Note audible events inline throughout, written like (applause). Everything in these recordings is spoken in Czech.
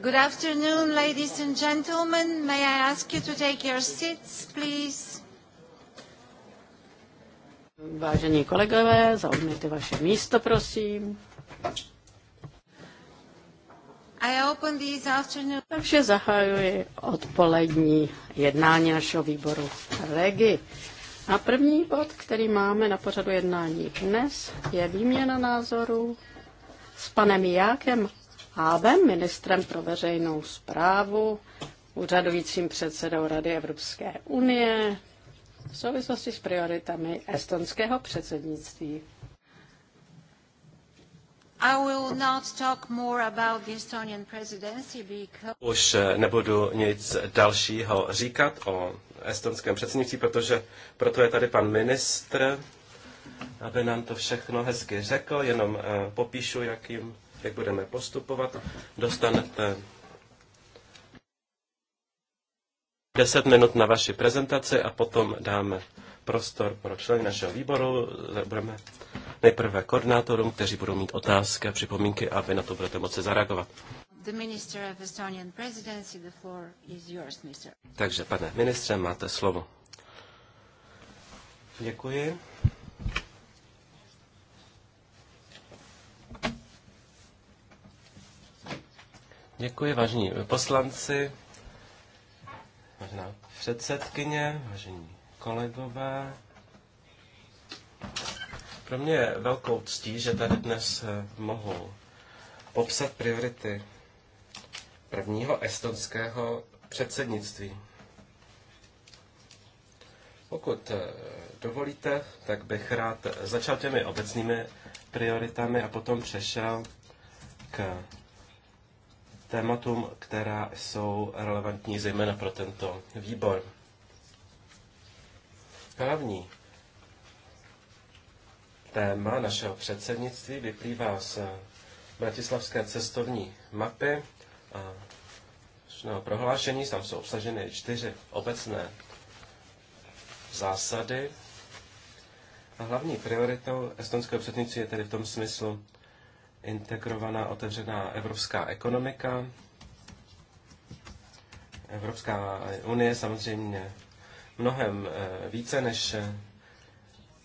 Good afternoon, ladies and gentlemen. May I ask you to take your seats, please? Vážení kolegové, zaujměte vaše místo, prosím. Takže zahajuji odpolední jednání našeho výboru REGI. A první bod, který máme na pořadu jednání dnes, je výměna názorů s panem Jákem Hábem, ministrem pro veřejnou zprávu, úřadujícím předsedou Rady Evropské unie v souvislosti s prioritami estonského předsednictví. Už eh, nebudu nic dalšího říkat o estonském předsednictví, protože proto je tady pan ministr, aby nám to všechno hezky řekl, jenom eh, popíšu, jakým jak budeme postupovat. Dostanete 10 minut na vaši prezentaci a potom dáme prostor pro členy našeho výboru. Budeme nejprve koordinátorům, kteří budou mít otázky a připomínky a vy na to budete moci zareagovat. Yours, Takže, pane ministře, máte slovo. Děkuji. Děkuji, vážení poslanci, vážená předsedkyně, vážení kolegové. Pro mě je velkou ctí, že tady dnes eh, mohu popsat priority prvního estonského předsednictví. Pokud eh, dovolíte, tak bych rád začal těmi obecnými prioritami a potom přešel k tématům, která jsou relevantní zejména pro tento výbor. Hlavní téma našeho předsednictví vyplývá z bratislavské cestovní mapy a prohlášení. Tam jsou obsaženy čtyři obecné zásady. A hlavní prioritou estonského předsednictví je tedy v tom smyslu integrovaná otevřená evropská ekonomika. Evropská unie samozřejmě mnohem eh, více než eh,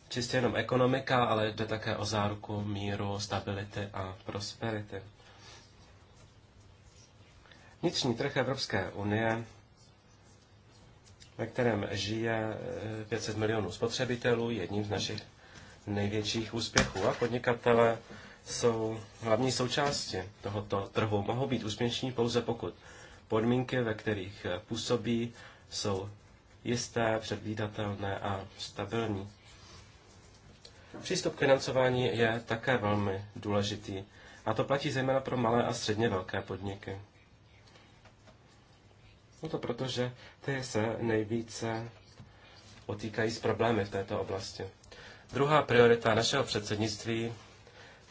čistě jenom ekonomika, ale jde také o záruku míru, stability a prosperity. Vnitřní trh Evropské unie, ve kterém žije 500 eh, milionů spotřebitelů, jedním z našich největších úspěchů a podnikatele jsou hlavní součástí tohoto trhu. Mohou být úspěšní pouze pokud podmínky, ve kterých působí, jsou jisté, předvídatelné a stabilní. Přístup k financování je také velmi důležitý. A to platí zejména pro malé a středně velké podniky. No to proto, že ty se nejvíce potýkají s problémy v této oblasti. Druhá priorita našeho předsednictví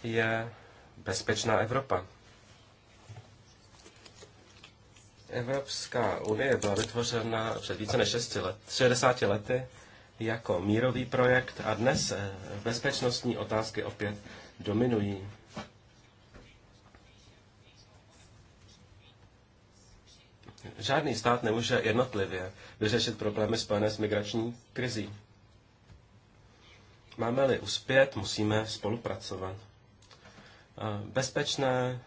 je bezpečná Evropa. Evropská unie byla vytvořena před více než 6 let, 60 lety jako mírový projekt a dnes eh, bezpečnostní otázky opět dominují. Žádný stát nemůže jednotlivě vyřešit problémy spojené s migrační krizí. Máme-li uspět, musíme spolupracovat. Bezpečné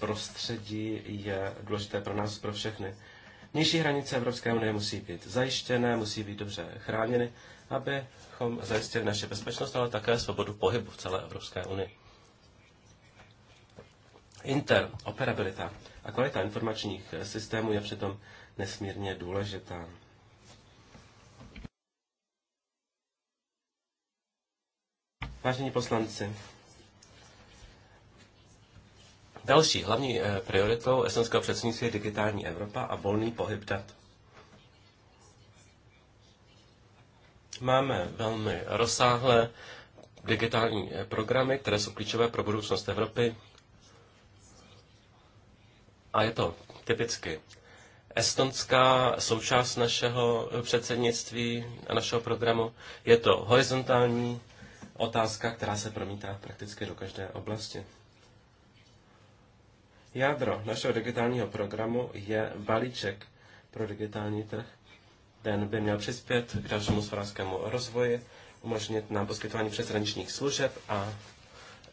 prostředí je důležité pro nás, pro všechny. Nižší hranice Evropské unie musí být zajištěné, musí být dobře chráněny, abychom zajistili naše bezpečnost, ale také svobodu pohybu v celé Evropské unii. Interoperabilita a kvalita informačních systémů je přitom nesmírně důležitá. Vážení poslanci, Další hlavní eh, prioritou estonského předsednictví je digitální Evropa a volný pohyb dat. Máme velmi rozsáhlé digitální eh, programy, které jsou klíčové pro budoucnost Evropy. A je to typicky estonská součást našeho eh, předsednictví a našeho programu. Je to horizontální otázka, která se promítá prakticky do každé oblasti. Jádro našeho digitálního programu je balíček pro digitální trh. Ten by měl přispět k dalšímu hospodářskému rozvoji, umožnit nám poskytování přeshraničních služeb a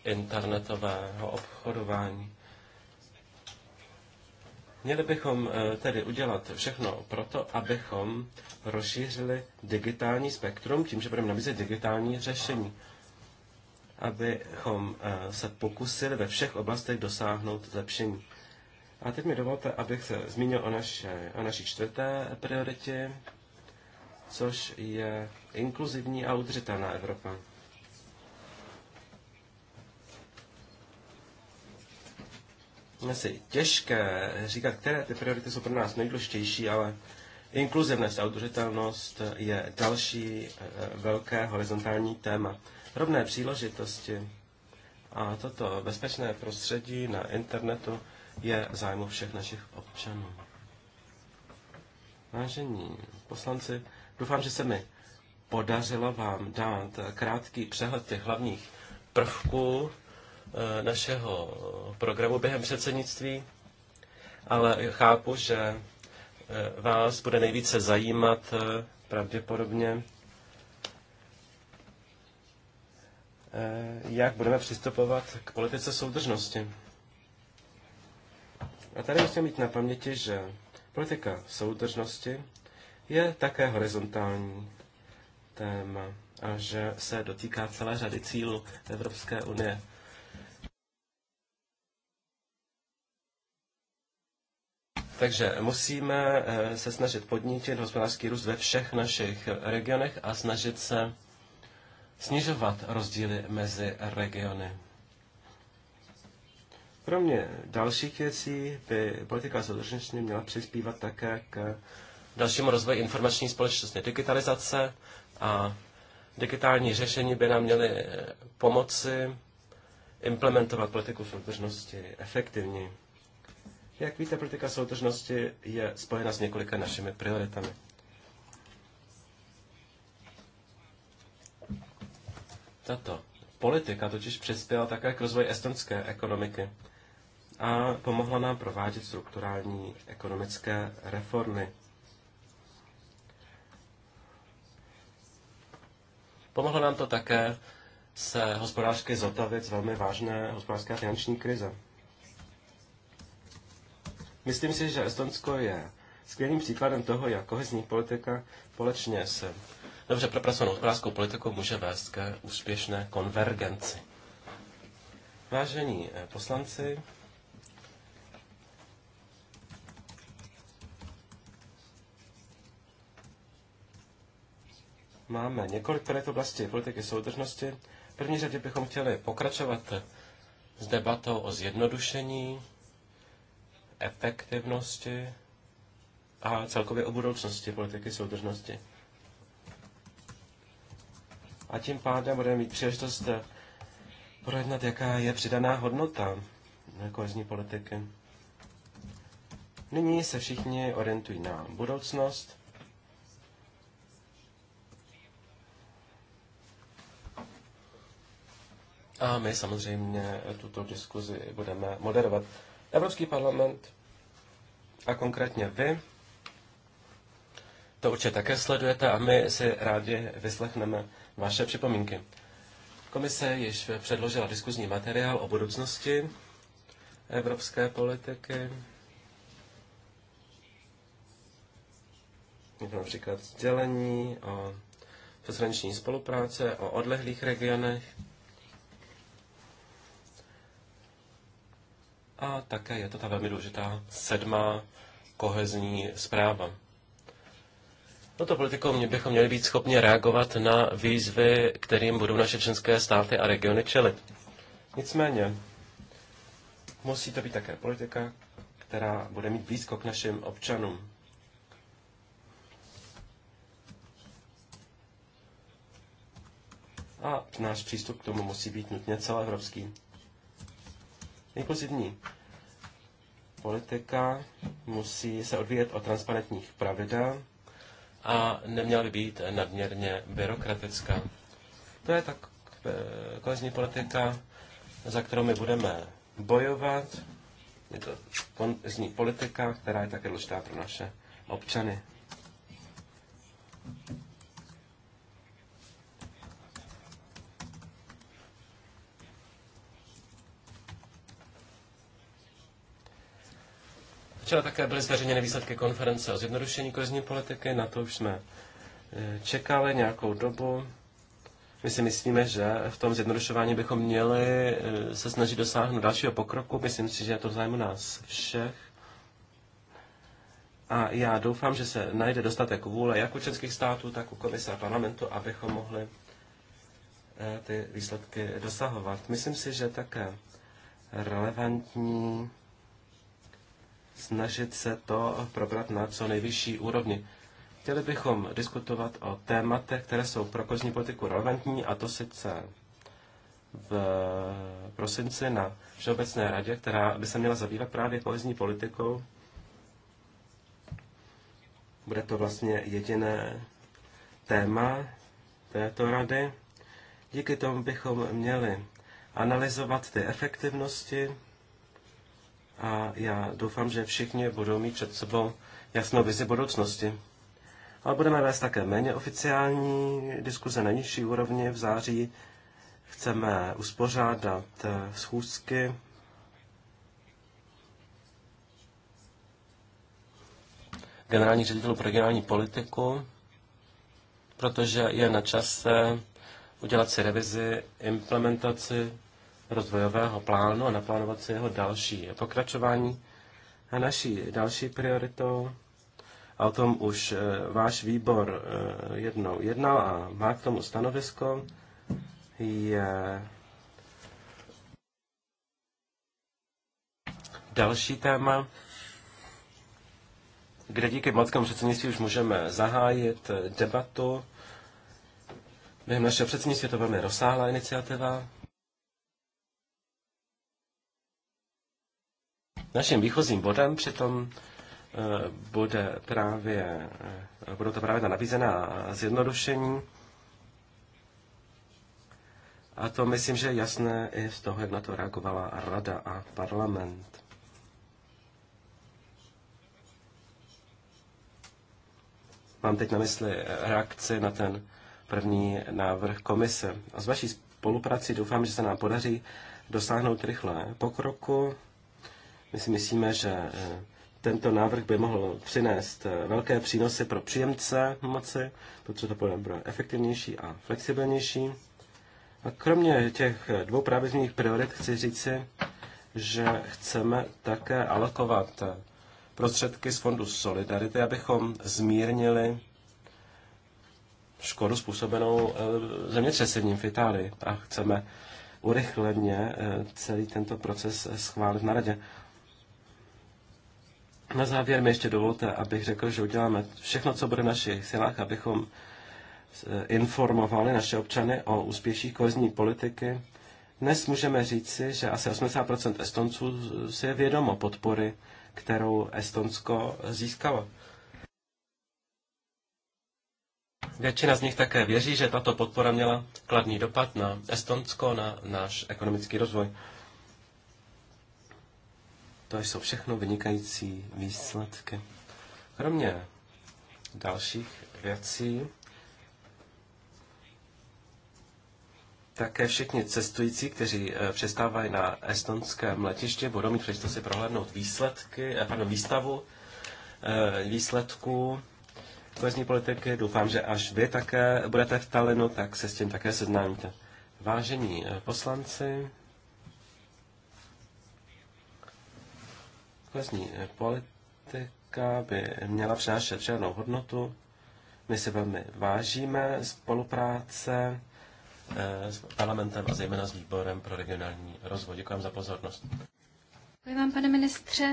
internetového obchodování. Měli bychom eh, tedy udělat všechno proto, abychom rozšířili digitální spektrum tím, že budeme nabízet digitální řešení abychom eh, se pokusili ve všech oblastech dosáhnout zlepšení. A teď mi dovolte, abych se zmínil o, naše, o naší čtvrté prioritě, což je inkluzivní a udržitelná Evropa. Je si těžké říkat, které ty priority jsou pro nás nejdůležitější, ale inkluzivnost a udržitelnost je další eh, velké horizontální téma rovné příležitosti. A toto bezpečné prostředí na internetu je zájmu všech našich občanů. Vážení poslanci, doufám, že se mi podařilo vám dát krátký přehled těch hlavních prvků eh, našeho programu během předsednictví, ale chápu, že eh, vás bude nejvíce zajímat eh, pravděpodobně Eh, jak budeme přistupovat k politice soudržnosti. A tady musíme mít na paměti, že politika soudržnosti je také horizontální téma a že se dotýká celé řady cílů Evropské unie. Takže musíme eh, se snažit podnítit hospodářský růst ve všech našich regionech a snažit se snižovat rozdíly mezi regiony. Kromě dalších věcí by politika soudržnosti měla přispívat také k dalšímu rozvoji informační společnosti, digitalizace a digitální řešení by nám měly eh, pomoci implementovat politiku soudržnosti efektivně. Jak víte, politika soudržnosti je spojena s několika našimi prioritami. Tato politika totiž přispěla také k rozvoji estonské ekonomiky a pomohla nám provádět strukturální ekonomické reformy. Pomohlo nám to také se hospodářsky zotavit z velmi vážné hospodářské a finanční krize. Myslím si, že Estonsko je skvělým příkladem toho, jak kohezní politika společně se dobře propracovanou hospodářskou politiku může vést ke úspěšné konvergenci. Vážení eh, poslanci, máme několik projekt oblasti politiky soudržnosti. V první řadě bychom chtěli pokračovat s debatou o zjednodušení, efektivnosti a celkově o budoucnosti politiky soudržnosti. A tím pádem budeme mít příležitost eh, projednat, jaká je přidaná hodnota eh, kohezní politiky. Nyní se všichni orientují na budoucnost. A my samozřejmě tuto diskuzi budeme moderovat. Evropský parlament a konkrétně vy to určitě také sledujete a my si rádi vyslechneme vaše připomínky. Komise již předložila diskuzní materiál o budoucnosti evropské politiky. například sdělení o přeshraniční spolupráce, o odlehlých regionech a také je to ta velmi důležitá sedmá kohezní zpráva. Toto politikou mě bychom měli být schopni reagovat na výzvy, kterým budou naše členské státy a regiony čelit. Nicméně, musí to být také politika, která bude mít blízko k našim občanům. A náš přístup k tomu musí být nutně celoevropský. Inkluzivní politika musí se odvíjet od transparentních pravidel, a neměla by být nadměrně byrokratická. To je tak eh, kohezní politika, za kterou my budeme bojovat. Je to kohezní politika, která je také důležitá pro naše občany. Včera také byly zveřejněny výsledky konference o zjednodušení kohezní politiky, na to už jsme eh, čekali nějakou dobu. My si myslíme, že v tom zjednodušování bychom měli eh, se snažit dosáhnout dalšího pokroku. Myslím si, že je to zájmu nás všech. A já doufám, že se najde dostatek vůle jak u českých států, tak u komise a parlamentu, abychom mohli eh, ty výsledky dosahovat. Myslím si, že také relevantní snažit se to probrat na co nejvyšší úrovni. Chtěli bychom diskutovat o tématech, které jsou pro kozní politiku relevantní, a to sice v prosinci na Všeobecné radě, která by se měla zabývat právě kohezní politikou. Bude to vlastně jediné téma této rady. Díky tomu bychom měli analyzovat ty efektivnosti a já doufám, že všichni budou mít před sebou jasnou vizi budoucnosti. Ale budeme vést také méně oficiální diskuze na nižší úrovni. V září chceme uspořádat eh, schůzky generální ředitel pro regionální politiku, protože je na čase udělat si revizi, implementaci rozvojového plánu a naplánovat si jeho další pokračování. A naší další prioritou, a o tom už e, váš výbor e, jednou jednal a má k tomu stanovisko, je další téma, kde díky maltskému předsednictví už můžeme zahájit e, debatu. Během našeho předsednictví je to velmi rozsáhlá iniciativa, Naším výchozím bodem přitom e, bude právě, e, budou to právě ta nabízená zjednodušení. A to myslím, že je jasné i z toho, jak na to reagovala Rada a parlament. Mám teď na mysli reakci na ten první návrh komise. A s vaší spoluprací doufám, že se nám podaří dosáhnout rychle pokroku. My si myslíme, že eh, tento návrh by mohl přinést eh, velké přínosy pro příjemce moci, protože to bude efektivnější a flexibilnější. A kromě těch eh, dvou právě zmíněných priorit chci říci, že chceme také alokovat prostředky z Fondu Solidarity, abychom zmírnili škodu způsobenou zemětřesením v Itálii a chceme urychleně celý tento proces schválit na radě. Na závěr mi ještě dovolte, abych řekl, že uděláme všechno, co bude v našich silách, abychom eh, informovali naše občany o úspěších kohezní politiky. Dnes můžeme říci, že asi 80 Estonců si je vědomo podpory, kterou Estonsko získalo. Většina z nich také věří, že tato podpora měla kladný dopad na Estonsko, na náš ekonomický rozvoj. To jsou všechno vynikající výsledky. Kromě dalších věcí, také všichni cestující, kteří eh, přestávají na estonském letiště, budou mít příležitost si prohlédnout výsledky, eh, pardon, výstavu eh, výsledků kohezní politiky. Doufám, že až vy také budete v Talinu, tak se s tím také seznámíte. Vážení poslanci, kohezní eh, politika by měla přinášet žádnou hodnotu. My si velmi vážíme spolupráce eh, s parlamentem a zejména s výborem pro regionální rozvoj. Děkuji za pozornost. Děkuji vám, pane ministře.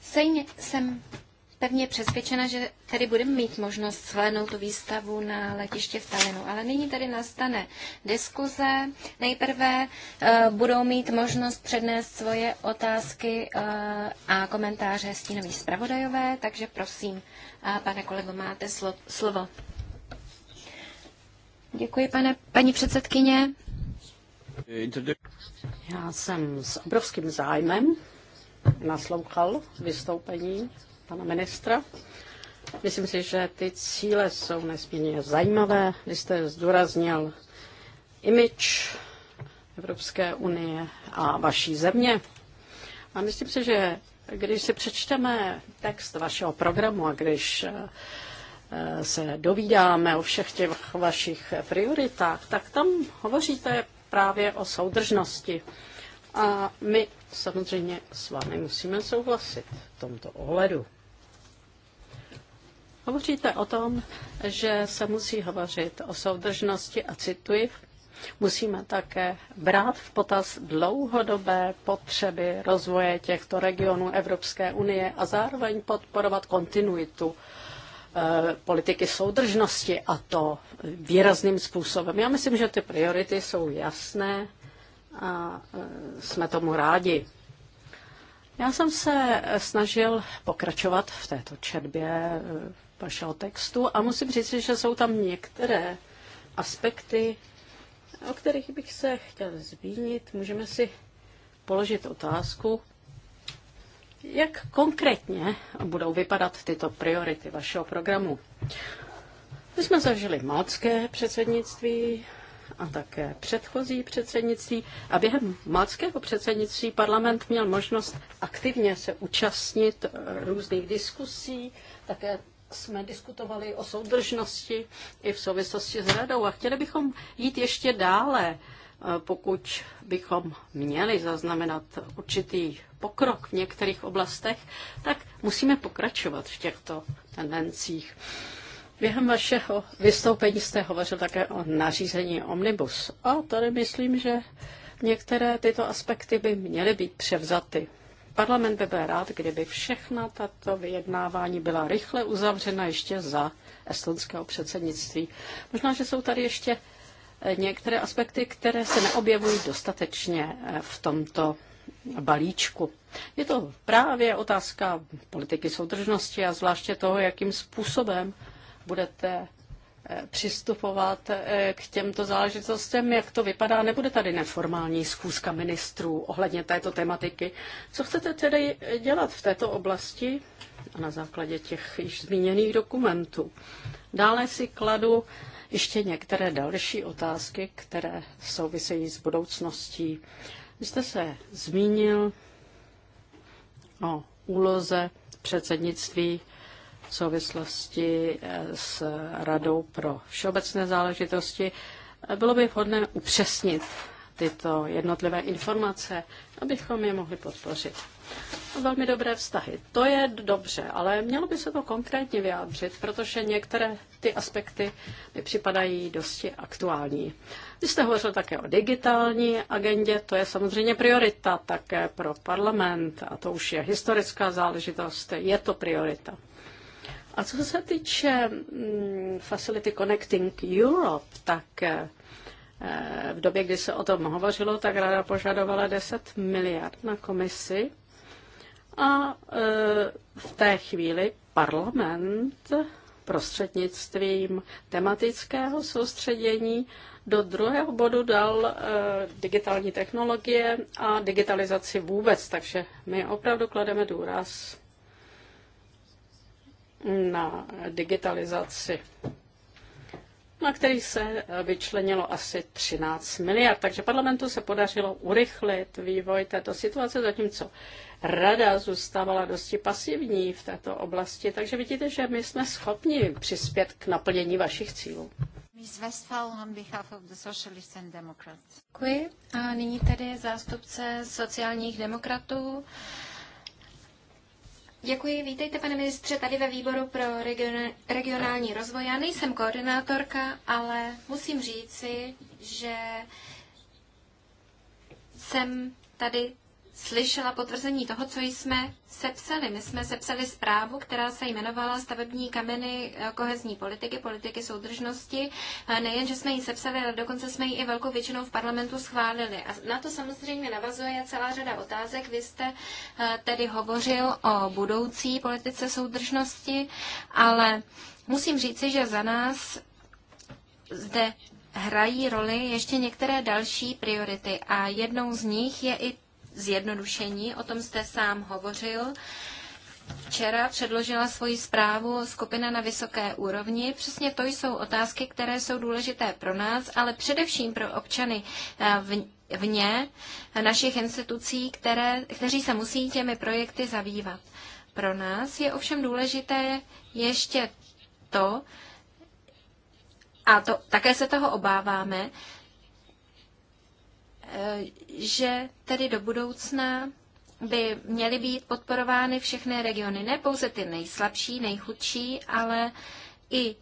Sejně jsem pevně přesvědčena, že tady budeme mít možnost shlédnout tu výstavu na letiště v Talinu. Ale nyní tady nastane diskuze. Nejprve uh, budou mít možnost přednést svoje otázky uh, a komentáře stínových zpravodajové, takže prosím, uh, pane kolego, máte slo- slovo. Děkuji, pane, paní předsedkyně. Já jsem s obrovským zájmem naslouchal vystoupení pana ministra. Myslím si, že ty cíle jsou nesmírně zajímavé. Vy jste zdůraznil imič Evropské unie a vaší země. A myslím si, že když si přečteme text vašeho programu a když eh, se dovídáme o všech těch vašich prioritách, tak tam hovoříte právě o soudržnosti. A my samozřejmě s vámi musíme souhlasit v tomto ohledu. Hovoříte o tom, že se musí hovořit o soudržnosti a cituji, musíme také brát v potaz dlouhodobé potřeby rozvoje těchto regionů Evropské unie a zároveň podporovat kontinuitu eh, politiky soudržnosti a to výrazným způsobem. Já myslím, že ty priority jsou jasné a eh, jsme tomu rádi. Já jsem se snažil pokračovat v této četbě eh, vašeho textu a musím říct, že jsou tam některé aspekty, o kterých bych se chtěl zmínit. Můžeme si položit otázku, jak konkrétně budou vypadat tyto priority vašeho programu. My jsme zažili malcké předsednictví a také předchozí předsednictví a během malckého předsednictví parlament měl možnost aktivně se účastnit různých diskusí, také jsme diskutovali o soudržnosti i v souvislosti s radou a chtěli bychom jít ještě dále, eh, pokud bychom měli zaznamenat určitý pokrok v některých oblastech, tak musíme pokračovat v těchto tendencích. Během vašeho vystoupení jste hovořil také o nařízení Omnibus a tady myslím, že některé tyto aspekty by měly být převzaty Parlament by byl rád, kdyby všechna tato vyjednávání byla rychle uzavřena ještě za estonského předsednictví. Možná, že jsou tady ještě eh, některé aspekty, které se neobjevují dostatečně eh, v tomto balíčku. Je to právě otázka politiky soudržnosti a zvláště toho, jakým způsobem budete přistupovat eh, k těmto záležitostem, jak to vypadá. Nebude tady neformální schůzka ministrů ohledně této tematiky. Co chcete tedy dělat v této oblasti a na základě těch již zmíněných dokumentů? Dále si kladu ještě některé další otázky, které souvisejí s budoucností. Vy jste se zmínil o úloze předsednictví v souvislosti eh, s Radou pro všeobecné záležitosti. Eh, bylo by vhodné upřesnit tyto jednotlivé informace, abychom je mohli podpořit. Velmi dobré vztahy. To je dobře, ale mělo by se to konkrétně vyjádřit, protože některé ty aspekty mi připadají dosti aktuální. Vy jste hovořil také o digitální agendě, to je samozřejmě priorita také pro parlament a to už je historická záležitost, je to priorita. A co se týče mm, Facility Connecting Europe, tak eh, eh, v době, kdy se o tom hovořilo, tak rada požadovala 10 miliard na komisi a eh, v té chvíli parlament prostřednictvím tematického soustředění do druhého bodu dal digitální technologie a digitalizaci vůbec. Takže my opravdu klademe důraz na digitalizaci, na který se vyčlenilo asi 13 miliard. Takže parlamentu se podařilo urychlit vývoj této situace, zatímco rada zůstávala dosti pasivní v této oblasti. Takže vidíte, že my jsme schopni přispět k naplnění vašich cílů. Děkuji. A nyní tedy zástupce sociálních demokratů. Děkuji, vítejte pane ministře tady ve výboru pro regionální rozvoj. Já nejsem koordinátorka, ale musím říci, že jsem tady slyšela potvrzení toho, co jsme sepsali. My jsme sepsali zprávu, která se jmenovala Stavební kameny eh, kohezní politiky, politiky soudržnosti. Eh, Nejen, že jsme ji sepsali, ale dokonce jsme ji i velkou většinou v parlamentu schválili. A na to samozřejmě navazuje celá řada otázek. Vy jste eh, tedy hovořil o budoucí politice soudržnosti, ale musím říci, že za nás zde hrají roli ještě některé další priority a jednou z nich je i zjednodušení, o tom jste sám hovořil. Včera předložila svoji zprávu skupina na vysoké úrovni. Přesně to jsou otázky, které jsou důležité pro nás, ale především pro občany eh, vně našich institucí, které, kteří se musí těmi projekty zabývat. Pro nás je ovšem důležité ještě to, a to také se toho obáváme, že tedy do budoucna by měly být podporovány všechny regiony, ne pouze ty nejslabší, nejchudší, ale i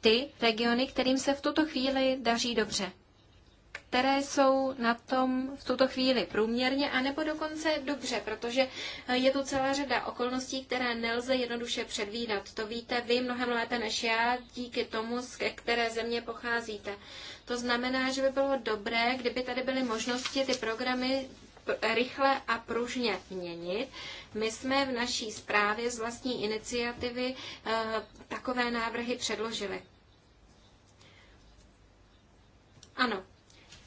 ty regiony, kterým se v tuto chvíli daří dobře které jsou na tom v tuto chvíli průměrně, anebo dokonce dobře, protože eh, je tu celá řada okolností, které nelze jednoduše předvídat. To víte vy mnohem lépe než já, díky tomu, z které země pocházíte. To znamená, že by bylo dobré, kdyby tady byly možnosti ty programy rychle a pružně měnit. My jsme v naší zprávě z vlastní iniciativy eh, takové návrhy předložili. Ano,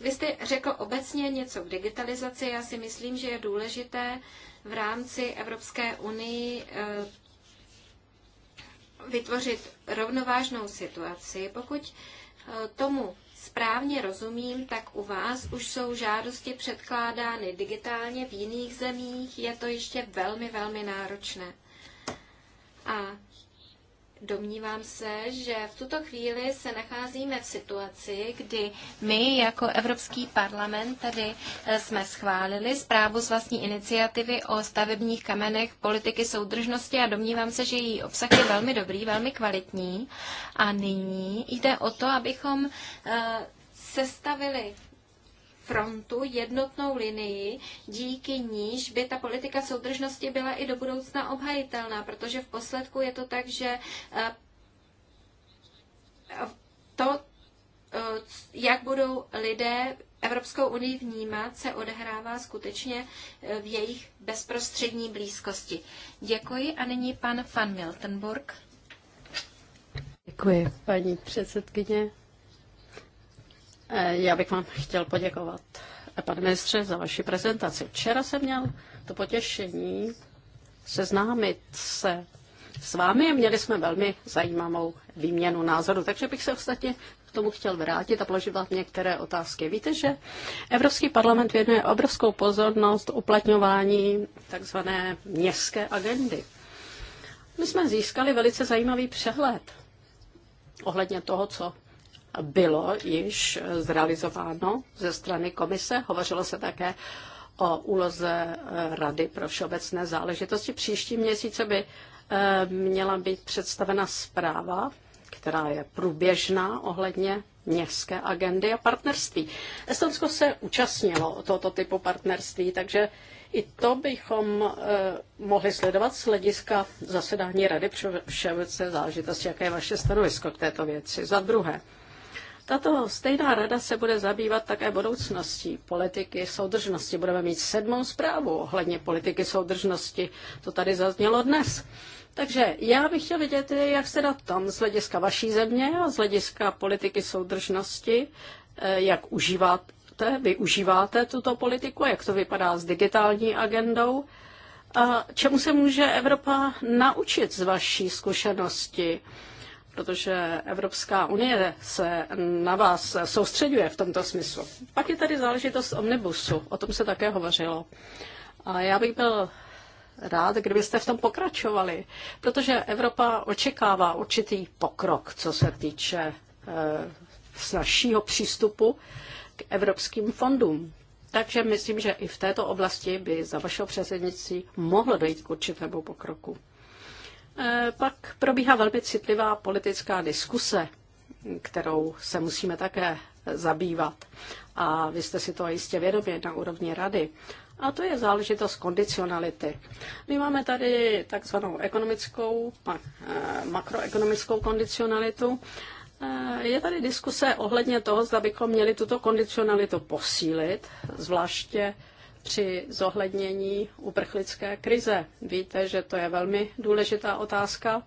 vy jste řekl obecně něco k digitalizaci. Já si myslím, že je důležité v rámci Evropské unii eh, vytvořit rovnovážnou situaci. Pokud eh, tomu správně rozumím, tak u vás už jsou žádosti předkládány digitálně, v jiných zemích je to ještě velmi, velmi náročné. A Domnívám se, že v tuto chvíli se nacházíme v situaci, kdy my jako Evropský parlament tady eh, jsme schválili zprávu z vlastní iniciativy o stavebních kamenech politiky soudržnosti a domnívám se, že její obsah je velmi dobrý, velmi kvalitní. A nyní jde o to, abychom eh, sestavili frontu, jednotnou linii, díky níž by ta politika soudržnosti byla i do budoucna obhajitelná, protože v posledku je to tak, že eh, to, eh, jak budou lidé Evropskou unii vnímat, se odehrává skutečně eh, v jejich bezprostřední blízkosti. Děkuji a nyní pan van Miltenburg. Děkuji, paní předsedkyně. Eh, já bych vám chtěl poděkovat, eh, pane ministře, za vaši prezentaci. Včera jsem měl to potěšení seznámit se s vámi a měli jsme velmi zajímavou výměnu názoru, takže bych se ostatně k tomu chtěl vrátit a položit vám některé otázky. Víte, že Evropský parlament věnuje obrovskou pozornost uplatňování takzvané městské agendy. My jsme získali velice zajímavý přehled ohledně toho, co bylo již zrealizováno ze strany komise. Hovořilo se také o úloze eh, Rady pro všeobecné záležitosti. Příští měsíce by eh, měla být představena zpráva, která je průběžná ohledně městské agendy a partnerství. Estonsko se účastnilo tohoto typu partnerství, takže i to bychom eh, mohli sledovat z hlediska zasedání Rady pro všeobecné záležitosti, jaké je vaše stanovisko k této věci. Za druhé, tato stejná rada se bude zabývat také budoucností politiky soudržnosti. Budeme mít sedmou zprávu ohledně politiky soudržnosti. To tady zaznělo dnes. Takže já bych chtěl vidět, jak se na tom z hlediska vaší země a z hlediska politiky soudržnosti, eh, jak užíváte, využíváte tuto politiku, jak to vypadá s digitální agendou. A čemu se může Evropa naučit z vaší zkušenosti? protože Evropská unie se na vás soustředuje v tomto smyslu. Pak je tady záležitost omnibusu, o tom se také hovořilo. A já bych byl rád, kdybyste v tom pokračovali, protože Evropa očekává určitý pokrok, co se týče e, eh, snažšího přístupu k evropským fondům. Takže myslím, že i v této oblasti by za vašeho předsednictví mohlo dojít k určitému pokroku. Eh, pak probíhá velmi citlivá politická diskuse, kterou se musíme také zabývat. A vy jste si to jistě vědomi na úrovni rady. A to je záležitost kondicionality. My máme tady takzvanou ekonomickou, eh, makroekonomickou kondicionalitu. Eh, je tady diskuse ohledně toho, zda bychom měli tuto kondicionalitu posílit, zvláště při zohlednění uprchlické krize. Víte, že to je velmi důležitá otázka.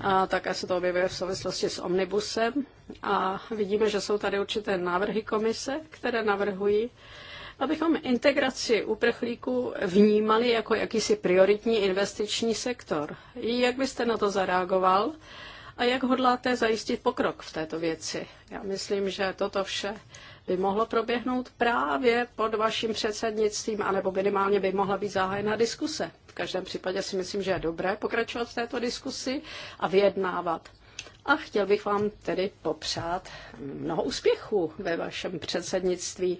A také se to objevuje v souvislosti s omnibusem. A vidíme, že jsou tady určité návrhy komise, které navrhují, abychom integraci uprchlíků vnímali jako jakýsi prioritní investiční sektor. Jak byste na to zareagoval a jak hodláte zajistit pokrok v této věci? Já myslím, že toto vše by mohlo proběhnout právě pod vaším předsednictvím, anebo minimálně by mohla být zahájena diskuse. V každém případě si myslím, že je dobré pokračovat v této diskusi a vyjednávat. A chtěl bych vám tedy popřát mnoho úspěchů ve vašem předsednictví.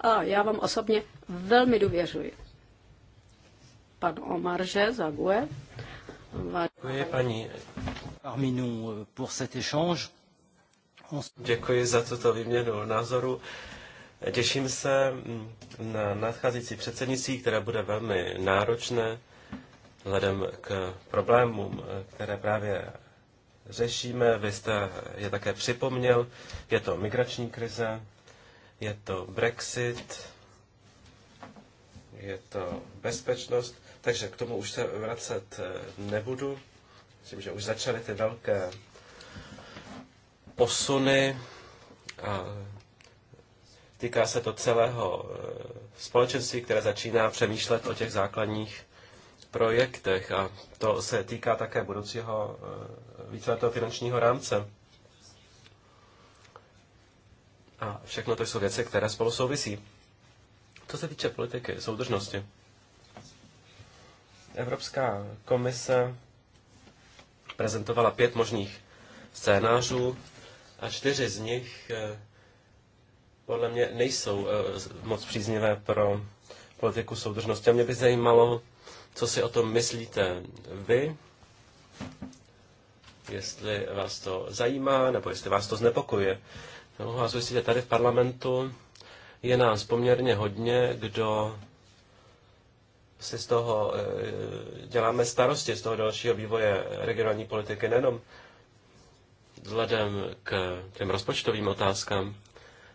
A já vám osobně velmi důvěřuji. Pan Omarže Zague. Děkuji paní pour cet échange. Děkuji za tuto výměnu názoru. Těším se mm, na nadcházející předsednictví, které bude velmi náročné vzhledem k problémům, eh, které právě řešíme. Vy jste je také připomněl. Je to migrační krize, je to Brexit, je to bezpečnost, takže k tomu už se vracet eh, nebudu. Myslím, že už začaly ty velké posuny a týká se to celého eh, společenství, které začíná přemýšlet o těch základních projektech a to se týká také budoucího eh, víceletého finančního rámce. A všechno to jsou věci, které spolu souvisí. Co se týče politiky soudržnosti, Evropská komise prezentovala pět možných scénářů a čtyři z nich eh, podle mě nejsou eh, moc příznivé pro politiku soudržnosti. A mě by zajímalo, co si o tom myslíte vy, jestli vás to zajímá, nebo jestli vás to znepokuje. No, a zjistíte, tady v parlamentu je nás poměrně hodně, kdo si z toho eh, děláme starosti, z toho dalšího vývoje regionální politiky, nejenom vzhledem k těm rozpočtovým otázkám,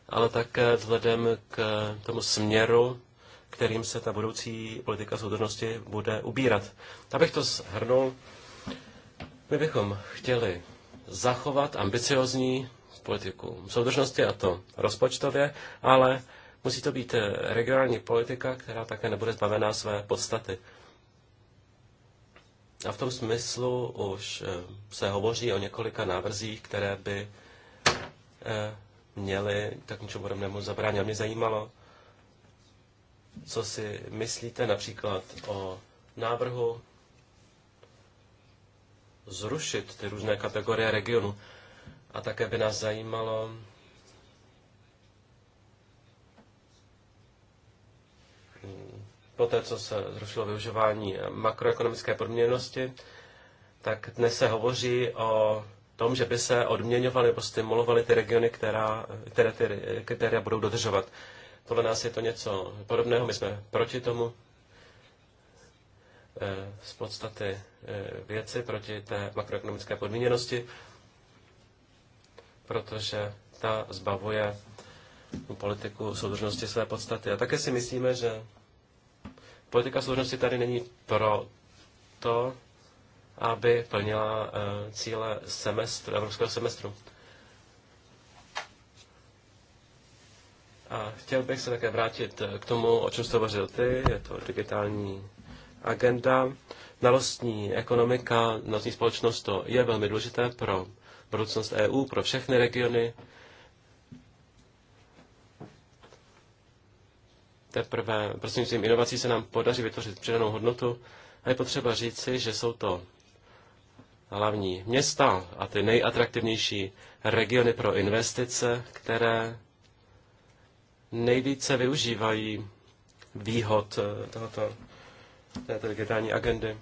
ale také vzhledem k tomu směru, kterým se ta budoucí politika soudržnosti bude ubírat. Abych to shrnul, my bychom chtěli zachovat ambiciozní politiku soudržnosti, a to rozpočtově, ale musí to být regionální politika, která také nebude zbavená své podstaty. A v tom smyslu už eh, se hovoří o několika návrzích, které by eh, měly tak něčemu podobnému zabránit. A mě zajímalo, co si myslíte například o návrhu zrušit ty různé kategorie regionu. A také by nás zajímalo, poté, co se zrušilo využívání makroekonomické podměnosti, tak dnes se hovoří o tom, že by se odměňovaly nebo stimulovaly ty regiony, která, které ty kritéria budou dodržovat. Podle nás je to něco podobného, my jsme proti tomu eh, z podstaty eh, věci, proti té makroekonomické podmíněnosti, protože ta zbavuje politiku soudržnosti své podstaty. A také si myslíme, že Politika soudržnosti tady není pro to, aby plnila eh, cíle semestru, evropského semestru. A chtěl bych se také vrátit eh, k tomu, o čem jste hovořil ty, je to digitální agenda. Znalostní ekonomika, znalostní společnost, to je velmi důležité pro budoucnost EU, pro všechny regiony, teprve prostřednictvím inovací se nám podaří vytvořit přidanou hodnotu. A je potřeba říci, že jsou to hlavní města a ty nejatraktivnější regiony pro investice, které nejvíce využívají výhod eh, tohoto, této digitální agendy.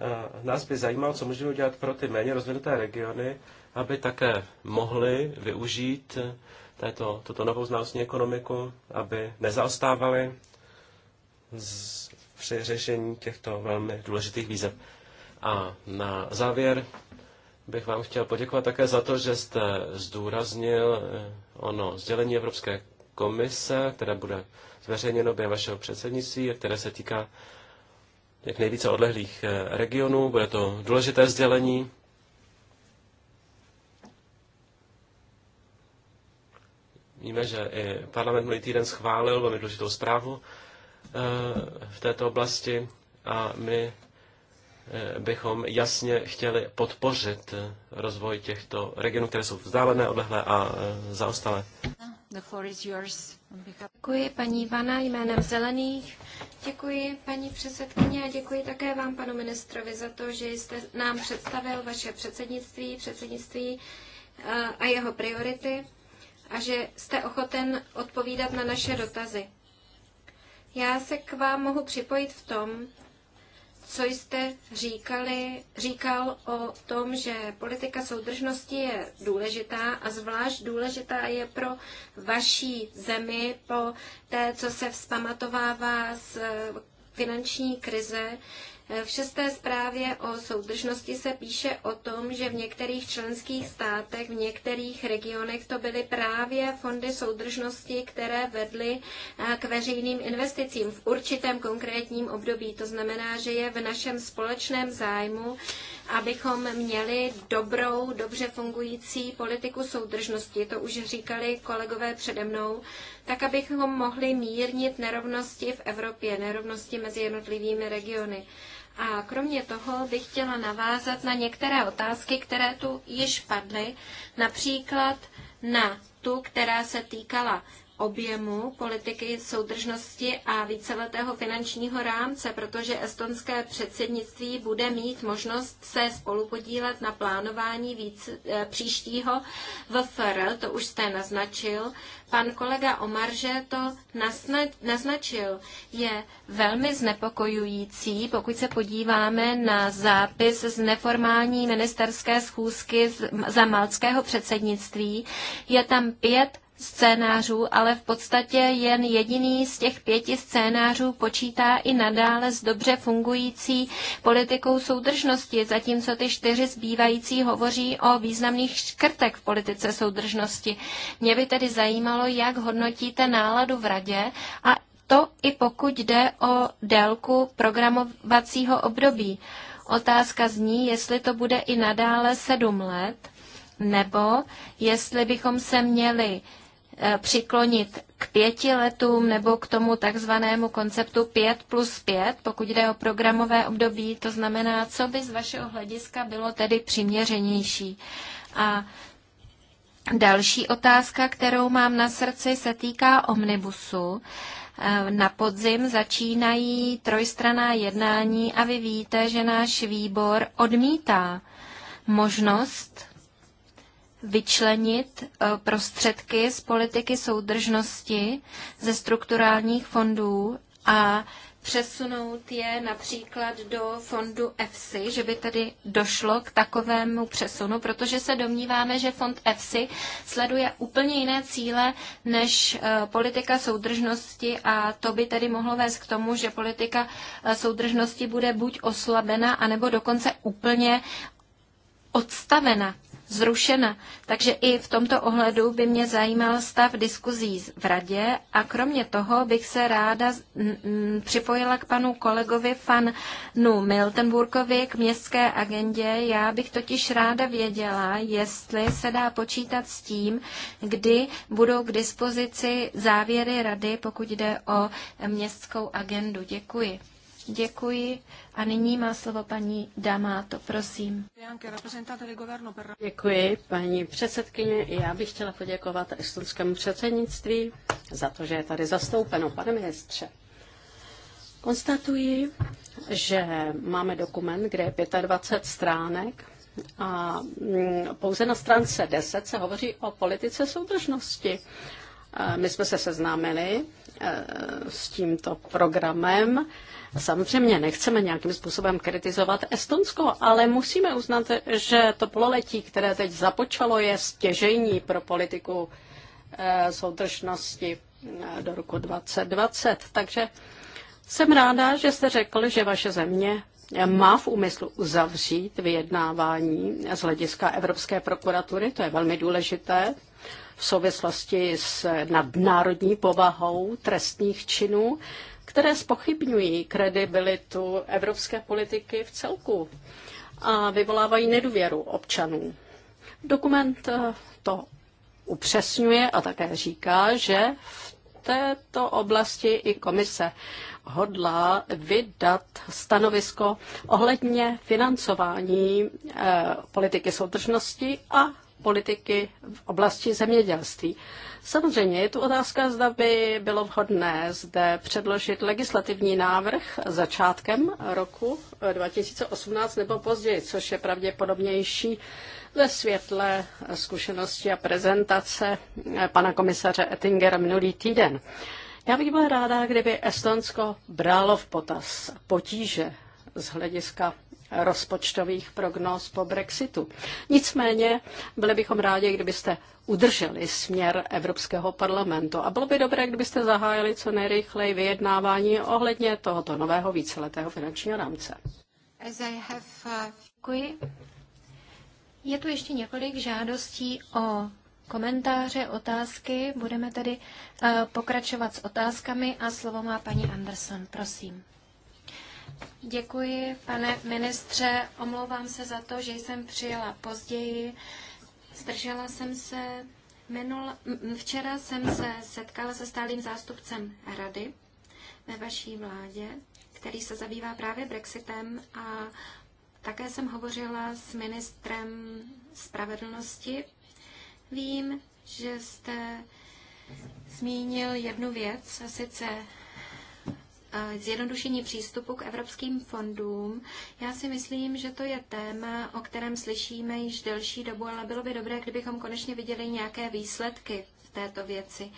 A nás by zajímalo, co můžeme udělat pro ty méně rozvinuté regiony, aby také mohly využít této, tuto novou znalostní ekonomiku, aby nezaostávali z, při řešení těchto velmi důležitých výzev. A na závěr bych vám chtěl poděkovat také za to, že jste zdůraznil eh, ono sdělení Evropské komise, které bude zveřejněno během vašeho předsednictví, které se týká jak nejvíce odlehlých eh, regionů. Bude to důležité sdělení Víme, že i parlament minulý týden schválil velmi důležitou zprávu eh, v této oblasti a my eh, bychom jasně chtěli podpořit eh, rozvoj těchto regionů, které jsou vzdálené, odlehlé a zaostalé. Děkuji paní Ivana jménem Zelených. Děkuji paní předsedkyně a děkuji také vám, panu ministrovi, za to, že jste nám představil vaše předsednictví, předsednictví a jeho priority a že jste ochoten odpovídat na naše dotazy. Já se k vám mohu připojit v tom, co jste říkali, říkal o tom, že politika soudržnosti je důležitá a zvlášť důležitá je pro vaší zemi po té, co se vzpamatovává z finanční krize. V šesté zprávě o soudržnosti se píše o tom, že v některých členských státech, v některých regionech to byly právě fondy soudržnosti, které vedly eh, k veřejným investicím v určitém konkrétním období. To znamená, že je v našem společném zájmu, abychom měli dobrou, dobře fungující politiku soudržnosti, to už říkali kolegové přede mnou, tak abychom mohli mírnit nerovnosti v Evropě, nerovnosti mezi jednotlivými regiony. A kromě toho bych chtěla navázat na některé otázky, které tu již padly, například na tu, která se týkala objemu politiky soudržnosti a víceletého finančního rámce, protože estonské předsednictví bude mít možnost se spolupodílet na plánování víc, eh, příštího VFR, to už jste naznačil. Pan kolega Omarže to naznačil. Je velmi znepokojující, pokud se podíváme na zápis z neformální ministerské schůzky za malckého předsednictví. Je tam pět scénářů, ale v podstatě jen jediný z těch pěti scénářů počítá i nadále s dobře fungující politikou soudržnosti, zatímco ty čtyři zbývající hovoří o významných škrtek v politice soudržnosti. Mě by tedy zajímalo, jak hodnotíte náladu v radě a to i pokud jde o délku programovacího období. Otázka zní, jestli to bude i nadále sedm let, nebo jestli bychom se měli Eh, přiklonit k pěti letům nebo k tomu takzvanému konceptu 5 plus 5, pokud jde o programové období, to znamená, co by z vašeho hlediska bylo tedy přiměřenější. A další otázka, kterou mám na srdci, se týká omnibusu. Eh, na podzim začínají trojstraná jednání a vy víte, že náš výbor odmítá možnost vyčlenit eh, prostředky z politiky soudržnosti ze strukturálních fondů a přesunout je například do fondu EFSI, že by tedy došlo k takovému přesunu, protože se domníváme, že fond EFSI sleduje úplně jiné cíle než eh, politika soudržnosti a to by tedy mohlo vést k tomu, že politika eh, soudržnosti bude buď oslabena, anebo dokonce úplně odstavena zrušena. Takže i v tomto ohledu by mě zajímal stav diskuzí v radě a kromě toho bych se ráda připojila k panu kolegovi Fanu Miltenburkovi k městské agendě. Já bych totiž ráda věděla, jestli se dá počítat s tím, kdy budou k dispozici závěry rady, pokud jde o městskou agendu. Děkuji. Děkuji. A nyní má slovo paní Damato, prosím. Děkuji, paní předsedkyně. Já bych chtěla poděkovat estonskému předsednictví za to, že je tady zastoupeno. Pane ministře, konstatuji, že máme dokument, kde je 25 stránek a mm, pouze na stránce 10 se hovoří o politice soudržnosti. My jsme se seznámili e, s tímto programem. Samozřejmě nechceme nějakým způsobem kritizovat Estonsko, ale musíme uznat, že to pololetí, které teď započalo, je stěžení pro politiku e, soudržnosti e, do roku 2020. Takže jsem ráda, že jste řekl, že vaše země má v úmyslu uzavřít vyjednávání z hlediska Evropské prokuratury, to je velmi důležité v souvislosti s nadnárodní povahou trestních činů, které spochybňují kredibilitu evropské politiky v celku a vyvolávají nedůvěru občanů. Dokument eh, to upřesňuje a také říká, že v této oblasti i komise hodlá vydat stanovisko ohledně financování eh, politiky soudržnosti a politiky v oblasti zemědělství. Samozřejmě je tu otázka, zda by bylo vhodné zde předložit legislativní návrh začátkem roku eh, 2018 nebo později, což je pravděpodobnější ve světle zkušenosti a prezentace eh, pana komisaře Ettingera minulý týden. Já bych byla ráda, kdyby Estonsko brálo v potaz potíže z hlediska rozpočtových prognóz po Brexitu. Nicméně byli bychom rádi, kdybyste udrželi směr Evropského parlamentu a bylo by dobré, kdybyste zahájili co nejrychleji vyjednávání ohledně tohoto nového víceletého finančního rámce. Uh, Děkuji. Je tu ještě několik žádostí o komentáře, otázky. Budeme tedy uh, pokračovat s otázkami a slovo má paní Anderson. Prosím. Děkuji, pane ministře. Omlouvám se za to, že jsem přijela později. Zdržela jsem se. Minul, včera jsem se setkala se stálým zástupcem rady ve vaší vládě, který se zabývá právě Brexitem a také jsem hovořila s ministrem spravedlnosti. Vím, že jste zmínil jednu věc, a sice zjednodušení přístupu k evropským fondům. Já si myslím, že to je téma, o kterém slyšíme již delší dobu, ale bylo by dobré, kdybychom konečně viděli nějaké výsledky v této věci.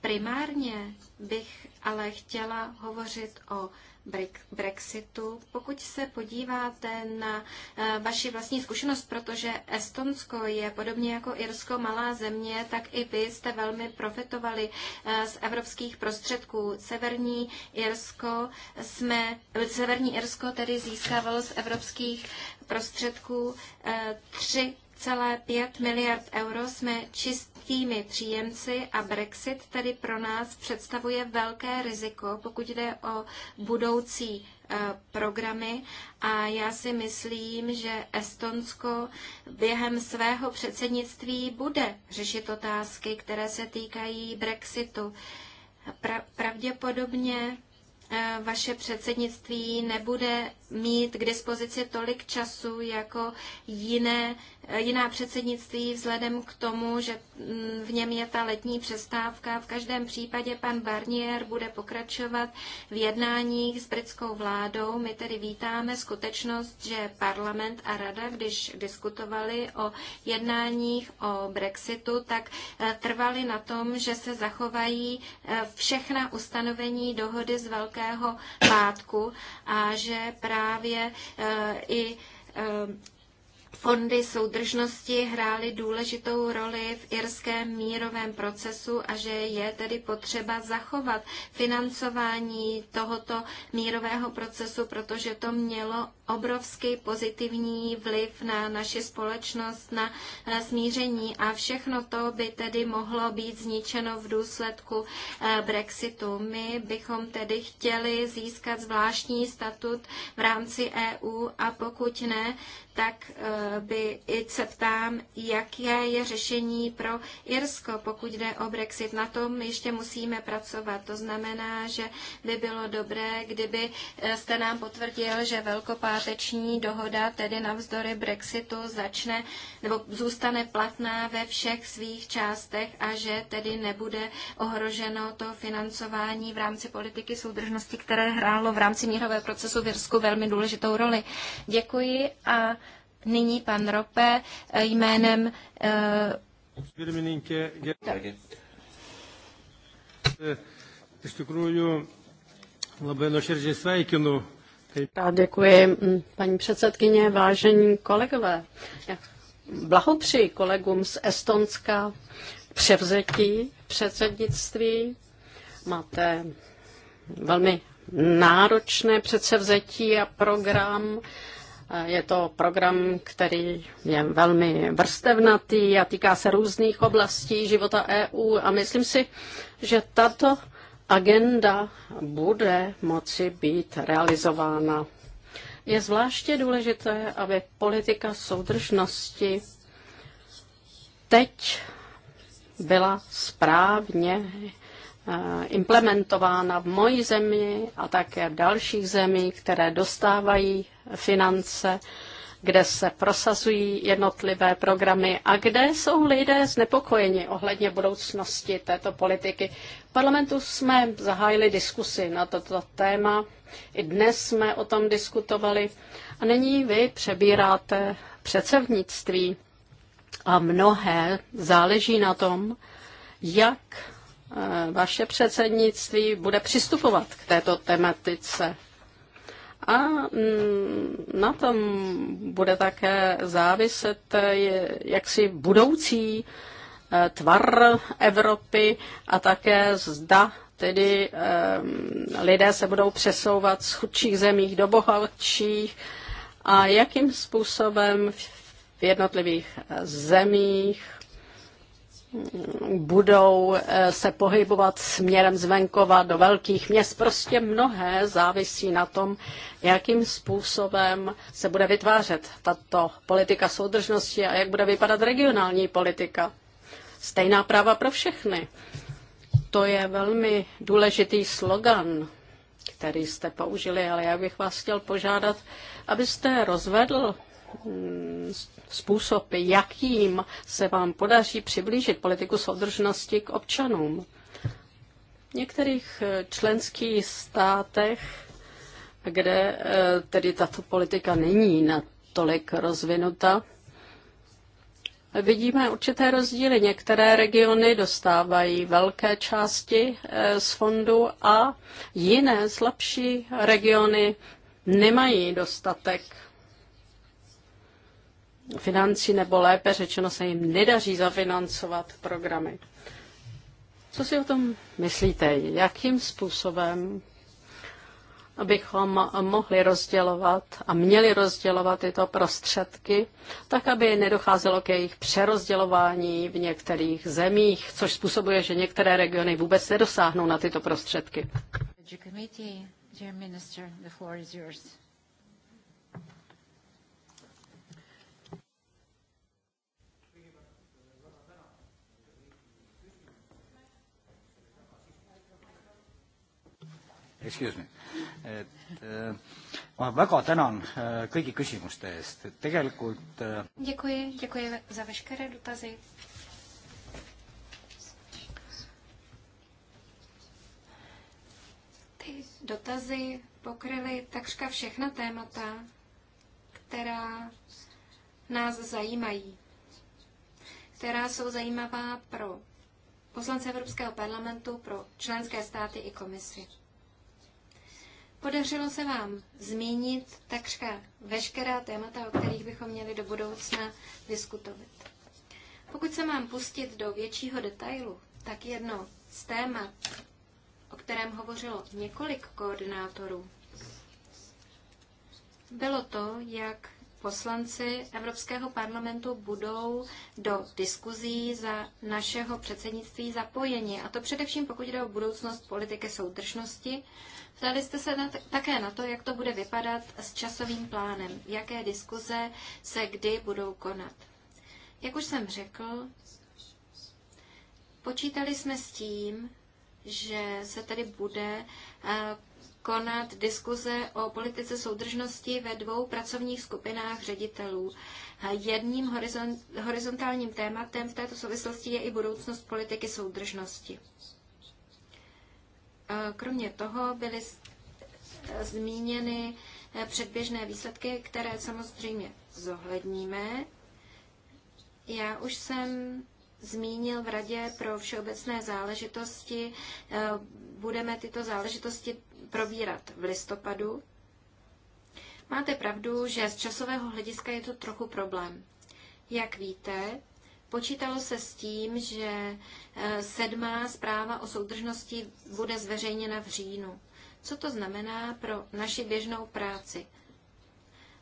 Primárně bych ale chtěla hovořit o Brexitu. Pokud se podíváte na eh, vaši vlastní zkušenost, protože Estonsko je podobně jako Irsko malá země, tak i vy jste velmi profitovali eh, z evropských prostředků. Severní Irsko jsme, Severní Irsko tedy získávalo z evropských prostředků eh, tři 1,5 miliard euro jsme čistými příjemci a Brexit tedy pro nás představuje velké riziko, pokud jde o budoucí eh, programy a já si myslím, že Estonsko během svého předsednictví bude řešit otázky, které se týkají Brexitu. pravděpodobně eh, vaše předsednictví nebude mít k dispozici tolik času jako jiné jiná předsednictví vzhledem k tomu, že mm, v něm je ta letní přestávka. V každém případě pan Barnier bude pokračovat v jednáních s britskou vládou. My tedy vítáme skutečnost, že parlament a rada, když diskutovali o jednáních o Brexitu, tak eh, trvali na tom, že se zachovají eh, všechna ustanovení dohody z Velkého pátku a že právě eh, i Fondy soudržnosti hrály důležitou roli v irském mírovém procesu a že je tedy potřeba zachovat financování tohoto mírového procesu, protože to mělo obrovský pozitivní vliv na naši společnost, na smíření a všechno to by tedy mohlo být zničeno v důsledku eh, Brexitu. My bychom tedy chtěli získat zvláštní statut v rámci EU a pokud ne, tak eh, by se ptám, jaké je řešení pro Irsko, pokud jde o Brexit. Na tom ještě musíme pracovat. To znamená, že by bylo dobré, kdyby eh, jste nám potvrdil, že velkopáteční dohoda, tedy navzdory Brexitu, začne nebo zůstane platná ve všech svých částech a že tedy nebude ohroženo to financování v rámci politiky soudržnosti, které hrálo v rámci mírového procesu v Irsku velmi důležitou roli. Děkuji a Nyní pan Rope eh, jménem... Já eh, děkuji, mm, paní předsedkyně, vážení kolegové. Blahopřeji kolegům z Estonska převzetí předsednictví. Máte velmi náročné předsevzetí a program je to program, který je velmi vrstevnatý a týká se různých oblastí života EU a myslím si, že tato agenda bude moci být realizována. Je zvláště důležité, aby politika soudržnosti teď byla správně Eh, implementována v mojí zemi a také v dalších zemích, které dostávají finance, kde se prosazují jednotlivé programy a kde jsou lidé znepokojeni ohledně budoucnosti této politiky. V parlamentu jsme zahájili diskusy na toto téma, i dnes jsme o tom diskutovali a nyní vy přebíráte předsevnictví a mnohé záleží na tom, jak Eh, vaše předsednictví bude přistupovat k této tematice. A mm, na tom bude také záviset eh, jaksi budoucí eh, tvar Evropy a také zda tedy lidé se budou přesouvat z chudších zemích do bohatších a jakým způsobem v jednotlivých zemích budou eh, se pohybovat směrem z venkova do velkých měst. Prostě mnohé závisí na tom, jakým způsobem se bude vytvářet tato politika soudržnosti a jak bude vypadat regionální politika. Stejná práva pro všechny. To je velmi důležitý slogan, který jste použili, ale já bych vás chtěl požádat, abyste rozvedl Mm, způsob, jakým se vám podaří přiblížit politiku soudržnosti k občanům. V některých eh, členských státech, kde eh, tedy tato politika není natolik rozvinuta, vidíme určité rozdíly. Některé regiony dostávají velké části eh, z fondu a jiné slabší regiony nemají dostatek financí, nebo lépe řečeno se jim nedaří zafinancovat programy. Co si o tom myslíte? Jakým způsobem abychom mohli rozdělovat a měli rozdělovat tyto prostředky, tak aby nedocházelo k jejich přerozdělování v některých zemích, což způsobuje, že některé regiony vůbec nedosáhnou na tyto prostředky. excuse me, et eh, ma väga tänan eh, kõigi küsimuste eest, et tegelikult. Eh, děkuji, děkuji za veškeré dotazy. Ty dotazy pokryly takřka všechna témata, která nás zajímají, která jsou zajímavá pro poslance Evropského parlamentu, pro členské státy i komisy. Podařilo se vám zmínit takřka veškerá témata, o kterých bychom měli do budoucna diskutovat. Pokud se mám pustit do většího detailu, tak jedno z témat, o kterém hovořilo několik koordinátorů, bylo to, jak poslanci Evropského parlamentu budou do diskuzí za našeho předsednictví zapojeni, a to především pokud jde o budoucnost politiky soudržnosti. Ptali jste se na také na to, jak to bude vypadat s časovým plánem, jaké diskuze se kdy budou konat. Jak už jsem řekl, počítali jsme s tím, že se tedy bude eh, konat diskuze o politice soudržnosti ve dvou pracovních skupinách ředitelů. Jedním horizont, horizontálním tématem v této souvislosti je i budoucnost politiky soudržnosti. Kromě toho byly zmíněny eh, předběžné výsledky, které samozřejmě zohledníme. Já už jsem zmínil v Radě pro všeobecné záležitosti. Eh, budeme tyto záležitosti probírat v listopadu. Máte pravdu, že z časového hlediska je to trochu problém. Jak víte, počítalo se s tím, že eh, sedmá zpráva o soudržnosti bude zveřejněna v říjnu. Co to znamená pro naši běžnou práci?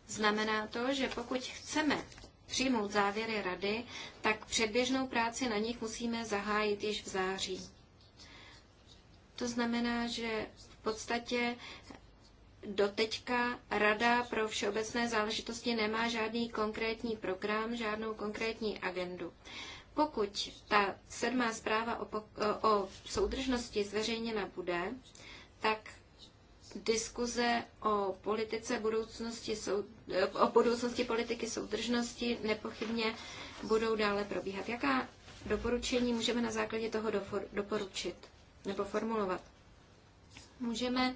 Znamená to, že pokud chceme přijmout závěry rady, tak předběžnou práci na nich musíme zahájit již v září. To znamená, že v podstatě doteďka Rada pro všeobecné záležitosti nemá žádný konkrétní program, žádnou konkrétní agendu. Pokud ta sedmá zpráva o, o soudržnosti zveřejněna bude, tak Diskuze o politice budoucnosti, o budoucnosti politiky soudržnosti nepochybně budou dále probíhat. Jaká doporučení můžeme na základě toho doporučit nebo formulovat? Můžeme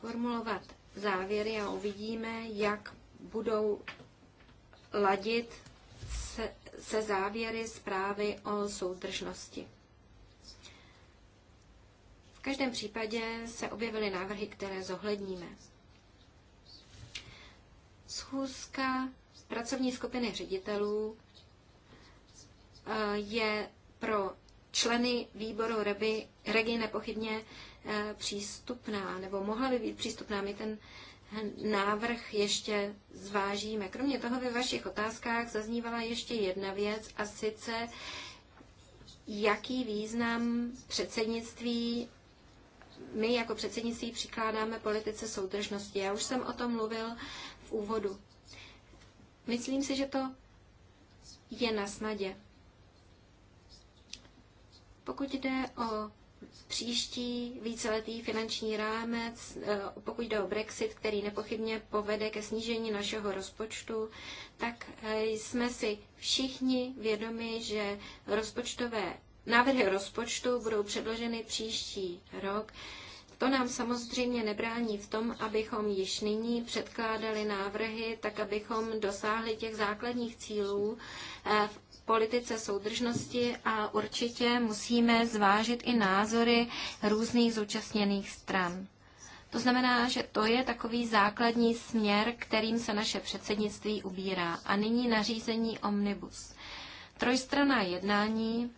formulovat závěry a uvidíme, jak budou ladit se, se závěry zprávy o soudržnosti. V každém případě se objevily návrhy, které zohledníme. Schůzka pracovní skupiny ředitelů eh, je pro členy výboru Reby, Regi nepochybně eh, přístupná, nebo mohla by být přístupná. My ten návrh ještě zvážíme. Kromě toho ve vašich otázkách zaznívala ještě jedna věc, a sice jaký význam předsednictví my jako předsednictví přikládáme politice soudržnosti. Já už jsem o tom mluvil v úvodu. Myslím si, že to je na snadě. Pokud jde o příští víceletý finanční rámec, eh, pokud jde o Brexit, který nepochybně povede ke snížení našeho rozpočtu, tak eh, jsme si všichni vědomi, že rozpočtové návrhy rozpočtu budou předloženy příští rok. To nám samozřejmě nebrání v tom, abychom již nyní předkládali návrhy, tak abychom dosáhli těch základních cílů eh, v politice soudržnosti a určitě musíme zvážit i názory různých zúčastněných stran. To znamená, že to je takový základní směr, kterým se naše předsednictví ubírá. A nyní nařízení Omnibus. Trojstrana jednání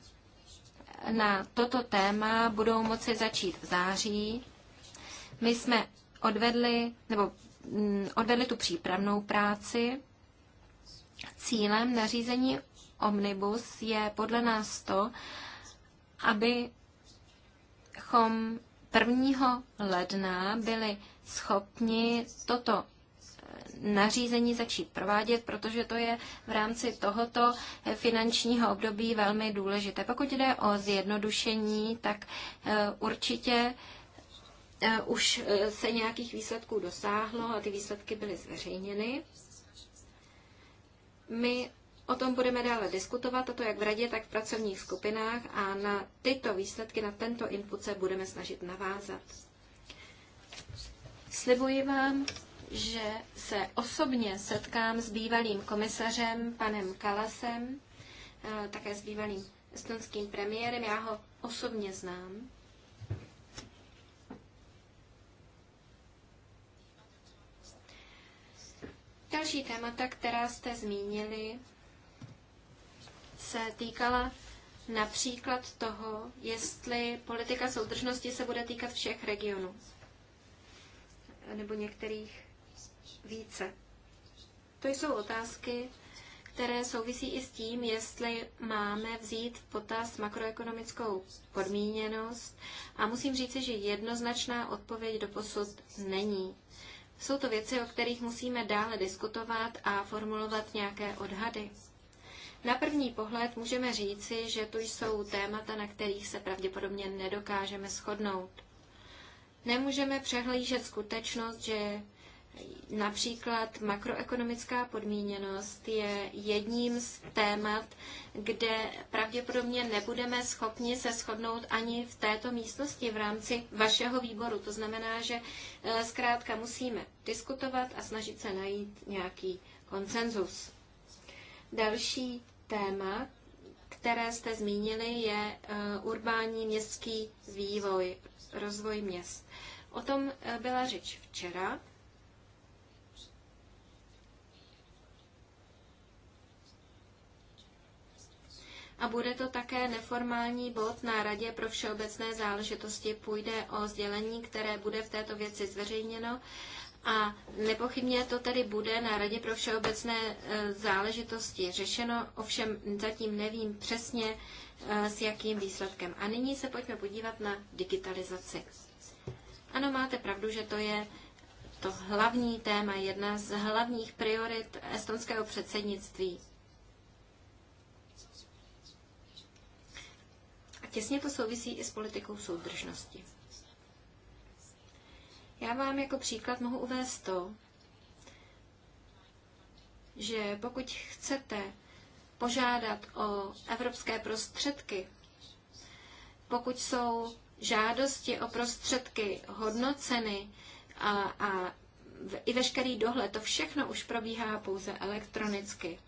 na toto téma budou moci začít v září. My jsme odvedli, nebo mm, odvedli tu přípravnou práci. Cílem nařízení Omnibus je podle nás to, abychom 1. ledna byli schopni toto nařízení začít provádět, protože to je v rámci tohoto finančního období velmi důležité. Pokud jde o zjednodušení, tak eh, určitě eh, už eh, se nějakých výsledků dosáhlo a ty výsledky byly zveřejněny. My O tom budeme dále diskutovat, a to jak v radě, tak v pracovních skupinách a na tyto výsledky, na tento input se budeme snažit navázat. Slibuji vám, že se osobně setkám s bývalým komisařem, panem Kalasem, eh, také s bývalým estonským premiérem. Já ho osobně znám. Další témata, která jste zmínili, se týkala například toho, jestli politika soudržnosti se bude týkat všech regionů nebo některých více? To jsou otázky, které souvisí i s tím, jestli máme vzít v potaz makroekonomickou podmíněnost. A musím říci, že jednoznačná odpověď do posud není. Jsou to věci, o kterých musíme dále diskutovat a formulovat nějaké odhady. Na první pohled můžeme říci, že tu jsou témata, na kterých se pravděpodobně nedokážeme shodnout. Nemůžeme přehlížet skutečnost, že Například makroekonomická podmíněnost je jedním z témat, kde pravděpodobně nebudeme schopni se shodnout ani v této místnosti v rámci vašeho výboru. To znamená, že eh, zkrátka musíme diskutovat a snažit se najít nějaký konsenzus. Další téma, které jste zmínili, je eh, urbání městský vývoj, rozvoj měst. O tom eh, byla řeč včera a bude to také neformální bod na Radě pro všeobecné záležitosti. Půjde o sdělení, které bude v této věci zveřejněno. A nepochybně to tedy bude na Radě pro všeobecné e, záležitosti řešeno, ovšem zatím nevím přesně, e, s jakým výsledkem. A nyní se pojďme podívat na digitalizaci. Ano, máte pravdu, že to je to hlavní téma, jedna z hlavních priorit estonského předsednictví. těsně to souvisí i s politikou soudržnosti. Já vám jako příklad mohu uvést to, že pokud chcete požádat o evropské prostředky, pokud jsou žádosti o prostředky hodnoceny a, a i veškerý dohled, to všechno už probíhá pouze elektronicky.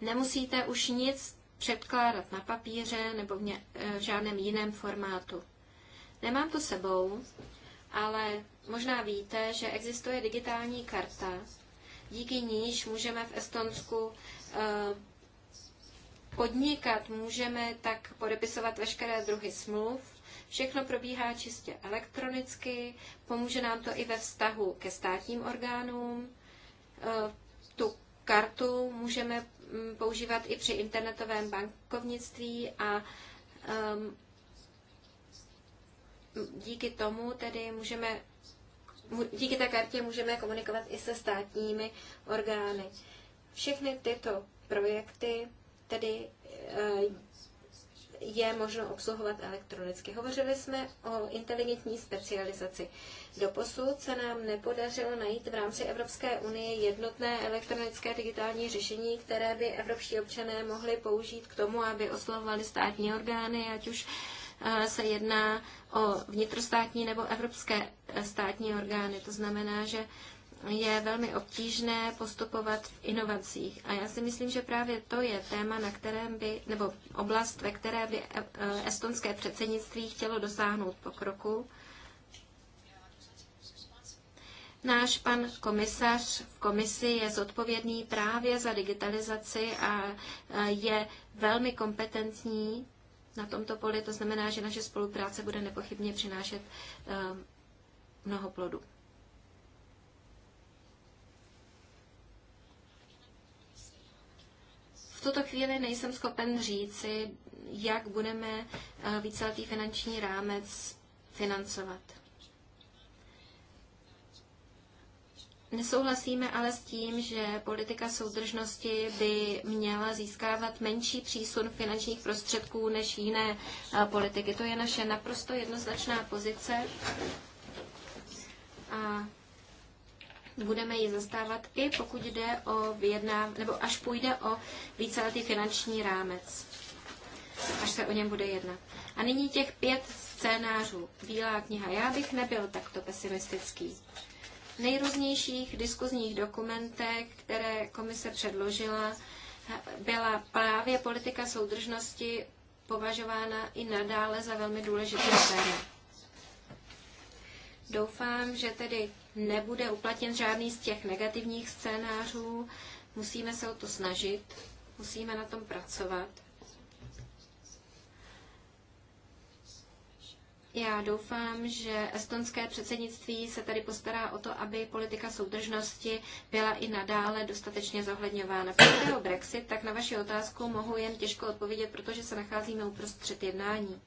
Nemusíte už nic předkládat na papíře nebo v, ně, eh, v žádném jiném formátu. Nemám to sebou, ale možná víte, že existuje digitální karta, díky níž můžeme v Estonsku eh, podnikat, můžeme tak podepisovat veškeré druhy smluv. Všechno probíhá čistě elektronicky, pomůže nám to i ve vztahu ke státním orgánům. Eh, tu kartu můžeme mm, používat i při internetovém bankovnictví a um, díky tomu tedy můžeme, díky té kartě můžeme komunikovat i se státními orgány. Všechny tyto projekty tedy eh, je možno obsluhovat elektronicky. Hovořili jsme o inteligentní specializaci. Doposud se nám nepodařilo najít v rámci Evropské unie jednotné elektronické digitální řešení, které by evropští občané mohli použít k tomu, aby oslovovali státní orgány, ať už eh, se jedná o vnitrostátní nebo evropské eh, státní orgány. To znamená, že je velmi obtížné postupovat v inovacích. A já si myslím, že právě to je téma, na kterém by, nebo oblast, ve které by eh, eh, estonské předsednictví chtělo dosáhnout pokroku. Náš pan komisař v komisi je zodpovědný právě za digitalizaci a eh, je velmi kompetentní na tomto poli. To znamená, že naše spolupráce bude nepochybně přinášet mnoho plodů. tuto chvíli nejsem schopen říci, jak budeme eh, víceletý finanční rámec financovat. Nesouhlasíme ale s tím, že politika soudržnosti by měla získávat menší přísun finančních prostředků než jiné eh, politiky. To je naše naprosto jednoznačná pozice. A budeme ji zastávat i pokud jde o vyjednávání, nebo až půjde o víceletý finanční rámec, až se o něm bude jednat. A nyní těch pět scénářů. Bílá kniha. Já bych nebyl takto pesimistický. V nejrůznějších diskuzních dokumentech, které komise předložila, byla právě politika soudržnosti považována i nadále za velmi důležitý téma. Doufám, že tedy nebude uplatněn žádný z těch negativních scénářů. Musíme se o to snažit, musíme na tom pracovat. Já doufám, že estonské předsednictví se tady postará o to, aby politika soudržnosti byla i nadále dostatečně zohledňována. Pokud je o Brexit, tak na vaši otázku mohu jen těžko odpovědět, protože se nacházíme uprostřed jednání.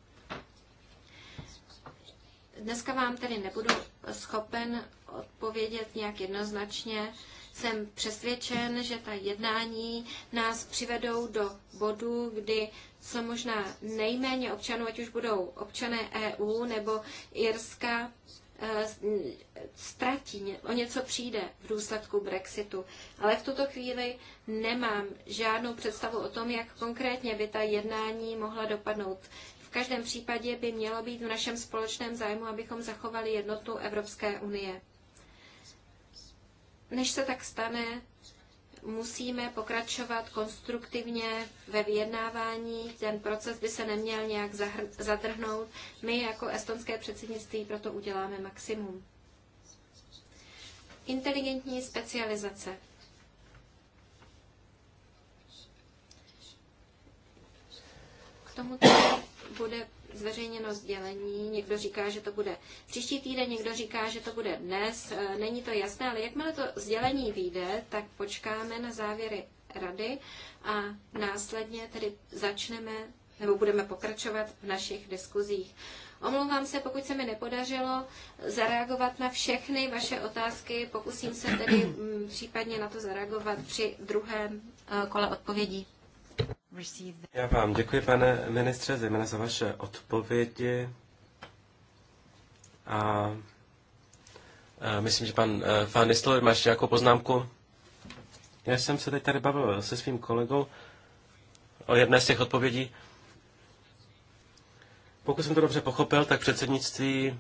Dneska vám tedy nebudu schopen odpovědět nějak jednoznačně. Jsem přesvědčen, že ta jednání nás přivedou do bodu, kdy co možná nejméně občanů, ať už budou občané EU nebo Irska, eh, ztratí, o něco přijde v důsledku Brexitu. Ale v tuto chvíli nemám žádnou představu o tom, jak konkrétně by ta jednání mohla dopadnout každém případě by mělo být v našem společném zájmu, abychom zachovali jednotu Evropské unie. Než se tak stane, musíme pokračovat konstruktivně ve vyjednávání. Ten proces by se neměl nějak zadrhnout. My jako estonské předsednictví proto uděláme maximum. Inteligentní specializace. K tomuto bude zveřejněno sdělení, někdo říká, že to bude příští týden, někdo říká, že to bude dnes, e, není to jasné, ale jakmile to sdělení vyjde, tak počkáme na závěry rady a následně tedy začneme nebo budeme pokračovat v našich diskuzích. Omlouvám se, pokud se mi nepodařilo zareagovat na všechny vaše otázky. Pokusím se tedy mm, případně na to zareagovat při druhém e, kole odpovědí. Já vám děkuji, pane ministře, zejména za vaše odpovědi. A myslím, že pan Fan e, Nistelor má ještě nějakou poznámku. Já jsem se teď tady bavil se svým kolegou o jedné z těch odpovědí. Pokud jsem to dobře pochopil, tak předsednictví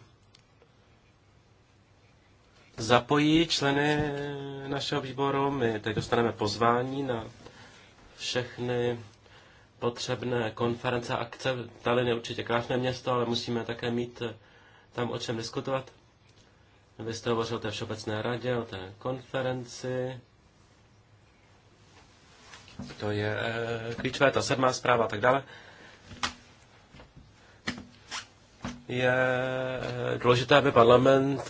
zapojí členy našeho výboru. My teď dostaneme pozvání na všechny potřebné konference a akce. Tallinn je určitě krásné město, ale musíme také mít eh, tam o čem diskutovat. Vy jste hovořil o té všeobecné radě, o té konferenci. To je eh, klíčové, ta sedmá zpráva a tak dále. Je eh, důležité, aby parlament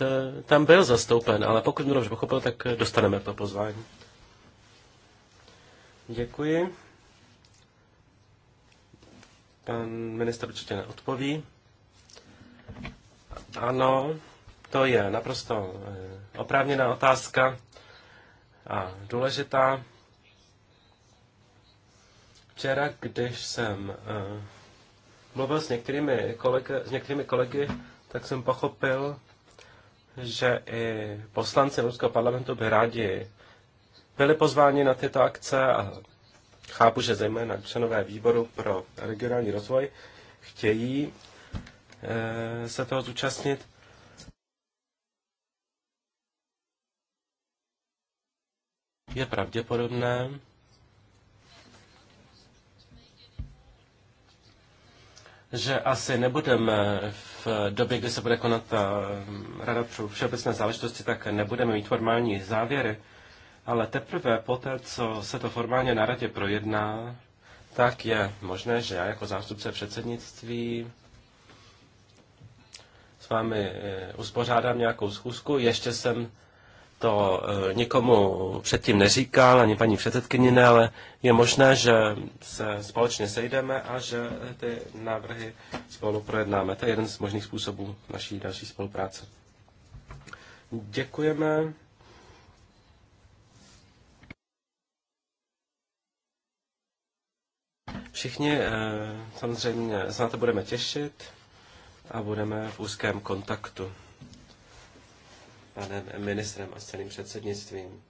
tam byl zastoupen, ale pokud mě dobře pochopil, tak dostaneme to pozvání. Děkuji. Pan minister určitě neodpoví. Ano, to je naprosto eh, oprávněná otázka a důležitá. Včera, když jsem eh, mluvil s některými, kolegy, s některými kolegy, tak jsem pochopil, že i poslanci Ruského parlamentu by rádi byli pozváni na tyto akce a Chápu, že zejména členové výboru pro regionální rozvoj chtějí eh, se toho zúčastnit. Je pravděpodobné, že asi nebudeme v době, kdy se bude konat ta eh, Rada pro všeobecné záležitosti, tak nebudeme mít formální závěry ale teprve poté, co se to formálně na radě projedná, tak je možné, že já jako zástupce předsednictví s vámi eh, uspořádám nějakou schůzku. Ještě jsem to eh, nikomu předtím neříkal, ani paní předsedkyni ne, ale je možné, že se společně sejdeme a že ty návrhy spolu projednáme. To je jeden z možných způsobů naší další spolupráce. Děkujeme. Všichni eh, samozřejmě se na to budeme těšit a budeme v úzkém kontaktu panem ministrem a s celým předsednictvím.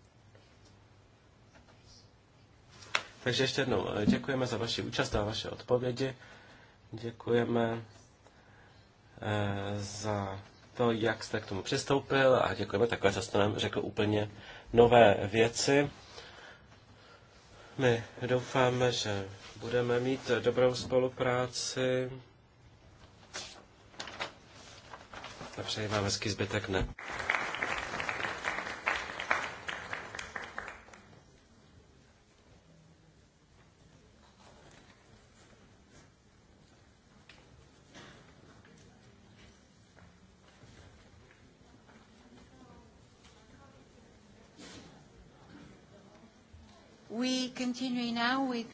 Takže ještě jednou eh, děkujeme za vaši účast a vaše odpovědi. Děkujeme eh, za to, jak jste k tomu přistoupil a děkujeme takové, že jste nám řekl úplně nové věci. My doufáme, že budeme mít dobrou spolupráci a přeji vám hezký zbytek dne.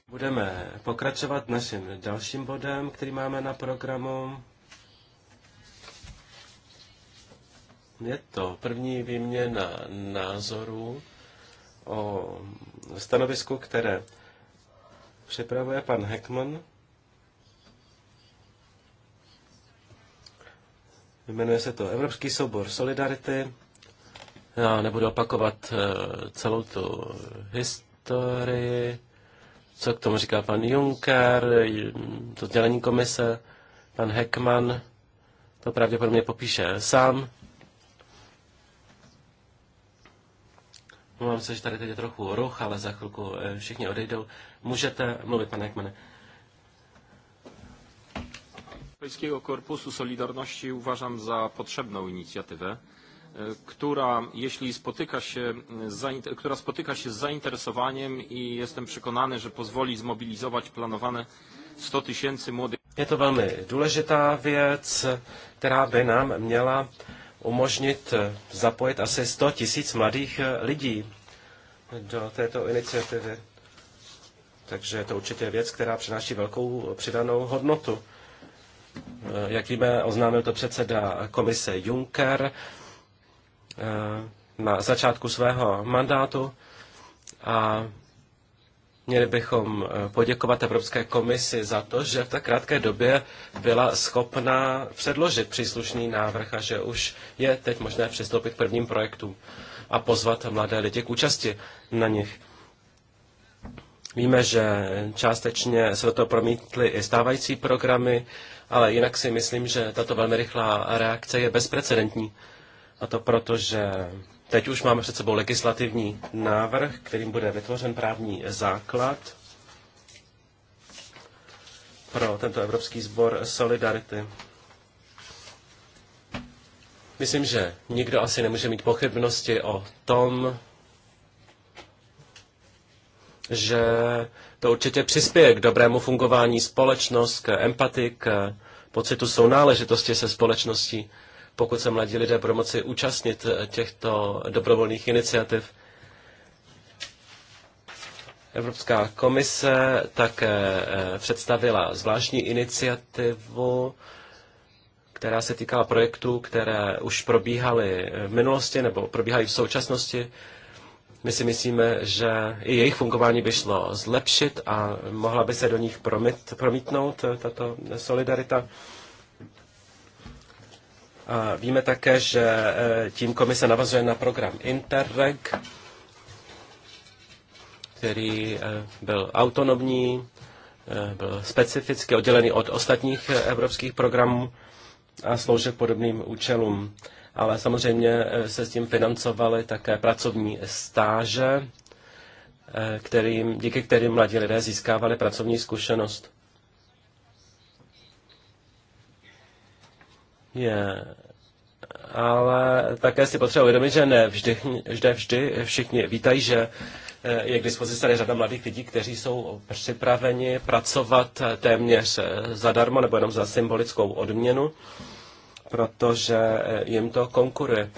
Budeme pokračovat naším dalším bodem, který máme na programu. Je to první výměna názorů o stanovisku, které připravuje pan Heckman. Jmenuje se to Evropský soubor Solidarity. Já nebudu opakovat eh, celou tu historii co k tomu říká pan Juncker, to sdělení komise, pan Heckman, to pravděpodobně popíše sám. mám se, že tady teď je trochu ruch, ale za chvilku eh, všichni odejdou. Můžete mluvit, pane Heckmane. Europejskiego Korpusu Solidarności uważam za potrzebną inicjatywę. E, która, jeśli spotyka się, e, która spotyka się z zainteresowaniem i jestem przekonany, że pozwoli zmobilizować planowane 100 tysięcy młodych. Je to velmi důležitá věc, která by nám měla umožnit e, zapojit asi 100 tisíc mladých lidí do této iniciativy. Takže je to určitě věc, která přináší velkou přidanou hodnotu. Jak víme, oznámil to předseda komise Juncker Eh, na začátku svého mandátu a měli bychom eh, poděkovat Evropské komisi za to, že v tak krátké době byla schopna předložit příslušný návrh a že už je teď možné přistoupit k prvním projektům a pozvat mladé lidi k účasti na nich. Víme, že částečně se do toho promítly i stávající programy, ale jinak si myslím, že tato velmi rychlá reakce je bezprecedentní. A to proto, že teď už máme před sebou legislativní návrh, kterým bude vytvořen právní základ pro tento Evropský sbor Solidarity. Myslím, že nikdo asi nemůže mít pochybnosti o tom, že to určitě přispěje k dobrému fungování společnost, k empatii, k pocitu sounáležitosti se společností pokud se mladí lidé budou moci účastnit eh, těchto dobrovolných iniciativ. Evropská komise také eh, představila zvláštní iniciativu, která se týkala projektů, které už probíhaly v minulosti nebo probíhají v současnosti. My si myslíme, že i jejich fungování by šlo zlepšit a mohla by se do nich promít, promítnout eh, tato solidarita. A víme také, že eh, tím komise navazuje na program Interreg, který eh, byl autonomní, eh, byl specificky oddělený od ostatních evropských programů a sloužil k podobným účelům. Ale samozřejmě se s tím financovaly také pracovní stáže, kterým, díky kterým mladí lidé získávali pracovní zkušenost. je ale také si potřeba uvědomit, že ne vždy, vždy, vždy všichni vítají, že eh, je k dispozici tady řada mladých lidí, kteří jsou připraveni pracovat eh, téměř eh, zadarmo nebo jenom za symbolickou odměnu, protože jim to konkuruje.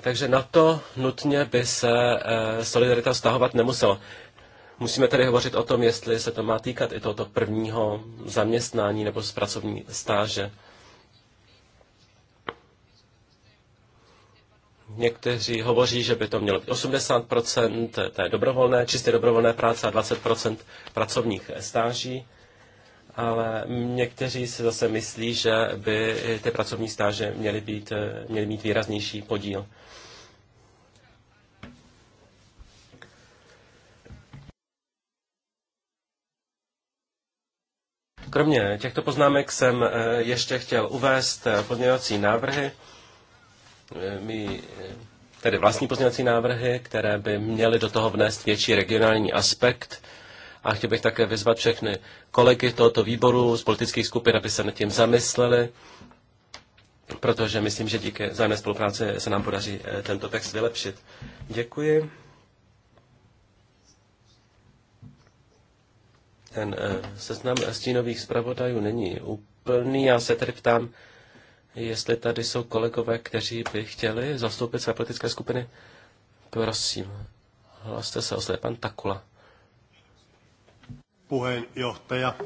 Takže na to nutně by se solidarita stahovat nemusela. Musíme tedy hovořit o tom, jestli se to má týkat i tohoto prvního zaměstnání nebo z pracovní stáže. Někteří hovoří, že by to mělo být 80% té dobrovolné, čistě dobrovolné práce a 20% pracovních stáží, ale někteří si zase myslí, že by ty pracovní stáže měly, být, měly mít výraznější podíl. Kromě těchto poznámek jsem eh, ještě chtěl uvést eh, pozměňovací návrhy. Eh, my eh, tedy vlastní pozměňovací návrhy, které by měly do toho vnést větší regionální aspekt. A chtěl bych také vyzvat všechny kolegy tohoto výboru z politických skupin, aby se nad tím zamysleli, protože myslím, že díky zájemné spolupráci se nám podaří eh, tento text vylepšit. Děkuji. Ten seznam stínových zpravodajů není úplný. Já se tedy ptám, jestli tady jsou kolegové, kteří by chtěli zastoupit své politické skupiny. Prosím, hlaste se o své pan Takula. Puheenjohtaja,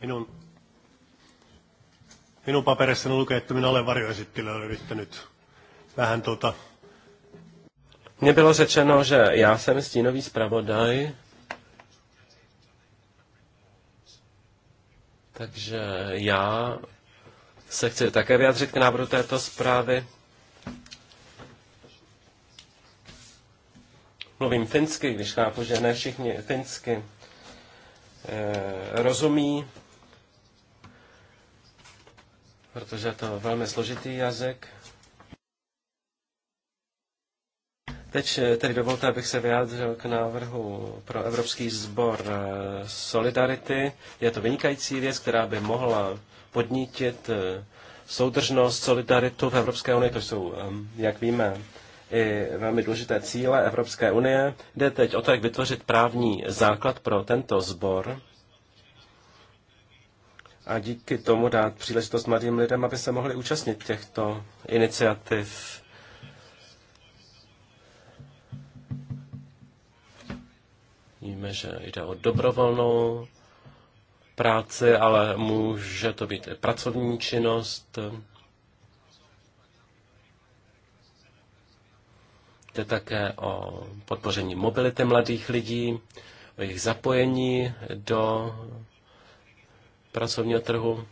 minun, minun paperissani lukee, että minä olen varjoesittelijä yrittänyt vähän tuota... Mně bylo řečeno, že já jsem stínový zpravodaj, takže já se chci také vyjádřit k návrhu této zprávy. Mluvím finsky, když chápu, že ne všichni finsky eh, rozumí, protože to velmi složitý jazyk. Teď eh, tedy dovolte, abych se vyjádřil k návrhu pro Evropský sbor eh, Solidarity. Je to vynikající věc, která by mohla podnítit eh, soudržnost, solidaritu v Evropské unii. To jsou, eh, jak víme, i velmi důležité cíle Evropské unie. Jde teď o to, jak vytvořit právní základ pro tento sbor a díky tomu dát příležitost mladým lidem, aby se mohli účastnit těchto iniciativ. Víme, že jde o dobrovolnou práci, ale může to být i pracovní činnost. Jde také o podpoření mobility mladých lidí, o jejich zapojení do pracovního trhu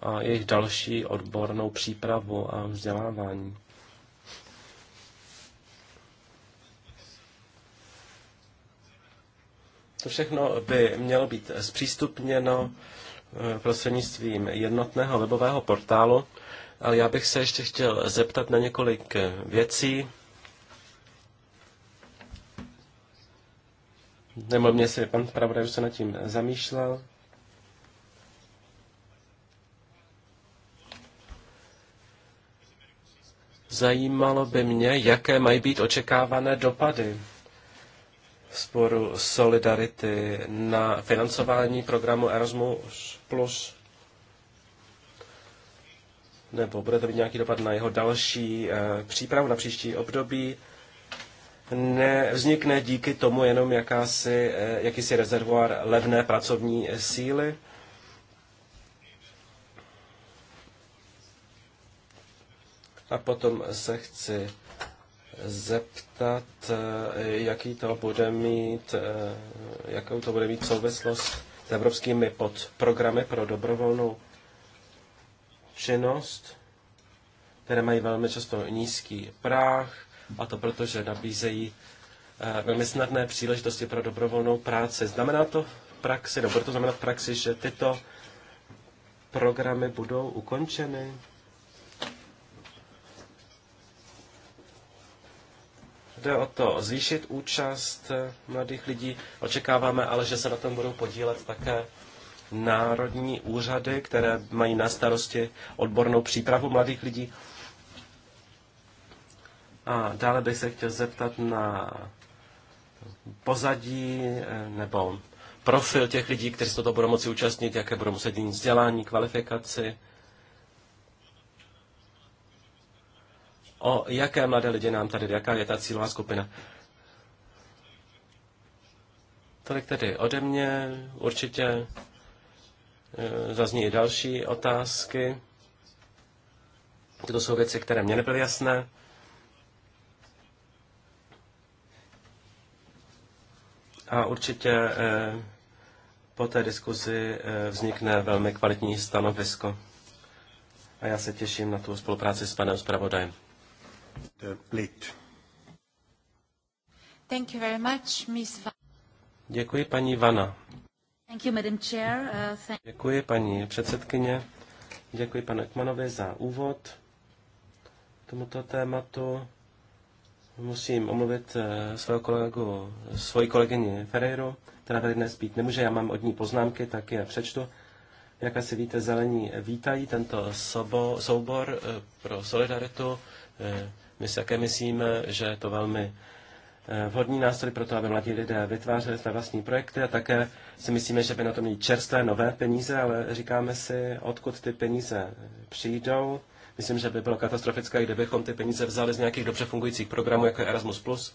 a jejich další odbornou přípravu a vzdělávání. To všechno by mělo být zpřístupněno eh, prostřednictvím jednotného webového portálu, ale já bych se ještě chtěl zeptat na několik eh, věcí. Nebo mě si pan Pravodaj už se nad tím zamýšlel. Zajímalo by mě, jaké mají být očekávané dopady sporu solidarity na financování programu Erasmus+, plus, nebo bude to mít nějaký dopad na jeho další eh, přípravu na příští období, nevznikne díky tomu jenom jakási, eh, jakýsi rezervoár levné pracovní síly, A potom se chci zeptat, eh, jaký to bude mít, eh, jakou to bude mít souvislost s evropskými podprogramy pro dobrovolnou činnost, které mají velmi často nízký práh, a to proto, že nabízejí eh, velmi snadné příležitosti pro dobrovolnou práci. Znamená to v praxi, nebo to znamená v praxi, že tyto programy budou ukončeny? Jde o to zvýšit účast eh, mladých lidí. Očekáváme ale, že se na tom budou podílet také národní úřady, které mají na starosti odbornou přípravu mladých lidí. A dále bych se chtěl zeptat na pozadí eh, nebo profil těch lidí, kteří se to budou moci účastnit, jaké budou muset mít vzdělání, kvalifikaci o jaké mladé lidi nám tady, jaká je ta cílová skupina. Tolik tedy ode mě. Určitě e, zazní i další otázky. To jsou věci, které mě nebyly jasné. A určitě e, po té diskuzi e, vznikne velmi kvalitní stanovisko. A já se těším na tu spolupráci s panem zpravodajem. Thank you very much, Děkuji, paní Vana. Thank you, Madam Chair. Uh, thank... Děkuji, paní předsedkyně. Děkuji panu Ekmanovi za úvod k tomuto tématu. Musím omluvit eh, svého kolegu, svoji kolegyni Ferreiru, která tady dnes být nemůže. Já mám od ní poznámky, tak je přečtu. Jak asi víte, zelení vítají tento sobo, soubor eh, pro solidaritu eh, my si také myslíme, že je to velmi eh, vhodný nástroj pro to, aby mladí lidé vytvářeli své vlastní projekty a také si myslíme, že by na to měli čerstvé nové peníze, ale říkáme si, odkud ty peníze přijdou. Myslím, že by bylo katastrofické, kdybychom ty peníze vzali z nějakých dobře fungujících programů, jako je Erasmus+,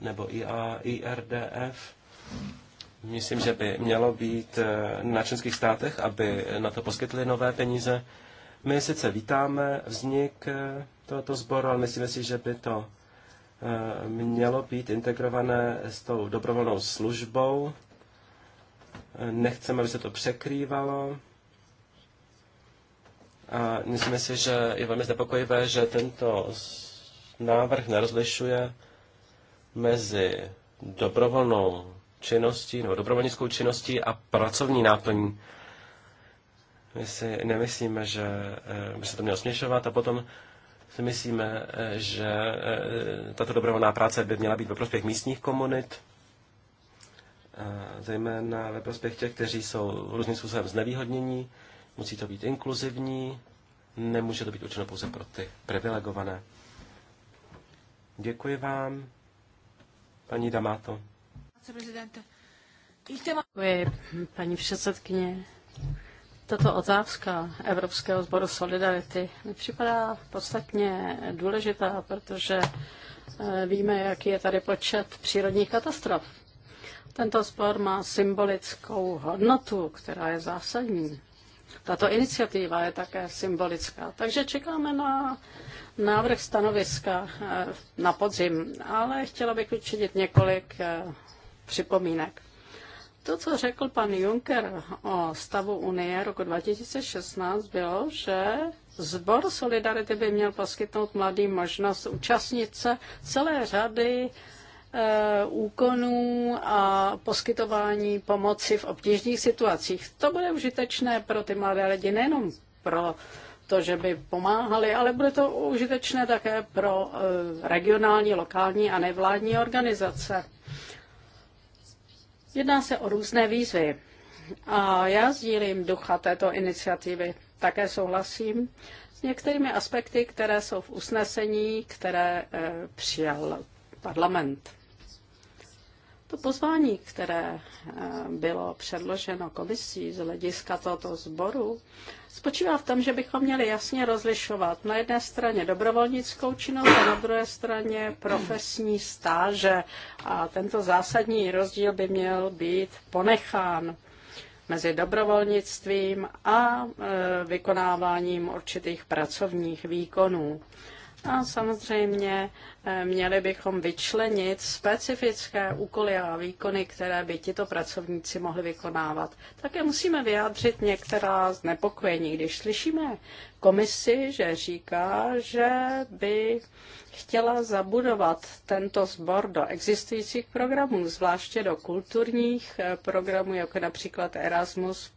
nebo IA, IRDF. Myslím, že by mělo být eh, na členských státech, aby na to poskytli nové peníze. My sice vítáme vznik eh, tohoto sboru, ale myslíme si, že by to eh, mělo být integrované s tou dobrovolnou službou. Eh, nechceme, aby se to překrývalo. A myslíme si, že je velmi znepokojivé, že tento návrh nerozlišuje mezi dobrovolnou činností nebo dobrovolnickou činností a pracovní náplní my si nemyslíme, že eh, by se to mělo směšovat a potom si myslíme, eh, že eh, tato dobrovolná práce by měla být ve prospěch místních komunit, zejména ve prospěch těch, kteří jsou různým způsobem znevýhodnění. Musí to být inkluzivní, nemůže to být určeno pouze pro ty privilegované. Děkuji vám, paní Damato. Děkuji, paní předsedkyně. Tato otázka Evropského sboru Solidarity mi připadá podstatně důležitá, protože eh, víme, jaký je tady počet přírodních katastrof. Tento spor má symbolickou hodnotu, která je zásadní. Tato iniciativa je také symbolická, takže čekáme na návrh stanoviska eh, na podzim, ale chtěla bych učinit několik eh, připomínek. To, co řekl pan Juncker o stavu Unie roku 2016, bylo, že Zbor Solidarity by měl poskytnout mladým možnost účastnit se celé řady eh, úkonů a poskytování pomoci v obtížných situacích. To bude užitečné pro ty mladé lidi, nejenom pro to, že by pomáhali, ale bude to užitečné také pro eh, regionální, lokální a nevládní organizace. Jedná se o různé výzvy a já sdílím ducha této iniciativy. Také souhlasím s některými aspekty, které jsou v usnesení, které eh, přijal parlament. To pozvání, které eh, bylo předloženo komisí z hlediska tohoto sboru, spočívá v tom, že bychom měli jasně rozlišovat na jedné straně dobrovolnickou činnost a na druhé straně profesní stáže. A tento zásadní rozdíl by měl být ponechán mezi dobrovolnictvím a e, vykonáváním určitých pracovních výkonů. A samozřejmě eh, měli bychom vyčlenit specifické úkoly a výkony, které by tito pracovníci mohli vykonávat. Také musíme vyjádřit některá znepokojení, když slyšíme komisi, že říká, že by chtěla zabudovat tento sbor do existujících programů, zvláště do kulturních eh, programů, jako například Erasmus+,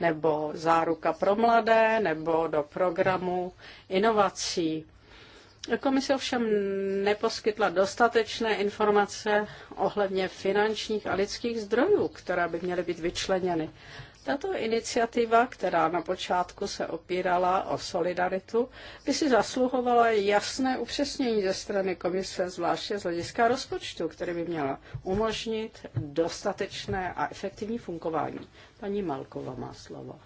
nebo Záruka pro mladé, nebo do programu inovací. Komise ovšem neposkytla dostatečné informace ohledně finančních a lidských zdrojů, které by měly být vyčleněny. Tato iniciativa, která na počátku se opírala o solidaritu, by si zasluhovala jasné upřesnění ze strany komise, zvláště z hlediska rozpočtu, který by měla umožnit dostatečné a efektivní fungování. Paní Malkova má slovo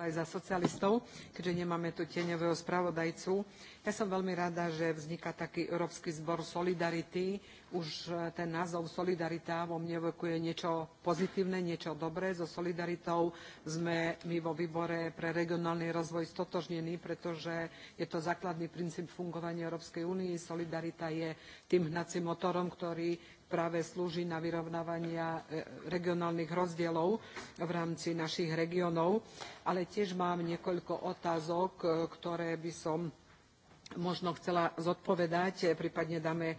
aj za socialistov, keďže nemáme tu tieňového spravodajcu. Ja som veľmi rada, že vzniká taký Európsky zbor Solidarity. Už e, ten názov Solidarita vo mne evokuje niečo pozitívne, niečo dobré. So Solidaritou sme my vo výbore pre regionálny rozvoj stotožnení, pretože je to základný princíp fungovania Európskej únie. Solidarita je tým hnacím motorom, ktorý práve slúži na vyrovnávania e, regionálnych rozdielov v rámci našich regiónov. Ale tiež mám niekoľko otázok, e, ktoré by som možno chcela zodpovedať, e, prípadne dáme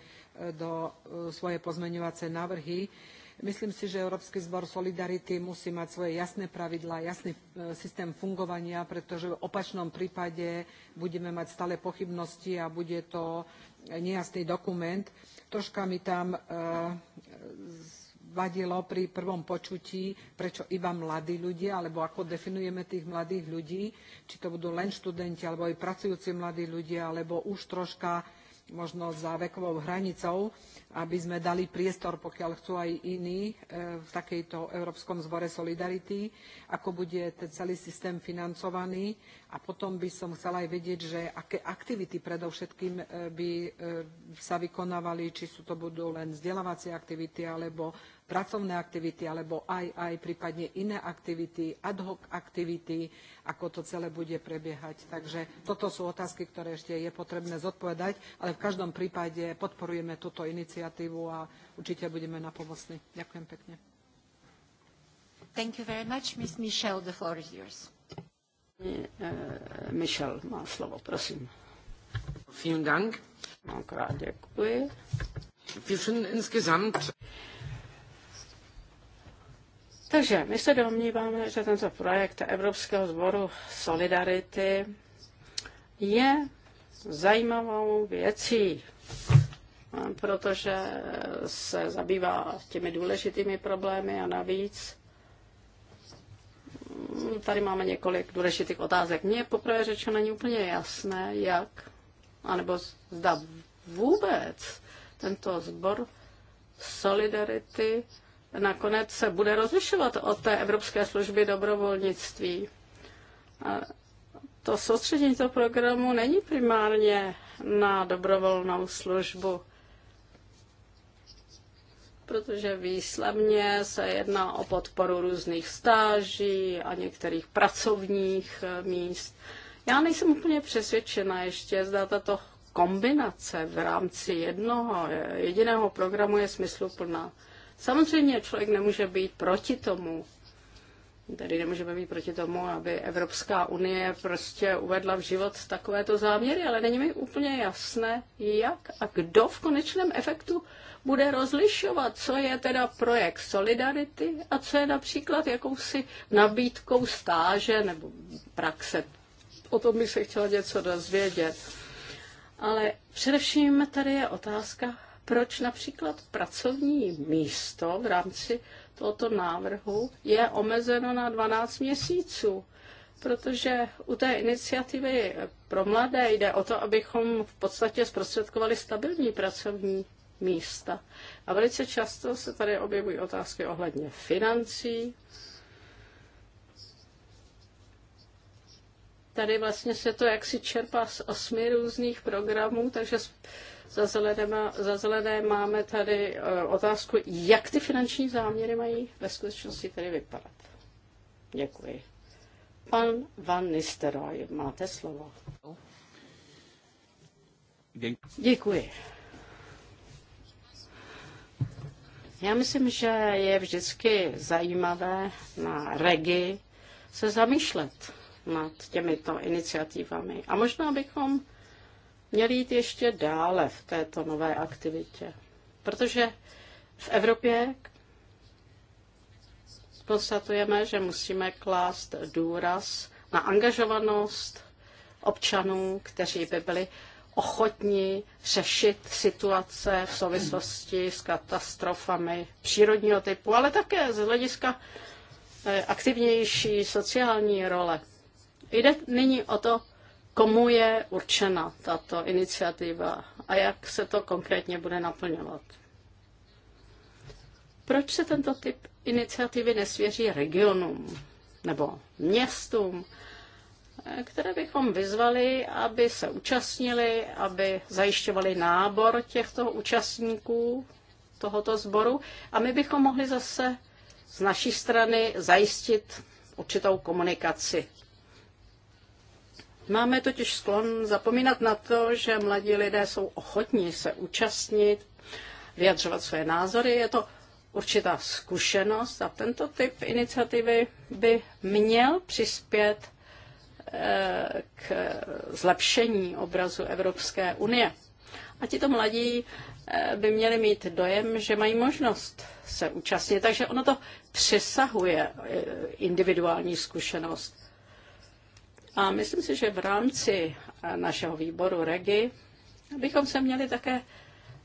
do svoje pozmeňovacie návrhy. Myslím si, že Európsky zbor Solidarity musí mať svoje jasné pravidlá, jasný e, systém fungovania, pretože v opačnom prípade budeme mať stále pochybnosti a bude to nejasný dokument. Troška mi tam e, vadilo pri prvom počutí, prečo iba mladí ľudia, alebo ako definujeme tých mladých ľudí, či to budú len študenti, alebo aj pracujúci mladí ľudia, alebo už troška možno za vekovou hranicou, aby sme dali priestor, pokiaľ chcú aj iní e, v takejto Európskom zbore Solidarity, ako bude ten celý systém financovaný. A potom by som chcela aj vedieť, že aké aktivity predovšetkým e, by e, sa vykonávali, či sú to budú len vzdelávacie aktivity, alebo pracovné aktivity alebo aj, aj prípadne iné aktivity, ad hoc aktivity, ako to celé bude prebiehať. Takže toto sú otázky, ktoré ešte je potrebné zodpovedať, ale v každom prípade podporujeme túto iniciatívu a určite budeme napomocní. Ďakujem pekne. Thank you very much. Ms. Michel, the floor is yours. E, e, Michel má slovo, prosím. Vielen Dank. Mnohokrát děkuji. Wir sind insgesamt takže my se domníváme, že tento projekt Evropského sboru Solidarity je zajímavou věcí, protože se zabývá těmi důležitými problémy a navíc tady máme několik důležitých otázek. Mně poprvé řečeno není úplně jasné, jak, anebo zda vůbec tento sbor Solidarity nakonec se bude rozlišovat od té Evropské služby dobrovolnictví. A to soustředění toho programu není primárně na dobrovolnou službu, protože výsledně se jedná o podporu různých stáží a některých pracovních e, míst. Já nejsem úplně přesvědčena ještě, zda tato kombinace v rámci jednoho e, jediného programu je smysluplná. Samozřejmě člověk nemůže být proti tomu, Tady nemůžeme být proti tomu, aby Evropská unie prostě uvedla v život takovéto záměry, ale není mi úplně jasné, jak a kdo v konečném efektu bude rozlišovat, co je teda projekt solidarity a co je například jakousi nabídkou stáže nebo praxe. O tom bych se chtěla něco dozvědět. Ale především tady je otázka, proč například pracovní místo v rámci tohoto návrhu je omezeno na 12 měsíců. Protože u té iniciativy pro mladé jde o to, abychom v podstatě zprostředkovali stabilní pracovní místa. A velice často se tady objevují otázky ohledně financí. Tady vlastně se to jaksi čerpá z osmi různých programů, takže za zelené, za zelené máme tady eh, otázku, jak ty finanční záměry mají ve skutečnosti tedy vypadat. Děkuji. Pan Van Nisteroj, máte slovo. Děkuji. Já myslím, že je vždycky zajímavé na regi se zamýšlet nad těmito iniciativami. A možná bychom měli jít ještě dále v této nové aktivitě. Protože v Evropě konstatujeme, že musíme klást důraz na angažovanost občanů, kteří by byli ochotní řešit situace v souvislosti s katastrofami přírodního typu, ale také z hlediska eh, aktivnější sociální role. Jde nyní o to Komu je určena tato iniciativa a jak se to konkrétně bude naplňovat? Proč se tento typ iniciativy nesvěří regionům nebo městům, které bychom vyzvali, aby se účastnili, aby zajišťovali nábor těchto účastníků tohoto sboru a my bychom mohli zase z naší strany zajistit určitou komunikaci Máme totiž sklon zapomínat na to, že mladí lidé jsou ochotní se účastnit, vyjadřovat své názory. Je to určitá zkušenost a tento typ iniciativy by měl přispět eh, k zlepšení obrazu Evropské unie. A tito mladí eh, by měli mít dojem, že mají možnost se účastnit. Takže ono to přesahuje eh, individuální zkušenost. A myslím si, že v rámci eh, našeho výboru REGI bychom se měli také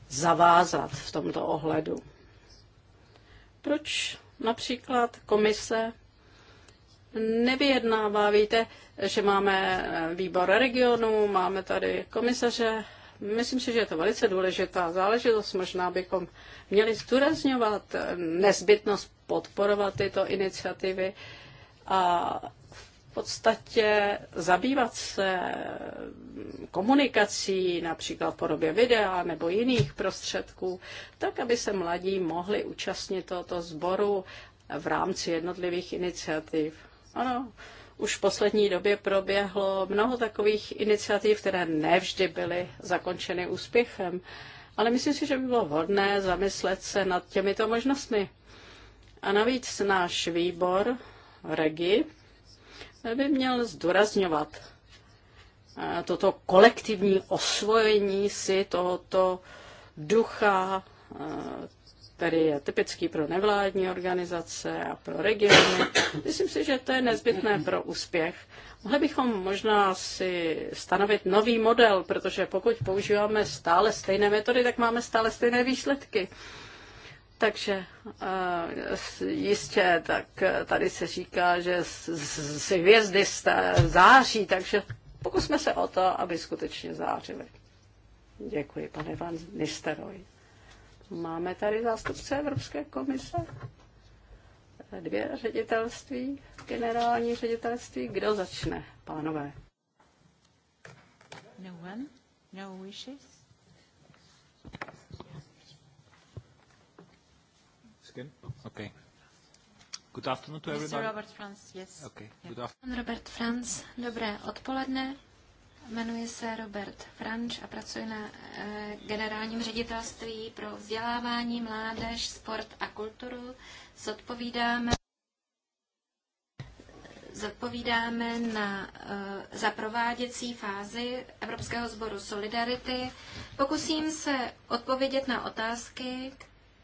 zavázat v tomto ohledu. Proč například komise nevyjednává? Víte, že máme eh, výbor regionu, máme tady komisaře. Myslím si, že je to velice důležitá záležitost. Možná bychom měli zdůrazňovat eh, nezbytnost podporovat tyto iniciativy a v podstatě zabývat se komunikací, například v podobě videa nebo jiných prostředků, tak aby se mladí mohli účastnit tohoto sboru v rámci jednotlivých iniciativ. Ano, už v poslední době proběhlo mnoho takových iniciativ, které nevždy byly zakončeny úspěchem. Ale myslím si, že by bylo vhodné zamyslet se nad těmito možnostmi. A navíc náš výbor, REGI, by měl zdůrazňovat eh, toto kolektivní osvojení si tohoto ducha, eh, který je typický pro nevládní organizace a pro regiony. Myslím si, že to je nezbytné pro úspěch. Mohli bychom možná si stanovit nový model, protože pokud používáme stále stejné metody, tak máme stále stejné výsledky. Takže eh, jistě, tak eh, tady se říká, že z hvězdy září, takže pokusme se o to, aby skutečně zářily. Děkuji, pane Van Nisteroj. Máme tady zástupce Evropské komise, dvě ředitelství, generální ředitelství. Kdo začne, pánové? No one, no wishes. Good? Okay. Good afternoon to everybody. Mr. Robert Franz, yes. Okay. Yeah. Good afternoon. Robert Franz, dobré odpoledne. Jmenuji se Robert Franč a pracuji na e, generálním ředitelství pro vzdělávání, mládež, sport a kulturu. Zodpovídáme zodpovídáme na, e, za prováděcí fázi Evropského sboru Solidarity. Pokusím se odpovědět na otázky,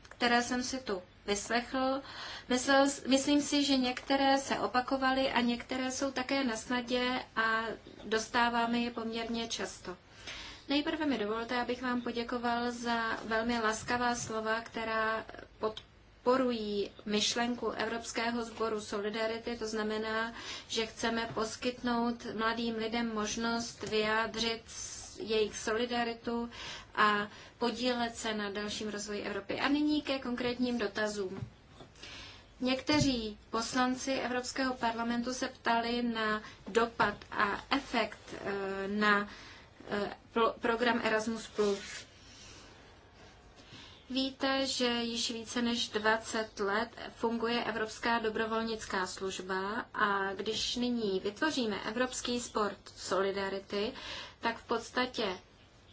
které jsem si tu vyslechl. Myslel, myslím si, že některé se opakovaly a některé jsou také na snadě a dostáváme je poměrně často. Nejprve mi dovolte, abych vám poděkoval za velmi laskavá slova, která podporují myšlenku Evropského sboru Solidarity. To znamená, že chceme poskytnout mladým lidem možnost vyjádřit jejich solidaritu a podílet se na dalším rozvoji Evropy. A nyní ke konkrétním dotazům. Někteří poslanci Evropského parlamentu se ptali na dopad a efekt eh, na eh, program Erasmus. Víte, že již více než 20 let funguje Evropská dobrovolnická služba a když nyní vytvoříme Evropský sport Solidarity, tak v podstatě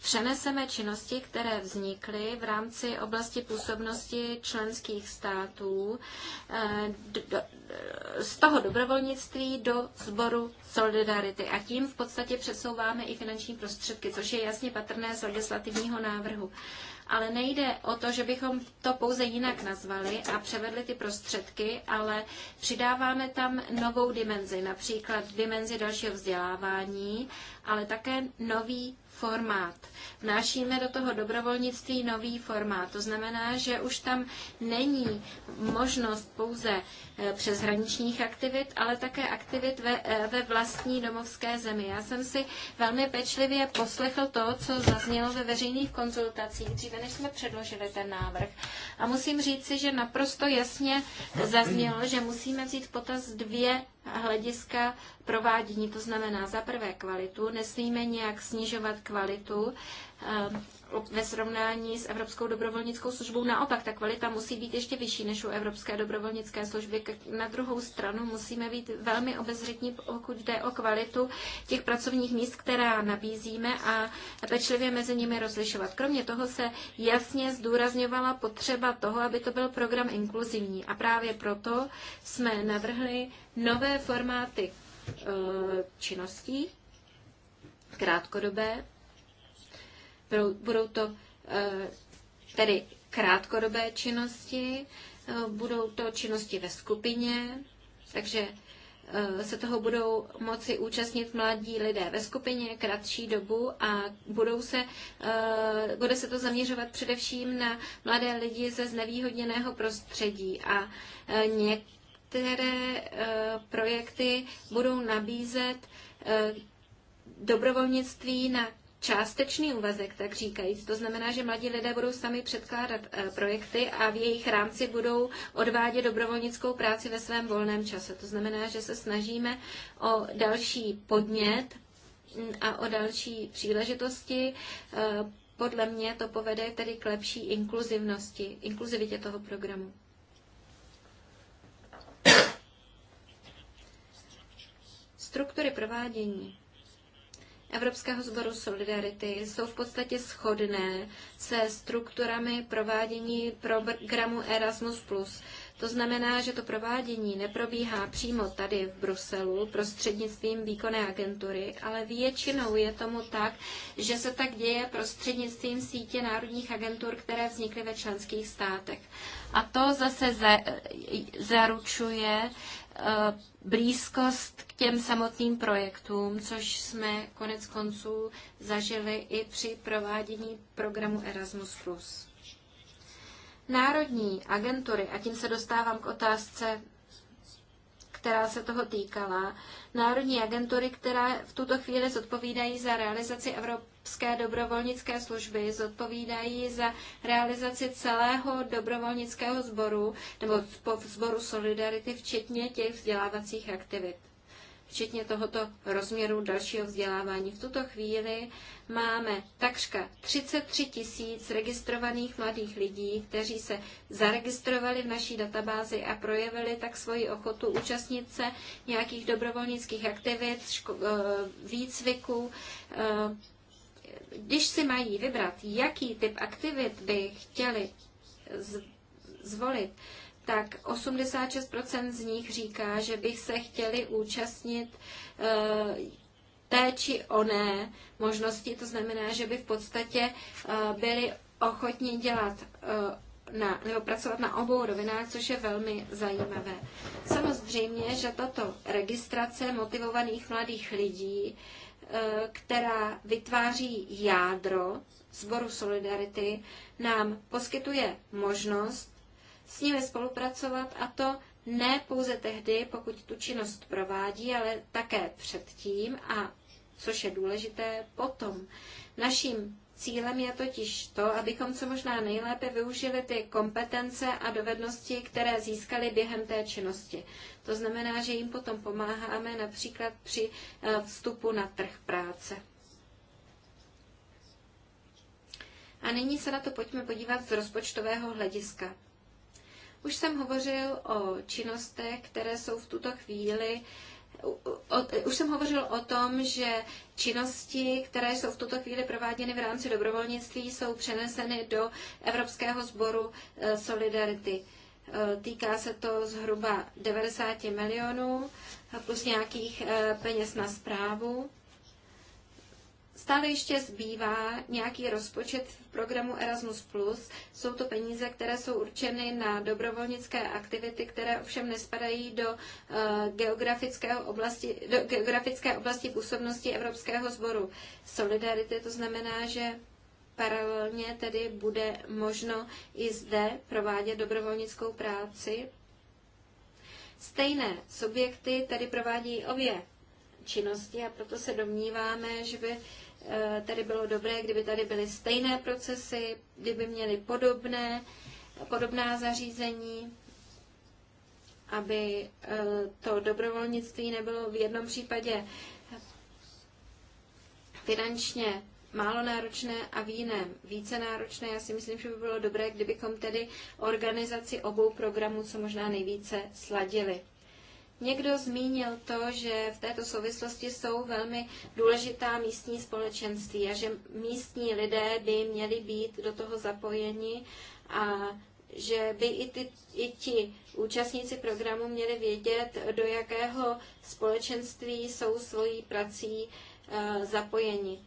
přeneseme činnosti, které vznikly v rámci oblasti působnosti členských států eh, eh, z toho dobrovolnictví do sboru Solidarity. A tím v podstatě přesouváme i finanční prostředky, což je jasně patrné z legislativního návrhu ale nejde o to, že bychom to pouze jinak nazvali a převedli ty prostředky, ale přidáváme tam novou dimenzi, například dimenzi dalšího vzdělávání, ale také nový formát. Vnášíme do toho dobrovolnictví nový formát. To znamená, že už tam není možnost pouze eh, přeshraničních aktivit, ale také aktivit ve, eh, ve vlastní domovské zemi. Já jsem si velmi pečlivě poslechl to, co zaznělo ve veřejných konzultacích, dříve než jsme předložili ten návrh. A musím říci, že naprosto jasně zaznělo, že musíme vzít v potaz dvě hlediska provádění, to znamená za prvé kvalitu, nesmíme nějak snižovat kvalitu Ehm, ve srovnání s Evropskou dobrovolnickou službou. Naopak, ta kvalita musí být ještě vyšší než u Evropské dobrovolnické služby. Na druhou stranu musíme být velmi obezřetní, pokud jde o kvalitu těch pracovních míst, která nabízíme a pečlivě mezi nimi rozlišovat. Kromě toho se jasně zdůrazňovala potřeba toho, aby to byl program inkluzivní. A právě proto jsme navrhli nové formáty ehm, činností, krátkodobé Budou to eh, tedy krátkodobé činnosti, eh, budou to činnosti ve skupině, takže eh, se toho budou moci účastnit mladí lidé ve skupině kratší dobu a budou se, bude se to zaměřovat především na mladé lidi ze znevýhodněného prostředí a některé projekty budou nabízet dobrovolnictví na částečný úvazek, tak říkajíc. To znamená, že mladí lidé budou sami předkládat eh, projekty a v jejich rámci budou odvádět dobrovolnickou práci ve svém volném čase. To znamená, že se snažíme o další podnět mm, a o další příležitosti. Eh, podle mě to povede tedy k lepší inkluzivnosti, inkluzivitě toho programu. Struktury provádění Evropského sboru Solidarity jsou v podstatě shodné se strukturami provádění programu Erasmus+. To znamená, že to provádění neprobíhá přímo tady v Bruselu prostřednictvím výkonné agentury, ale většinou je tomu tak, že se tak děje prostřednictvím sítě národních agentur, které vznikly ve členských státech. A to zase zaručuje, Eh, blízkost k těm samotným projektům, což jsme konec konců zažili i při provádění programu Erasmus+. Národní agentury, a tím se dostávám k otázce, která se toho týkala, národní agentury, které v tuto chvíli zodpovídají za realizaci Evropy evropské dobrovolnické služby zodpovídají za realizaci celého dobrovolnického sboru nebo sboru Solidarity, včetně těch vzdělávacích aktivit včetně tohoto rozměru dalšího vzdělávání. V tuto chvíli máme takřka 33 tisíc registrovaných mladých lidí, kteří se zaregistrovali v naší databázi a projevili tak svoji ochotu účastnit se nějakých dobrovolnických aktivit, eh, výcviku, eh, když si mají vybrat, jaký typ aktivit by chtěli zvolit, tak 86% z nich říká, že by se chtěli účastnit eh, té či oné možnosti. To znamená, že by v podstatě eh, byli ochotní dělat eh, na, nebo pracovat na obou rovinách, což je velmi zajímavé. Samozřejmě, že tato registrace motivovaných mladých lidí Eh, která vytváří jádro sboru Solidarity, nám poskytuje možnost s nimi spolupracovat a to ne pouze tehdy, pokud tu činnost provádí, ale také předtím a, což je důležité, potom. Naším Cílem je totiž to, abychom co možná nejlépe využili ty kompetence a dovednosti, které získali během té činnosti. To znamená, že jim potom pomáháme například při eh, vstupu na trh práce. A nyní se na to pojďme podívat z rozpočtového hlediska. Už jsem hovořil o činnostech, které jsou v tuto chvíli uh, už jsem hovořil o tom, že činnosti, které jsou v tuto chvíli prováděny v rámci dobrovolnictví, jsou přeneseny do Evropského sboru e, Solidarity. E, týká se to zhruba 90 milionů plus nějakých e, peněz na zprávu. Stále ještě zbývá nějaký rozpočet v programu Erasmus+. Jsou to peníze, které jsou určeny na dobrovolnické aktivity, které ovšem nespadají do, eh, geografického oblasti, do geografické oblasti působnosti Evropského sboru Solidarity. To znamená, že paralelně tedy bude možno i zde provádět dobrovolnickou práci. Stejné subjekty tedy provádějí obě činnosti a proto se domníváme, že by Eh, tady bylo dobré, kdyby tady byly stejné procesy, kdyby měly podobné, podobná zařízení, aby eh, to dobrovolnictví nebylo v jednom případě finančně málo náročné a v jiném více náročné. Já si myslím, že by bylo dobré, kdybychom tedy organizaci obou programů co možná nejvíce sladili. Někdo zmínil to, že v této souvislosti jsou velmi důležitá místní společenství a že místní lidé by měli být do toho zapojeni a že by i, ty, i ti účastníci programu měli vědět, do jakého společenství jsou svojí prací eh, zapojeni.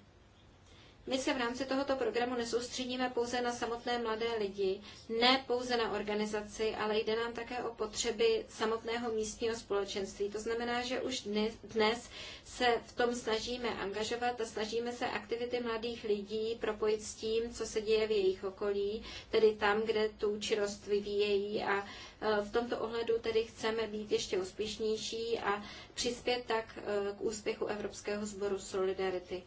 My se v rámci tohoto programu nesoustředíme pouze na samotné mladé lidi, ne pouze na organizaci, ale jde nám také o potřeby samotného místního společenství. To znamená, že už dnes se v tom snažíme angažovat a snažíme se aktivity mladých lidí propojit s tím, co se děje v jejich okolí, tedy tam, kde tu činnost vyvíjejí a e, v tomto ohledu tedy chceme být ještě úspěšnější a přispět tak e, k úspěchu Evropského sboru Solidarity.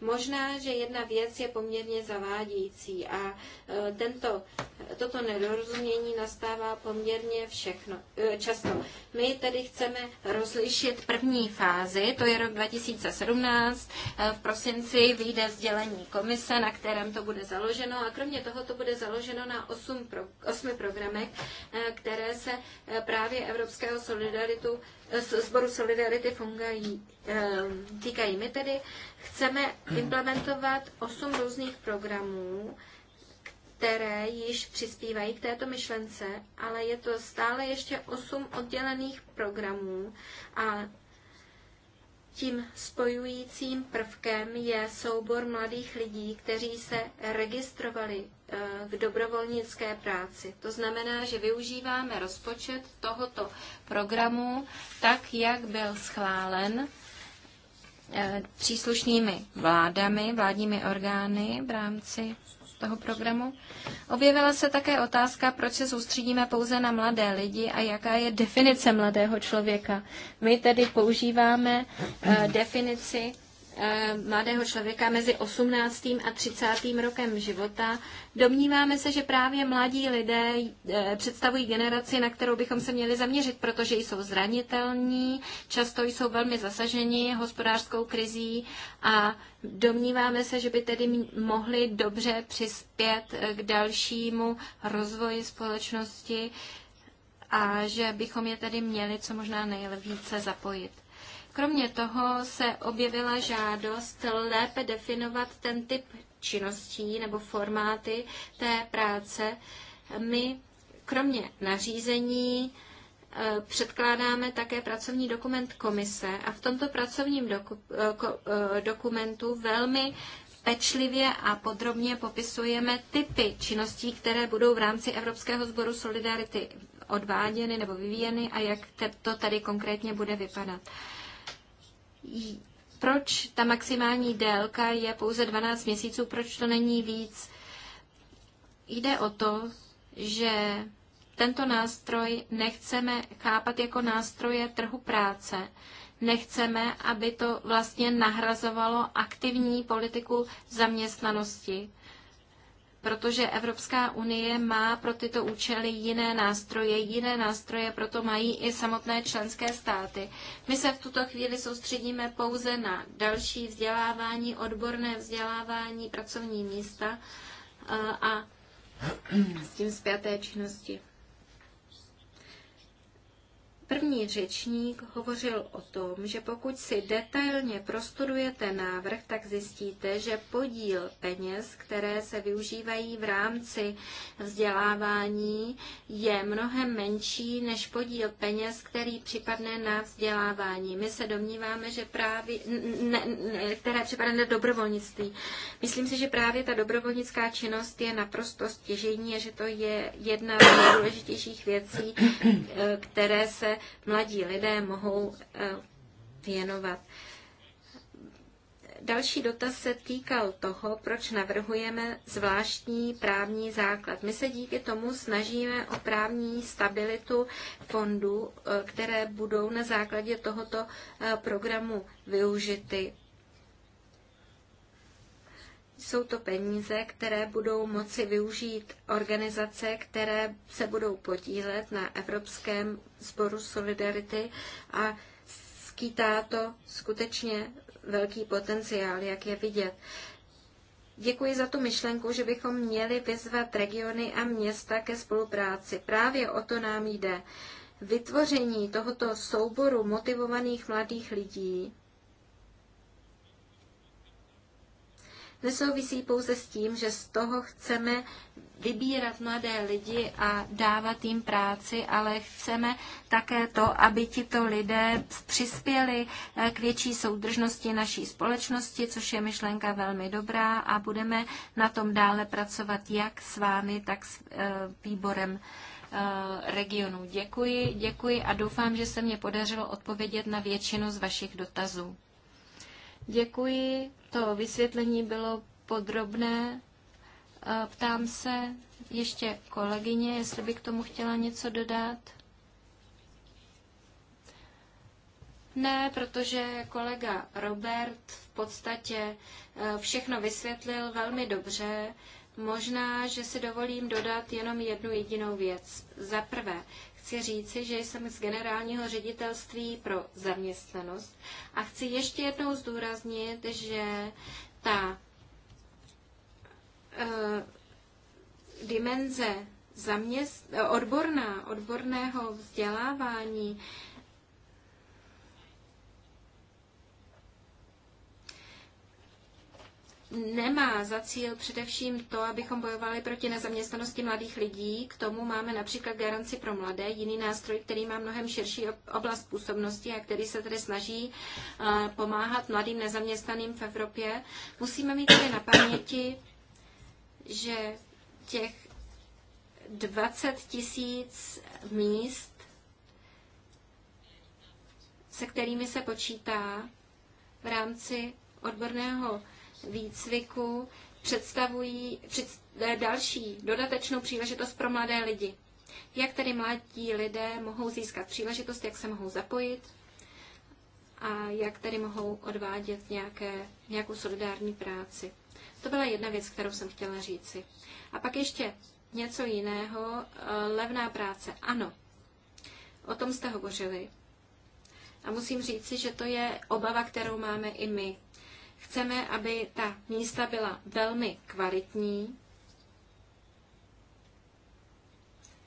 Možná, že jedna věc je poměrně zavádějící a e, tento, toto nedorozumění nastává poměrně všechno, e, často. My tedy chceme rozlišit první fázi, to je rok 2017, e, v prosinci vyjde sdělení komise, na kterém to bude založeno a kromě toho to bude založeno na osm pro, osmi programech, které se právě Evropského solidaritu sboru Solidarity fungají, eh, týkají. My tedy chceme implementovat osm různých programů, které již přispívají k této myšlence, ale je to stále ještě osm oddělených programů a tím spojujícím prvkem je soubor mladých lidí, kteří se registrovali k eh, dobrovolnické práci. To znamená, že využíváme rozpočet tohoto programu tak, jak byl schválen eh, příslušnými vládami, vládními orgány v rámci toho programu. Objevila se také otázka, proč se soustředíme pouze na mladé lidi a jaká je definice mladého člověka. My tedy používáme eh, definici Eh, mladého člověka mezi 18. a 30. rokem života. Domníváme se, že právě mladí lidé eh, představují generaci, na kterou bychom se měli zaměřit, protože jsou zranitelní, často jsou velmi zasaženi hospodářskou krizí a domníváme se, že by tedy mohli dobře přispět eh, k dalšímu rozvoji společnosti a že bychom je tedy měli co možná nejvíce zapojit. Kromě toho se objevila žádost lépe definovat ten typ činností nebo formáty té práce. My kromě nařízení eh, předkládáme také pracovní dokument komise a v tomto pracovním doku, eh, eh, dokumentu velmi pečlivě a podrobně popisujeme typy činností, které budou v rámci Evropského sboru Solidarity odváděny nebo vyvíjeny a jak to tady konkrétně bude vypadat proč ta maximální délka je pouze 12 měsíců, proč to není víc. Jde o to, že tento nástroj nechceme chápat jako nástroje trhu práce. Nechceme, aby to vlastně nahrazovalo aktivní politiku zaměstnanosti protože Evropská unie má pro tyto účely jiné nástroje, jiné nástroje proto mají i samotné členské státy. My se v tuto chvíli soustředíme pouze na další vzdělávání, odborné vzdělávání, pracovní místa eh, a s tím zpěté činnosti. První řečník hovořil o tom, že pokud si detailně prostudujete návrh, tak zjistíte, že podíl peněz, které se využívají v rámci vzdělávání, je mnohem menší než podíl peněz, který připadne na vzdělávání. My se domníváme, že právě, ne, ne, které připadne na dobrovolnictví. Myslím si, že právě ta dobrovolnická činnost je naprosto stěžení a že to je jedna z nejdůležitějších věcí, eh, které se mladí lidé mohou eh, věnovat. Další dotaz se týkal toho, proč navrhujeme zvláštní právní základ. My se díky tomu snažíme o právní stabilitu fondů, eh, které budou na základě tohoto eh, programu využity jsou to peníze, které budou moci využít organizace, které se budou podílet na Evropském sboru Solidarity a skýtá to skutečně velký potenciál, jak je vidět. Děkuji za tu myšlenku, že bychom měli vyzvat regiony a města ke spolupráci. Právě o to nám jde. Vytvoření tohoto souboru motivovaných mladých lidí nesouvisí pouze s tím, že z toho chceme vybírat mladé lidi a dávat jim práci, ale chceme také to, aby tito lidé přispěli eh, k větší soudržnosti naší společnosti, což je myšlenka velmi dobrá a budeme na tom dále pracovat jak s vámi, tak s eh, výborem eh, regionu. Děkuji, děkuji a doufám, že se mě podařilo odpovědět na většinu z vašich dotazů. Děkuji to vysvětlení bylo podrobné. E, ptám se ještě kolegyně, jestli by k tomu chtěla něco dodat. Ne, protože kolega Robert v podstatě e, všechno vysvětlil velmi dobře. Možná, že si dovolím dodat jenom jednu jedinou věc. Za prvé, chci říci, že jsem z generálního ředitelství pro zaměstnanost a chci ještě jednou zdůraznit, že ta e, dimenze zaměst, odborná, odborného vzdělávání nemá za cíl především to, abychom bojovali proti nezaměstnanosti mladých lidí. K tomu máme například garanci pro mladé, jiný nástroj, který má mnohem širší oblast působnosti a který se tedy snaží eh, pomáhat mladým nezaměstnaným v Evropě. Musíme mít tedy na paměti, že těch 20 tisíc míst, se kterými se počítá v rámci odborného výcviku představují eh, další dodatečnou příležitost pro mladé lidi. Jak tedy mladí lidé mohou získat příležitost, jak se mohou zapojit a jak tedy mohou odvádět nějaké, nějakou solidární práci. To byla jedna věc, kterou jsem chtěla říci. A pak ještě něco jiného, eh, levná práce. Ano, o tom jste hovořili. A musím říci, že to je obava, kterou máme i my. Chceme, aby ta místa byla velmi kvalitní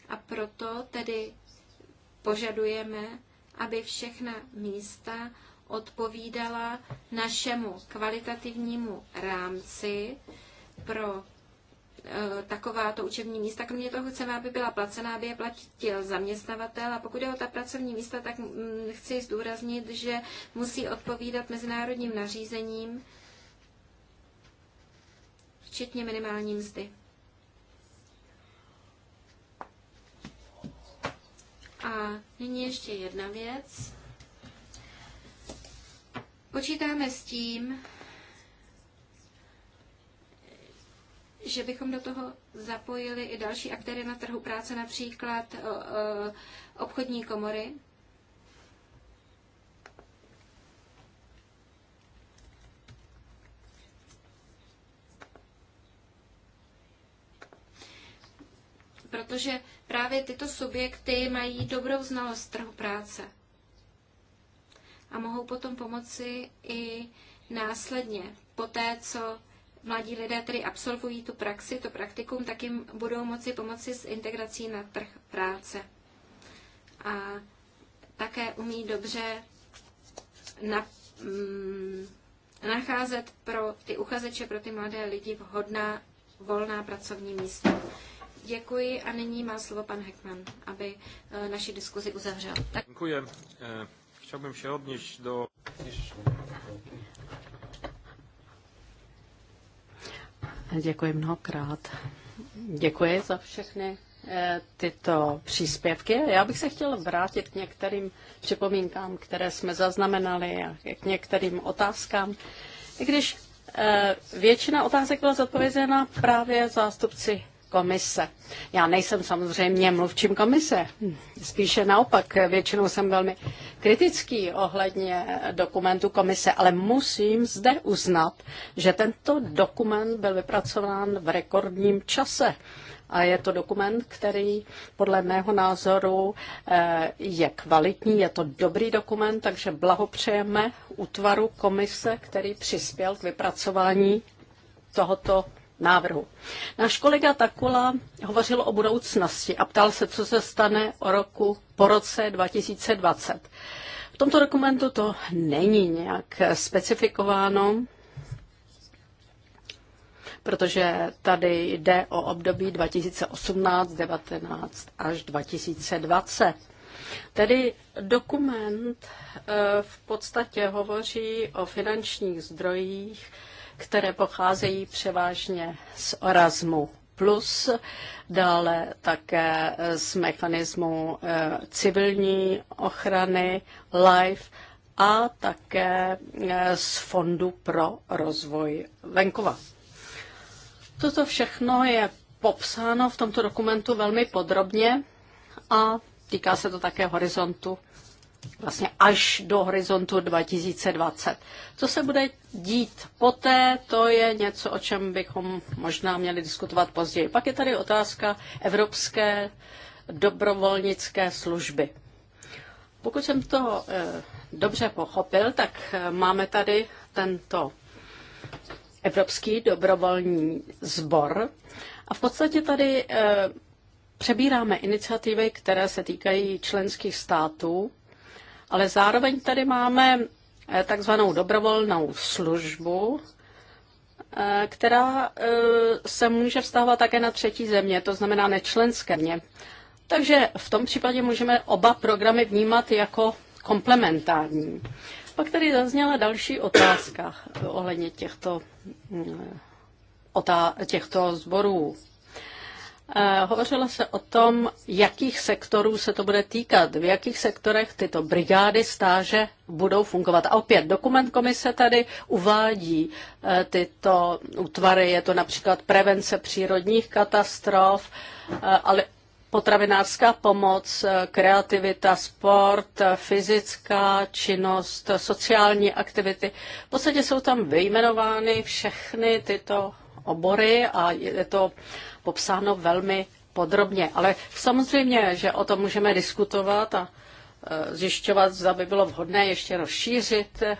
a proto tedy požadujeme, aby všechna místa odpovídala našemu kvalitativnímu rámci pro Eh, takováto učební místa. Kromě toho chceme, aby byla placená, aby je platil zaměstnavatel. A pokud je o ta pracovní místa, tak mm, chci zdůraznit, že musí odpovídat mezinárodním nařízením, včetně minimální mzdy. A nyní ještě jedna věc. Počítáme s tím, že bychom do toho zapojili i další aktéry na trhu práce, například eh, eh, obchodní komory. Protože právě tyto subjekty mají dobrou znalost trhu práce a mohou potom pomoci i následně, po té, co mladí lidé tedy absolvují tu praxi, to praktikum, tak jim budou moci pomoci s integrací na trh práce. A také umí dobře na, mm, nacházet pro ty uchazeče, pro ty mladé lidi vhodná volná pracovní místa. Děkuji a nyní má slovo pan Heckman, aby eh, naši diskuzi uzavřel. Tak... Děkuji. Eh, chtěl bych odnieść do... Děkuji mnohokrát. Děkuji za všechny eh, tyto příspěvky. Já bych se chtěl vrátit k některým připomínkám, které jsme zaznamenali a k některým otázkám. I když eh, většina otázek byla zodpovězena právě zástupci komise. Já nejsem samozřejmě mluvčím komise, spíše naopak, většinou jsem velmi kritický ohledně dokumentu komise, ale musím zde uznat, že tento dokument byl vypracován v rekordním čase. A je to dokument, který podle mého názoru eh, je kvalitní, je to dobrý dokument, takže blahopřejeme útvaru komise, který přispěl k vypracování tohoto návrhu. Náš kolega Takula hovořil o budoucnosti a ptal se, co se stane o roku, po roce 2020. V tomto dokumentu to není nějak specifikováno, protože tady jde o období 2018, 19 až 2020. Tedy dokument eh, v podstatě hovoří o finančních zdrojích které pocházejí převážně z orazmu plus, dále také z mechanismu eh, civilní ochrany LIFE a také eh, z Fondu pro rozvoj venkova. Toto všechno je popsáno v tomto dokumentu velmi podrobně a týká se to také horizontu vlastně až do horizontu 2020. Co se bude dít poté, to je něco, o čem bychom možná měli diskutovat později. Pak je tady otázka evropské dobrovolnické služby. Pokud jsem to eh, dobře pochopil, tak eh, máme tady tento Evropský dobrovolní sbor a v podstatě tady eh, přebíráme iniciativy, které se týkají členských států ale zároveň tady máme eh, takzvanou dobrovolnou službu, eh, která eh, se může vztahovat také na třetí země, to znamená nečlenské země. Takže v tom případě můžeme oba programy vnímat jako komplementární. Pak tady zazněla další otázka ohledně těchto, mm, otá- těchto zborů Hovořilo se o tom, jakých sektorů se to bude týkat, v jakých sektorech tyto brigády stáže budou fungovat. A opět, dokument komise tady uvádí e, tyto útvary, je to například prevence přírodních katastrof, e, ale potravinářská pomoc, e, kreativita, sport, fyzická činnost, sociální aktivity. V podstatě jsou tam vyjmenovány všechny tyto obory a je to uh, popsáno velmi podrobně. Ale samozřejmě, že o tom můžeme diskutovat a e, zjišťovat, zda by bylo vhodné ještě rozšířit e,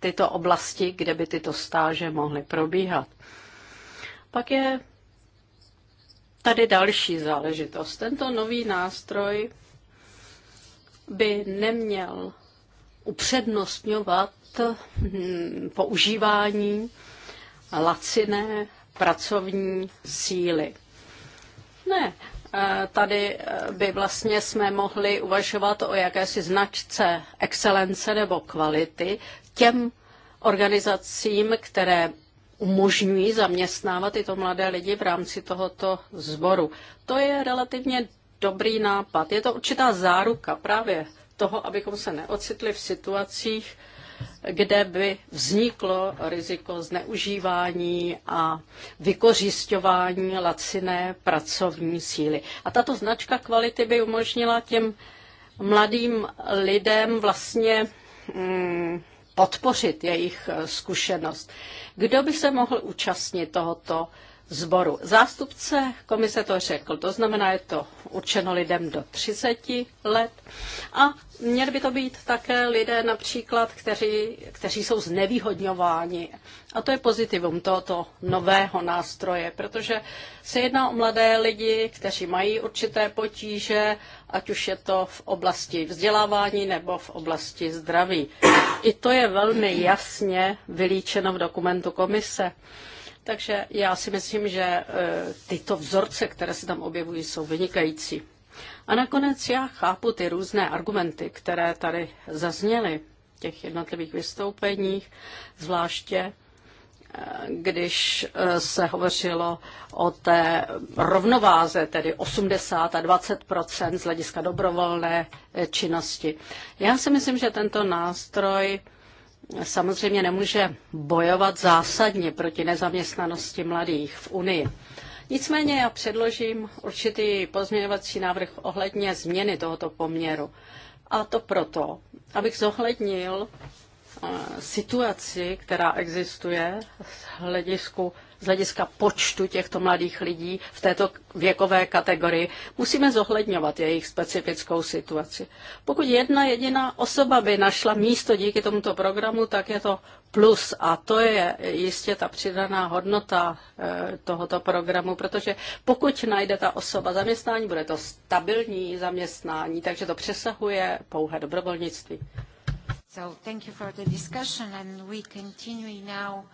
tyto oblasti, kde by tyto stáže mohly probíhat. Pak je tady další záležitost. Tento nový nástroj by neměl upřednostňovat hm, používání laciné pracovní síly. Ne, e, tady e, by vlastně jsme mohli uvažovat o jakési značce excelence nebo kvality těm organizacím, které umožňují zaměstnávat tyto mladé lidi v rámci tohoto sboru. To je relativně dobrý nápad. Je to určitá záruka právě toho, abychom se neocitli v situacích, kde by vzniklo riziko zneužívání a vykořišťování laciné pracovní síly. A tato značka kvality by umožnila těm mladým lidem vlastně mm, podpořit jejich zkušenost. Kdo by se mohl účastnit tohoto sboru. Zástupce komise to řekl, to znamená, je to určeno lidem do 30 let a měli by to být také lidé například, kteří, kteří jsou znevýhodňováni. A to je pozitivum tohoto nového nástroje, protože se jedná o mladé lidi, kteří mají určité potíže, ať už je to v oblasti vzdělávání nebo v oblasti zdraví. I to je velmi jasně vylíčeno v dokumentu komise. Takže já si myslím, že e, tyto vzorce, které se tam objevují, jsou vynikající. A nakonec já chápu ty různé argumenty, které tady zazněly v těch jednotlivých vystoupeních, zvláště e, když e, se hovořilo o té rovnováze, tedy 80 a 20 z hlediska dobrovolné činnosti. Já si myslím, že tento nástroj samozřejmě nemůže bojovat zásadně proti nezaměstnanosti mladých v Unii. Nicméně já předložím určitý pozměňovací návrh ohledně změny tohoto poměru. A to proto, abych zohlednil eh, situaci, která existuje z hledisku z hlediska počtu těchto mladých lidí v této věkové kategorii, musíme zohledňovat jejich specifickou situaci. Pokud jedna jediná osoba by našla místo díky tomuto programu, tak je to plus a to je jistě ta přidaná hodnota eh, tohoto programu, protože pokud najde ta osoba zaměstnání, bude to stabilní zaměstnání, takže to přesahuje pouhé dobrovolnictví. So thank you for the discussion and we continue now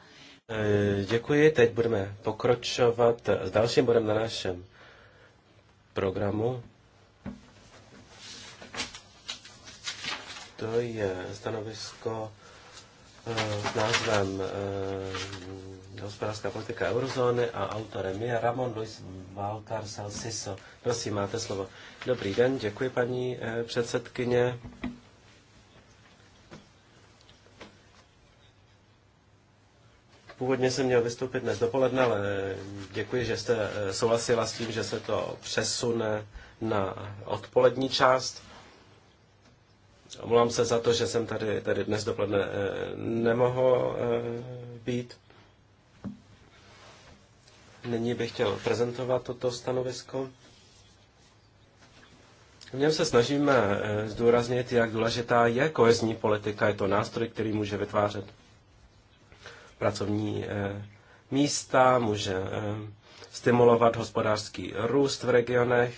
Eh, děkuji, teď budeme pokročovat s dalším bodem na našem programu. To je stanovisko eh, s názvem eh, hospodářská politika eurozóny a autorem je Ramon Luis Valcar Salsiso. Prosím, máte slovo. Dobrý den, děkuji paní předsedkyně. Původně jsem měl vystoupit dnes dopoledne, ale děkuji, že jste eh, souhlasila s tím, že se to přesune na odpolední část. Omlouvám se za to, že jsem tady, tady dnes dopoledne eh, nemohl eh, být. Nyní bych chtěl prezentovat toto stanovisko. V něm se snažíme zdůraznit, jak důležitá je kohezní politika. Je to nástroj, který může vytvářet pracovní eh, místa, může eh, stimulovat hospodářský růst v regionech,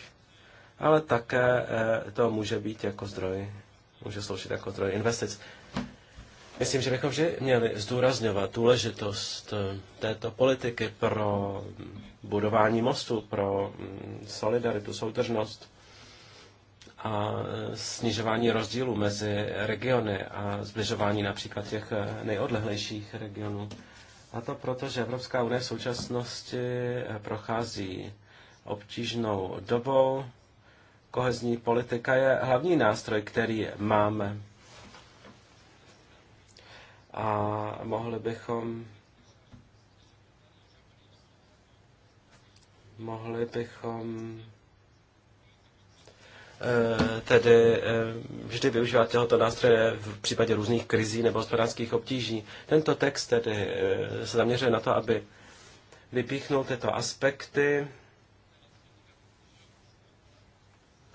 ale také eh, to může být jako zdroj, může sloužit jako zdroj investic. Myslím, že bychom vždy měli zdůrazňovat důležitost této politiky pro budování mostu, pro mm, solidaritu, soudržnost a e, snižování rozdílů mezi regiony a zbližování například těch e, nejodlehlejších regionů. A to proto, že Evropská unie v současnosti e, prochází obtížnou dobou. Kohezní politika je hlavní nástroj, který máme. A mohli bychom mohli bychom Eh, tedy eh, vždy využívat tohoto nástroje v případě různých krizí nebo hospodářských obtíží. Tento text tedy eh, se zaměřuje na to, aby vypíchnul tyto aspekty,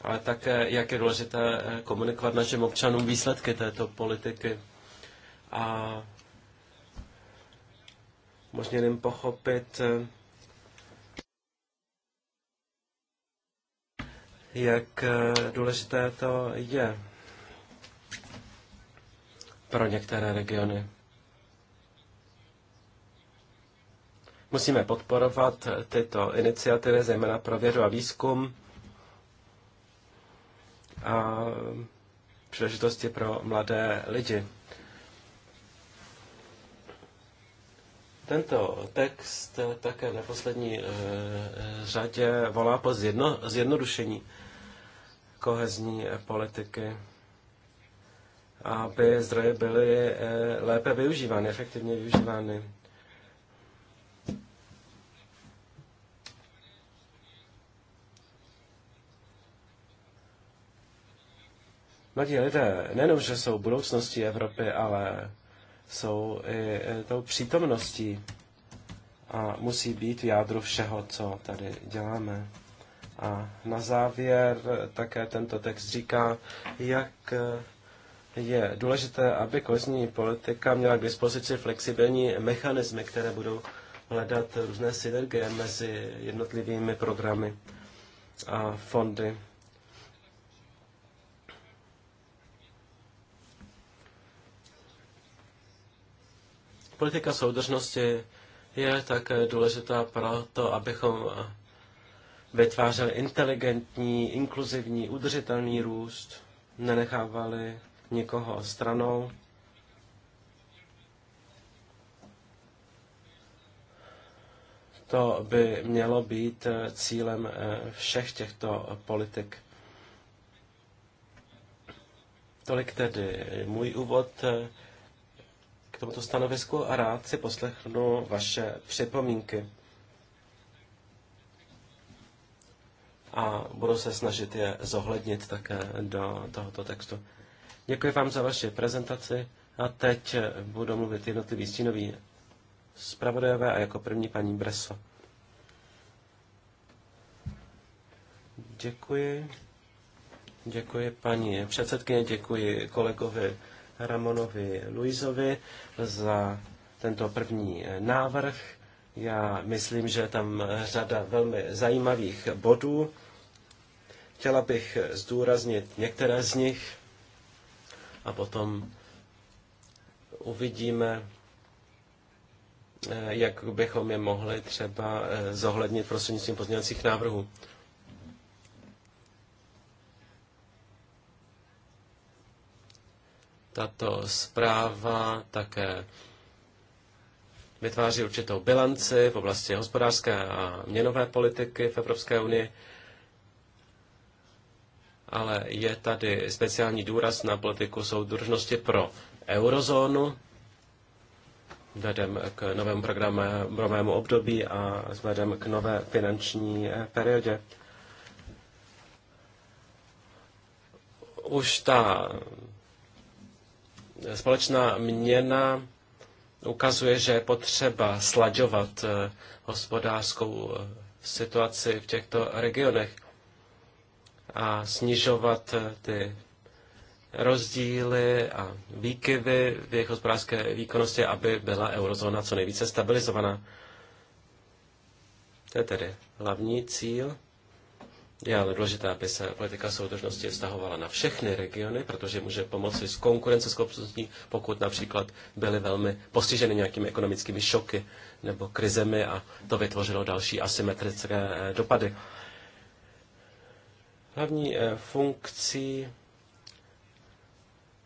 ale také, jak je důležité komunikovat našim občanům výsledky této politiky a možná jim pochopit, jak eh, důležité to je pro některé regiony. Musíme podporovat tyto iniciativy, zejména pro vědu a výzkum a příležitosti pro mladé lidi. Tento text také v neposlední eh, řadě volá po zjedno, zjednodušení kohezní politiky, aby zdroje byly eh, lépe využívány, efektivně využívány. Mladí lidé nejenom, že jsou budoucností Evropy, ale jsou i eh, tou přítomností a musí být v jádru všeho, co tady děláme. A na závěr také tento text říká, jak eh, je důležité, aby kozní politika měla k dispozici flexibilní mechanismy, které budou hledat různé synergie mezi jednotlivými programy a fondy. Politika soudržnosti je také důležitá pro to, abychom vytvářeli inteligentní, inkluzivní, udržitelný růst, nenechávali nikoho stranou. To by mělo být eh, cílem eh, všech těchto politik. Tolik tedy můj úvod eh, k tomuto stanovisku a rád si poslechnu vaše připomínky. a budu se snažit je zohlednit také do tohoto textu. Děkuji vám za vaši prezentaci a teď budu mluvit jednotlivý stínový zpravodajové a jako první paní Breso. Děkuji. Děkuji paní předsedkyně, děkuji kolegovi Ramonovi Luizovi za tento první návrh. Já myslím, že je tam řada velmi zajímavých bodů. Chtěla bych zdůraznit některé z nich a potom uvidíme, eh, jak bychom je mohli třeba eh, zohlednit prostřednictvím pozměňovacích návrhů. Tato zpráva také vytváří určitou bilanci v oblasti hospodářské a měnové politiky v Evropské unii ale je tady speciální důraz na politiku soudržnosti pro eurozónu vzhledem k novému programu, novému období a vzhledem k nové finanční eh, periodě. Už ta společná měna ukazuje, že je potřeba slaďovat eh, hospodářskou eh, situaci v těchto regionech a snižovat eh, ty rozdíly a výkyvy v jejich hospodářské výkonnosti, aby byla eurozóna co nejvíce stabilizovaná. To je tedy hlavní cíl. Je ale důležité, aby se politika soudržnosti vztahovala na všechny regiony, protože může pomoci s konkurenceschopností, pokud například byly velmi postiženy nějakými ekonomickými šoky nebo krizemi a to vytvořilo další asymetrické eh, dopady. Hlavní eh, funkcí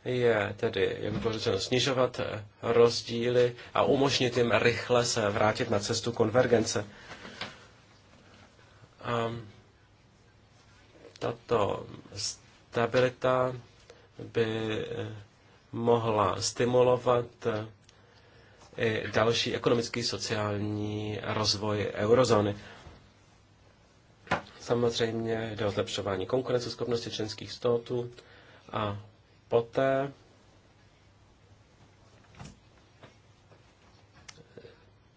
je tedy, jak bylo řečeno, snižovat eh, rozdíly a umožnit jim rychle se vrátit na cestu konvergence. A tato stabilita by eh, mohla stimulovat i další ekonomický, sociální rozvoj eurozóny. Samozřejmě jde o zlepšování konkurenceschopnosti členských států a poté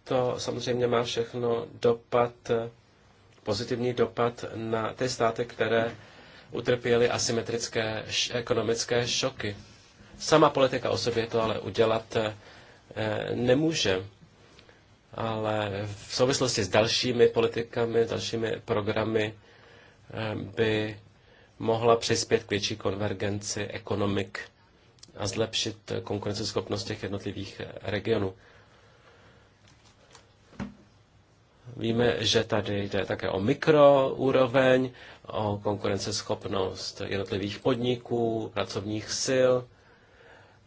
to samozřejmě má všechno dopad, pozitivní dopad na ty státy, které utrpěly asymetrické ekonomické šoky. Sama politika o sobě to ale udělat eh, nemůže ale v souvislosti s dalšími politikami, dalšími programy eh, by mohla přispět k větší konvergenci ekonomik a zlepšit konkurenceschopnost těch jednotlivých regionů. Víme, že tady jde také o mikroúroveň, o konkurenceschopnost jednotlivých podniků, pracovních sil,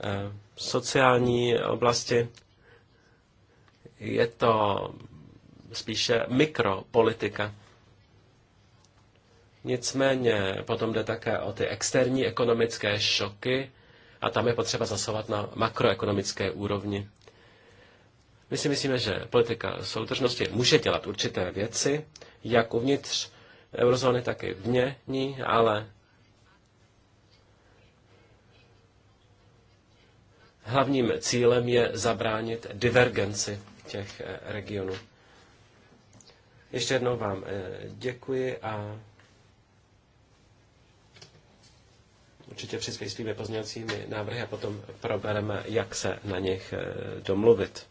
eh, sociální oblasti. Je to spíše mikropolitika. Nicméně potom jde také o ty externí ekonomické šoky a tam je potřeba zasovat na makroekonomické úrovni. My si myslíme, že politika soudržnosti může dělat určité věci, jak uvnitř eurozóny, tak i vně ní, ale hlavním cílem je zabránit divergenci těch eh, regionů. Ještě jednou vám eh, děkuji a určitě přispějí svými pozměňovacími návrhy a potom probereme, jak se na nich eh, domluvit.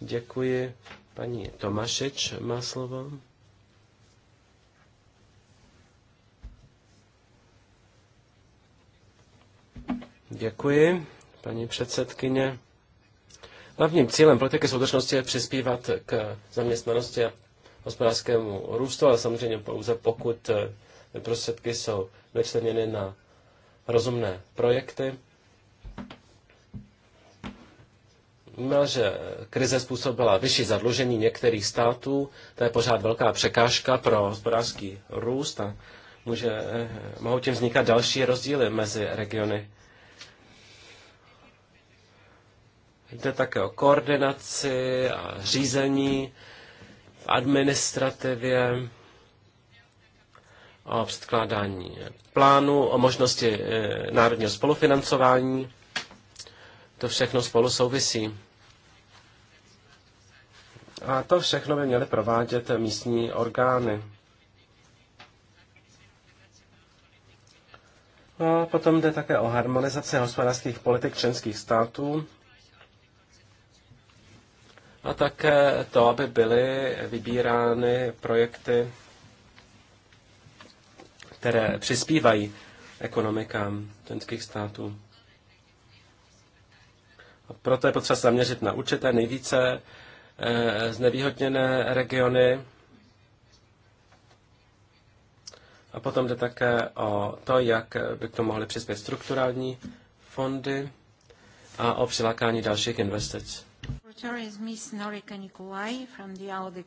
Děkuji. Paní Tomašič má slovo. Děkuji, paní předsedkyně. Hlavním cílem politiky soudržnosti je přispívat k zaměstnanosti a hospodářskému růstu, ale samozřejmě pouze pokud eh, prostředky jsou vyčleněny na rozumné projekty. Víme, že krize způsobila vyšší zadlužení některých států, to je pořád velká překážka pro hospodářský růst a může, eh, mohou tím vznikat další rozdíly mezi regiony Jde také o koordinaci a řízení v administrativě, o předkládání plánu, o možnosti eh, národního spolufinancování. To všechno spolu souvisí. A to všechno by měly provádět místní orgány. A potom jde také o harmonizaci hospodářských politik členských států a také to, aby byly vybírány projekty, které přispívají ekonomikám členských států. A proto je potřeba zaměřit na určité nejvíce eh, znevýhodněné regiony. A potom jde také o to, jak by to mohly přispět strukturální fondy a o přilákání dalších investic is Norika Nikolai from the ALDE.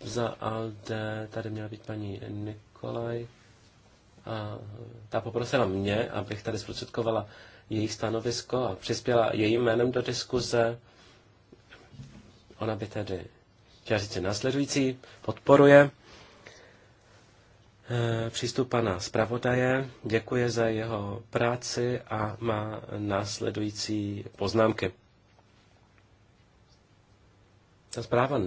Za ALDE tady měla být paní Nikolaj a ta poprosila mě, abych tady zprostředkovala jejich stanovisko a přispěla jejím jménem do diskuze. Ona by tedy chtěla říct následující, podporuje eh, přístup pana zpravodaje, děkuje za jeho práci a má následující poznámky ta zpráva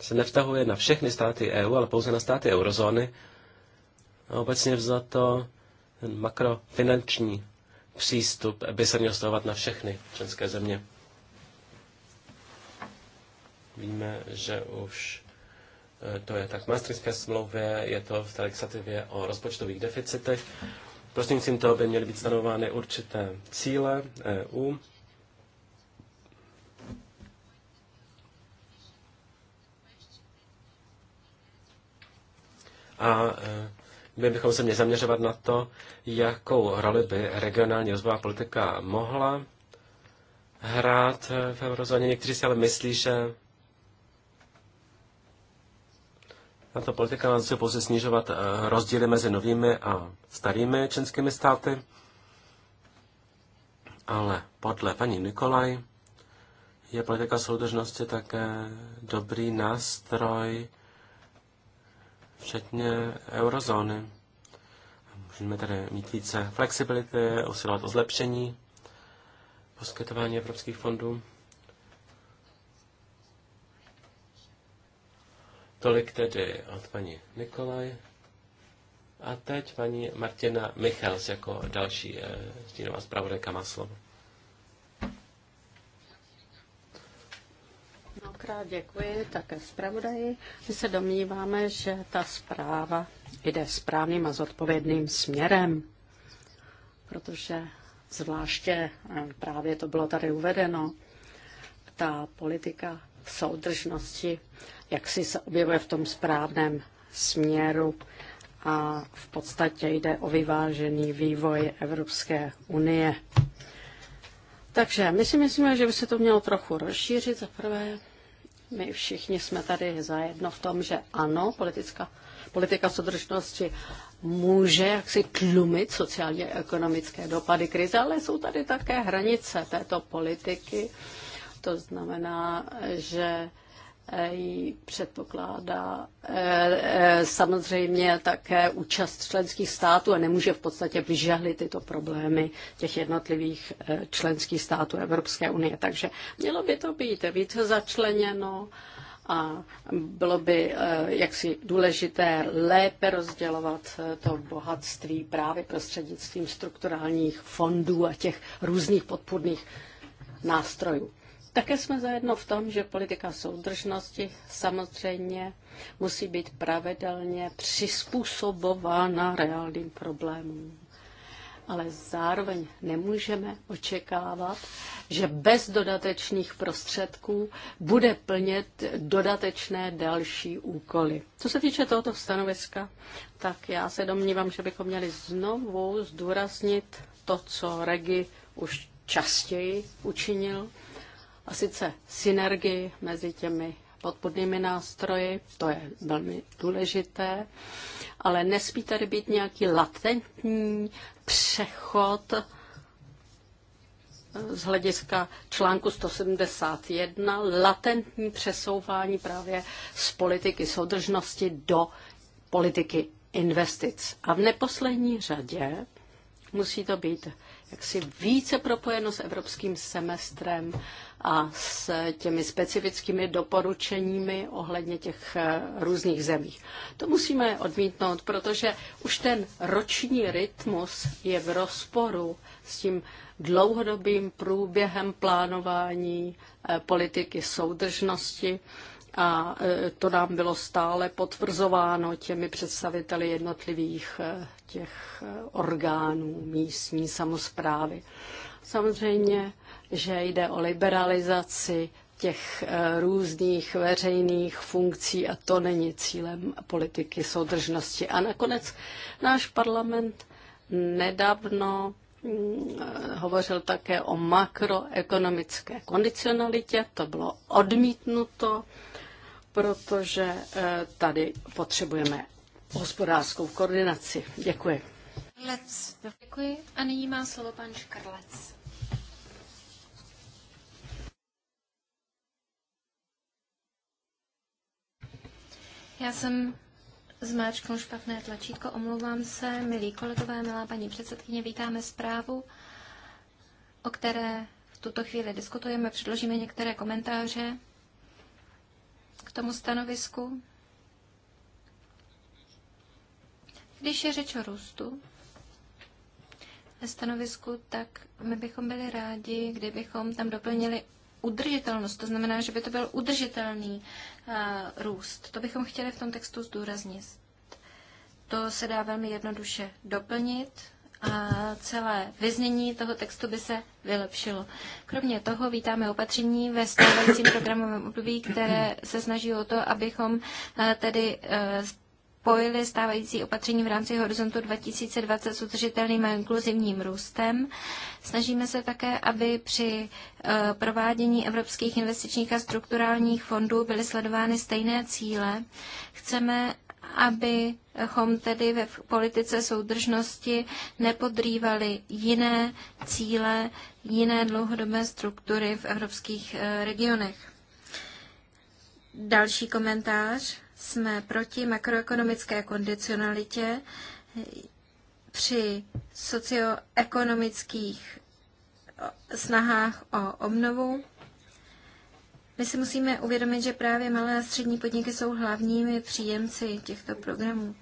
se nevztahuje na všechny státy EU, ale pouze na státy eurozóny. A obecně vzato ten makrofinanční přístup by se měl stahovat na všechny členské země. Víme, že už e, to je tak v Maastrichtské smlouvě, je to v té legislativě o rozpočtových deficitech. Prostřednictvím toho by měly být stanovány určité cíle EU a eh, my bychom se měli zaměřovat na to, jakou roli by regionální rozvojová politika mohla hrát eh, v eurozóně. Někteří si ale myslí, že tato politika má se pouze snižovat eh, rozdíly mezi novými a starými členskými státy. Ale podle paní Nikolaj je politika soudržnosti také dobrý nástroj včetně eurozóny. Můžeme tedy mít více flexibility, usilovat o zlepšení poskytování evropských fondů. Tolik tedy od paní Nikolaj. A teď paní Martina Michals jako další eh, stínová zpravodajka má slovo. mnohokrát děkuji také zpravodaji. My se domníváme, že ta zpráva jde správným a zodpovědným směrem, protože zvláště eh, právě to bylo tady uvedeno, ta politika v soudržnosti, jak si se objevuje v tom správném směru a v podstatě jde o vyvážený vývoj Evropské unie. Takže my si myslíme, že by se to mělo trochu rozšířit za prvé my všichni jsme tady zajedno v tom, že ano, politická, politika soudržnosti může jaksi tlumit sociálně ekonomické dopady krize, ale jsou tady také hranice této politiky. To znamená, že E, ji předpokládá e, e, samozřejmě také účast členských států a nemůže v podstatě vyžehlit tyto problémy těch jednotlivých členských států Evropské unie. Takže mělo by to být více začleněno a bylo by jaksi důležité lépe rozdělovat to bohatství právě prostřednictvím strukturálních fondů a těch různých podpůrných nástrojů. Také jsme zajedno v tom, že politika soudržnosti samozřejmě musí být pravidelně přizpůsobována reálným problémům. Ale zároveň nemůžeme očekávat, že bez dodatečných prostředků bude plnit dodatečné další úkoly. Co se týče tohoto stanoviska, tak já se domnívám, že bychom měli znovu zdůraznit to, co Regi už častěji učinil, a sice synergii mezi těmi podpůrnými nástroji, to je velmi důležité, ale nesmí tady být nějaký latentní přechod eh, z hlediska článku 171, latentní přesouvání právě z politiky soudržnosti do politiky investic. A v neposlední řadě musí to být jaksi více propojeno s evropským semestrem a s těmi specifickými doporučeními ohledně těch eh, různých zemí. To musíme odmítnout, protože už ten roční rytmus je v rozporu s tím dlouhodobým průběhem plánování eh, politiky soudržnosti a eh, to nám bylo stále potvrzováno těmi představiteli jednotlivých těch eh, orgánů místní samozprávy. Samozřejmě, že jde o liberalizaci těch eh, různých veřejných funkcí a to není cílem politiky soudržnosti. A nakonec náš parlament nedávno mm, hovořil také o makroekonomické kondicionalitě. To bylo odmítnuto, protože eh, tady potřebujeme hospodářskou koordinaci. Děkuji. Let's. Děkuji. A nyní má slovo pan Škrlec. Já jsem zmáčknul špatné tlačítko, omlouvám se, milí kolegové, milá paní předsedkyně, vítáme zprávu, o které v tuto chvíli diskutujeme, předložíme některé komentáře k tomu stanovisku. Když je řeč o růstu ve stanovisku, tak my bychom byli rádi, kdybychom tam doplnili udržitelnost. To znamená, že by to byl udržitelný uh, růst. To bychom chtěli v tom textu zdůraznit. To se dá velmi jednoduše doplnit a celé vyznění toho textu by se vylepšilo. Kromě toho vítáme opatření ve stávajícím programovém období, které se snaží o to, abychom eh, tedy eh, spojili stávající opatření v rámci horizontu 2020 s udržitelným a inkluzivním růstem. Snažíme se také, aby při eh, provádění evropských investičních a strukturálních fondů byly sledovány stejné cíle. Chceme, abychom tedy ve politice soudržnosti nepodrývali jiné cíle, jiné dlouhodobé struktury v evropských eh, regionech. Další komentář jsme proti makroekonomické kondicionalitě při socioekonomických snahách o obnovu. My si musíme uvědomit, že právě malé a střední podniky jsou hlavními příjemci těchto programů.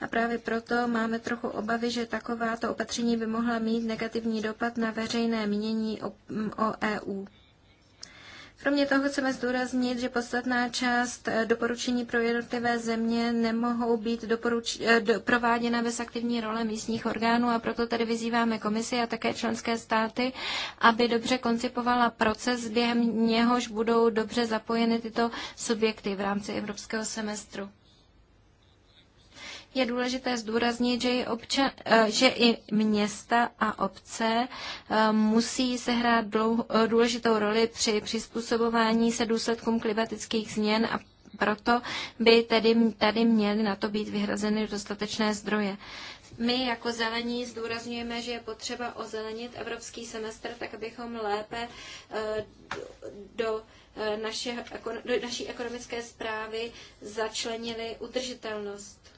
A právě proto máme trochu obavy, že takováto opatření by mohla mít negativní dopad na veřejné mínění o, o EU. Kromě toho chceme zdůraznit, že podstatná část eh, doporučení pro jednotlivé země nemohou být doporuč- eh, do, prováděna bez aktivní role místních orgánů a proto tady vyzýváme komisi a také členské státy, aby dobře koncipovala proces, během něhož budou dobře zapojeny tyto subjekty v rámci evropského semestru je důležité zdůraznit, že i, občan, eh, že i města a obce eh, musí sehrát eh, důležitou roli při přizpůsobování se důsledkům klimatických změn a proto by tedy tady měly na to být vyhrazeny dostatečné zdroje. My jako zelení zdůrazňujeme, že je potřeba ozelenit evropský semestr, tak abychom lépe do, naše, do naší ekonomické zprávy začlenili udržitelnost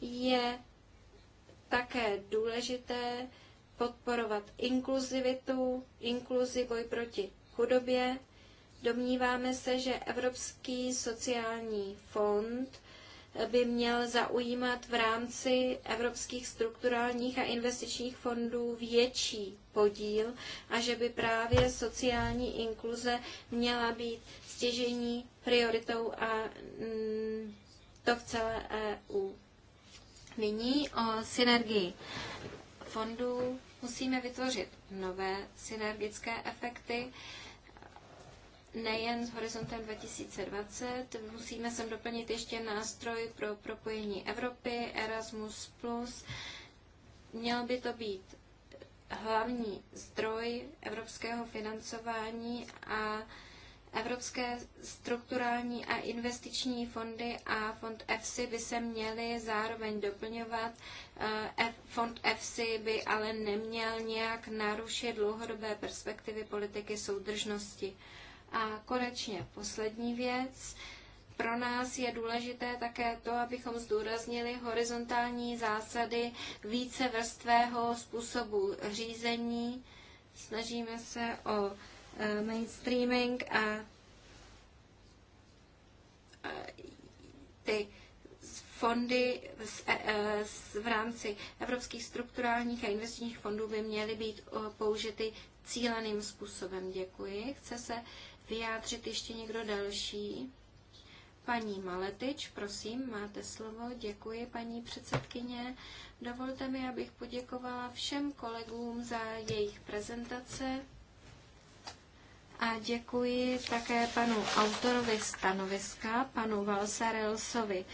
je také důležité podporovat inkluzivitu, inkluzi boj proti chudobě. Domníváme se, že Evropský sociální fond by měl zaujímat v rámci evropských strukturálních a investičních fondů větší podíl a že by právě sociální inkluze měla být stěžení prioritou a mm, to v celé EU nyní o synergii fondů musíme vytvořit nové synergické efekty, nejen s horizontem 2020, musíme sem doplnit ještě nástroj pro propojení Evropy, Erasmus+, měl by to být hlavní zdroj evropského financování a Evropské strukturální a investiční fondy a fond EFSI by se měly zároveň doplňovat. Eh, fond EFSI by ale neměl nějak narušit dlouhodobé perspektivy politiky soudržnosti. A konečně poslední věc. Pro nás je důležité také to, abychom zdůraznili horizontální zásady vícevrstvého způsobu řízení. Snažíme se o Eh, mainstreaming a ty fondy eh, v rámci evropských strukturálních a investičních fondů by měly být eh, použity cíleným způsobem. Děkuji. Chce se vyjádřit ještě někdo další? Paní Maletič, prosím, máte slovo. Děkuji, paní předsedkyně. Dovolte mi, abych poděkovala všem kolegům za jejich prezentace. A děkuji také panu autorovi stanoviska, panu Valsarelsovi,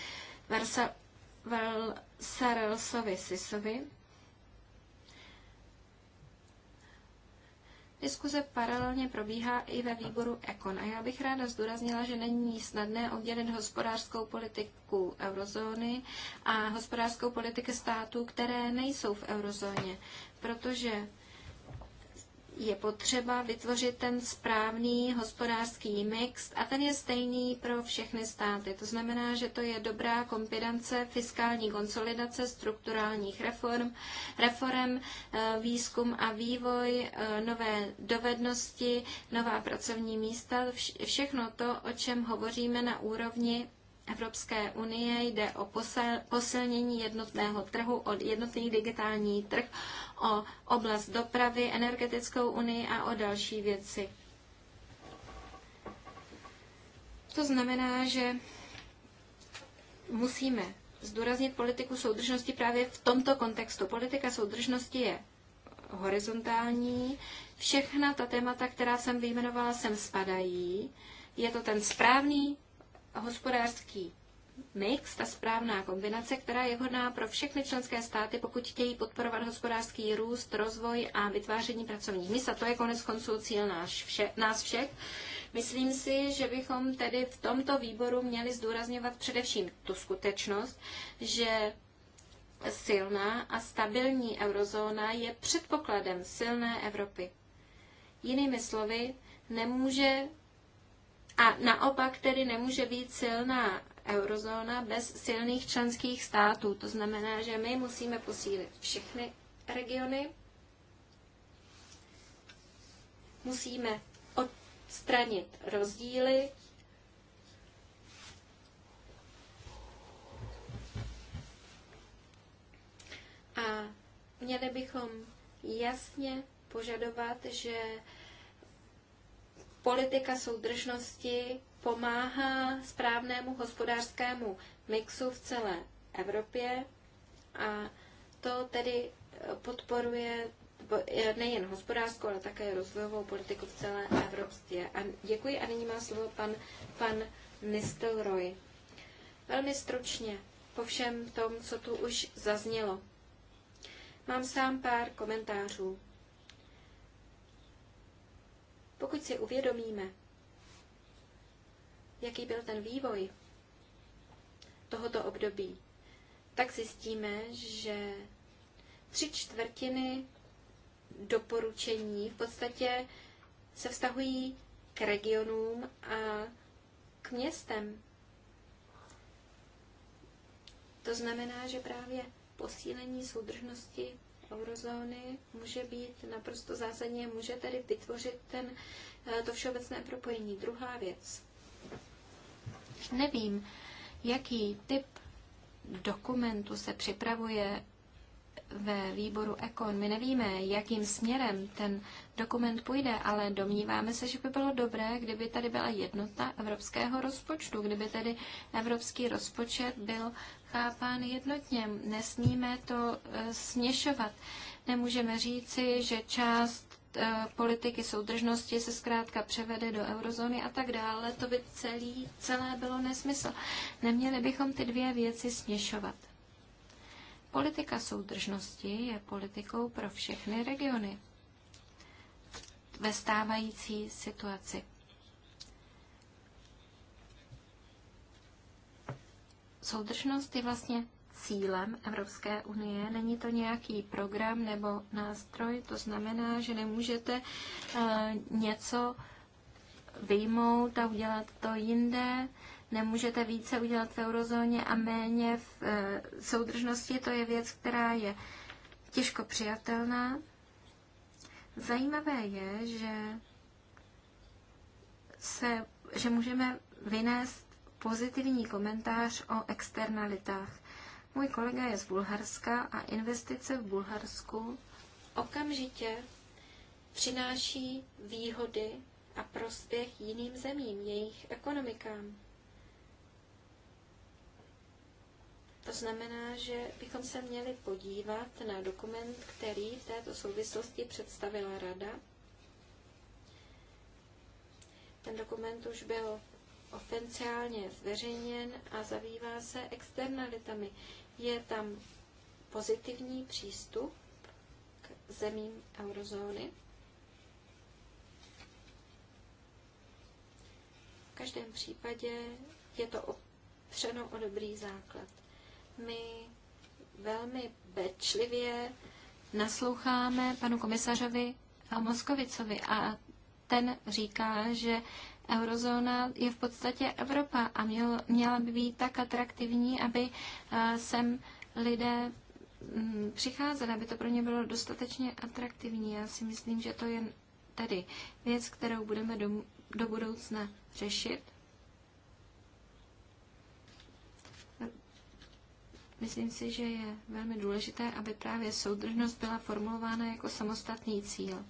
Varsa Valsarelsovi Sisovi. Diskuze paralelně probíhá i ve výboru Ekon a já bych ráda zdůraznila, že není snadné oddělit hospodářskou politiku eurozóny a hospodářskou politiku států, které nejsou v eurozóně, protože je potřeba vytvořit ten správný hospodářský mix a ten je stejný pro všechny státy. To znamená, že to je dobrá kombinace fiskální konsolidace, strukturálních reform, reform, eh, výzkum a vývoj, eh, nové dovednosti, nová pracovní místa, všechno to, o čem hovoříme na úrovni Evropské unie jde o posilnění jednotného trhu, o jednotný digitální trh, o oblast dopravy, energetickou unii a o další věci. To znamená, že musíme zdůraznit politiku soudržnosti právě v tomto kontextu. Politika soudržnosti je horizontální. Všechna ta témata, která jsem vyjmenovala, sem spadají. Je to ten správný hospodářský mix, ta správná kombinace, která je hodná pro všechny členské státy, pokud chtějí podporovat hospodářský růst, rozvoj a vytváření pracovních míst. A to je konec konců cíl náš, vše, nás všech. Myslím si, že bychom tedy v tomto výboru měli zdůrazňovat především tu skutečnost, že silná a stabilní eurozóna je předpokladem silné Evropy. Jinými slovy, nemůže a naopak tedy nemůže být silná eurozóna bez silných členských států. To znamená, že my musíme posílit všechny regiony, musíme odstranit rozdíly, a měli bychom jasně požadovat, že politika soudržnosti pomáhá správnému hospodářskému mixu v celé Evropě a to tedy eh, podporuje eh, nejen hospodářskou, ale také rozvojovou politiku v celé Evropě. A děkuji a nyní má slovo pan, pan Nistelroy. Velmi stručně po všem tom, co tu už zaznělo. Mám sám pár komentářů. Pokud si uvědomíme, jaký byl ten vývoj tohoto období, tak zjistíme, že tři čtvrtiny doporučení v podstatě se vztahují k regionům a k městem. To znamená, že právě posílení soudržnosti eurozóny může být naprosto zásadně, může tedy vytvořit ten, eh, to všeobecné propojení. Druhá věc. Nevím, jaký typ dokumentu se připravuje ve výboru Ekon. My nevíme, jakým směrem ten dokument půjde, ale domníváme se, že by bylo dobré, kdyby tady byla jednota evropského rozpočtu, kdyby tedy evropský rozpočet byl chápán jednotně. Nesmíme to e, směšovat. Nemůžeme říci, že část e, politiky soudržnosti se zkrátka převede do eurozóny a tak dále. To by celý, celé bylo nesmysl. Neměli bychom ty dvě věci směšovat. Politika soudržnosti je politikou pro všechny regiony ve stávající situaci. Soudržnost je vlastně cílem Evropské unie, není to nějaký program nebo nástroj, to znamená, že nemůžete eh, něco vyjmout a udělat to jinde nemůžete více udělat v eurozóně a méně v e, soudržnosti. To je věc, která je těžko přijatelná. Zajímavé je, že, se, že můžeme vynést pozitivní komentář o externalitách. Můj kolega je z Bulharska a investice v Bulharsku okamžitě přináší výhody a prospěch jiným zemím, jejich ekonomikám. To znamená, že bychom se měli podívat na dokument, který v této souvislosti představila Rada. Ten dokument už byl oficiálně zveřejněn a zabývá se externalitami. Je tam pozitivní přístup k zemím eurozóny. V každém případě je to opřeno o dobrý základ. My velmi pečlivě nasloucháme panu komisařovi a Moskovicovi a ten říká, že eurozóna je v podstatě Evropa a měl, měla by být tak atraktivní, aby eh, sem lidé mm, přicházeli, aby to pro ně bylo dostatečně atraktivní. Já si myslím, že to je tedy věc, kterou budeme do, do budoucna řešit Myslím si, že je velmi důležité, aby právě soudržnost byla formulována jako samostatný cíl.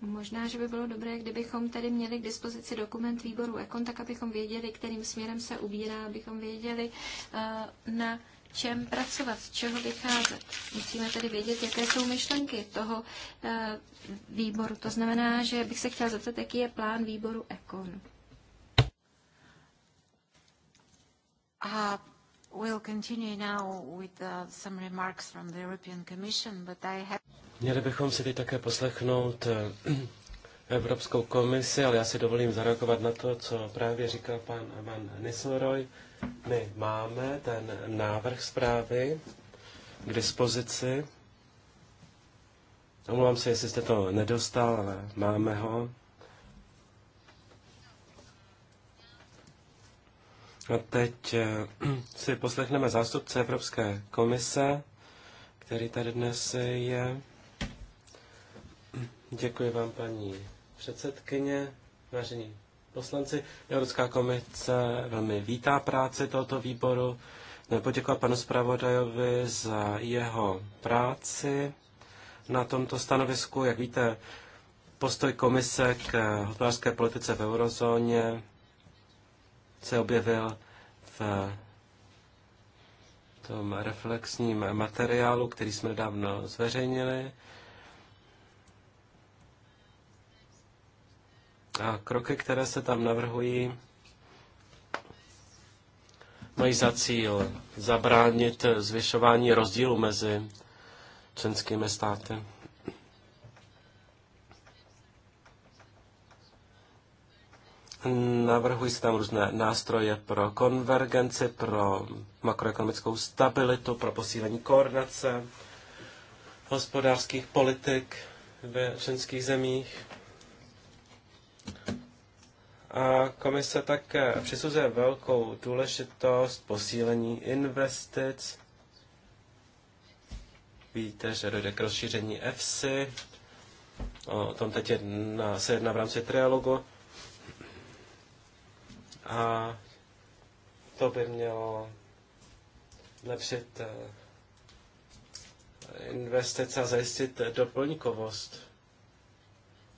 Možná, že by bylo dobré, kdybychom tady měli k dispozici dokument výboru Ekon, tak abychom věděli, kterým směrem se ubírá, abychom věděli, eh, na čem pracovat, z čeho vycházet. Musíme tedy vědět, jaké jsou myšlenky toho eh, výboru. To znamená, že bych se chtěla zeptat, jaký je plán výboru Ekon. A We'll continue now with uh, some remarks from the European Commission, but I have... Měli bychom si teď také poslechnout eh, (clears throat) Evropskou komisi, ale já si dovolím zareagovat na to, co právě říkal pan Van Nisleroy. My máme ten návrh zprávy k dispozici. Omlouvám se, jestli jste to nedostal, ale máme ho. A teď eh, (clears throat) si poslechneme zástupce Evropské komise, který tady dnes je. Děkuji vám, paní předsedkyně, vážení poslanci. Evropská komise velmi vítá práci tohoto výboru. Poděkovat panu zpravodajovi za jeho práci na tomto stanovisku. Jak víte, postoj komise k hospodářské politice v eurozóně se objevil v tom reflexním materiálu, který jsme dávno zveřejnili. A kroky, které se tam navrhují, mají za cíl zabránit zvyšování rozdílu mezi členskými státy. Navrhují se tam různé nástroje pro konvergenci, pro makroekonomickou stabilitu, pro posílení koordinace hospodářských politik ve členských zemích. A komise také přisuzuje velkou důležitost posílení investic. Víte, že dojde k rozšíření EFSI. O tom teď jedna, se jedná v rámci trialogu. A to by mělo lepšit eh, investice a zajistit doplňkovost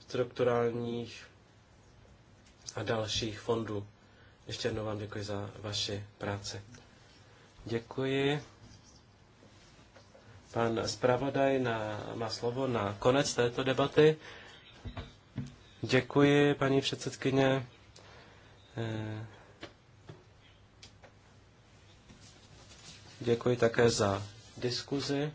strukturálních a dalších fondů. Ještě jednou vám děkuji za vaši práci. Děkuji. Pan zpravodaj na, má slovo na konec této debaty. Děkuji, paní předsedkyně. Eh, děkuji také za diskuzi.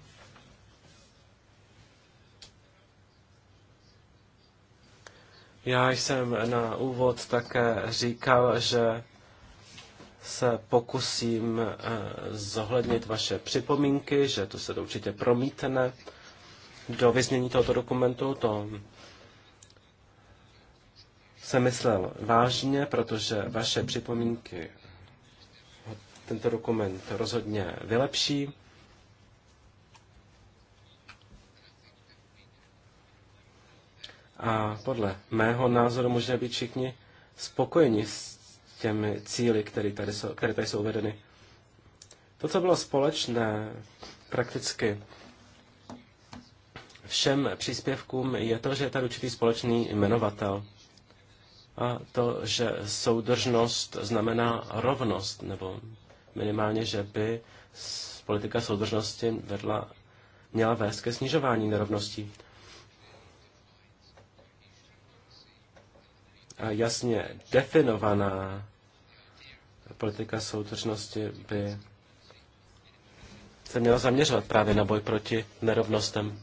Já jsem na úvod také říkal, že se pokusím eh, zohlednit vaše připomínky, že to se to určitě promítne do vyznění tohoto dokumentu. To se myslel vážně, protože vaše připomínky tento dokument rozhodně vylepší. A podle mého názoru můžeme být všichni spokojeni s těmi cíly, které tady jsou, které tady jsou uvedeny. To, co bylo společné prakticky všem příspěvkům, je to, že je tady určitý společný jmenovatel a to, že soudržnost znamená rovnost, nebo minimálně, že by politika soudržnosti vedla, měla vést ke snižování nerovností. A jasně definovaná politika soudržnosti by se měla zaměřovat právě na boj proti nerovnostem.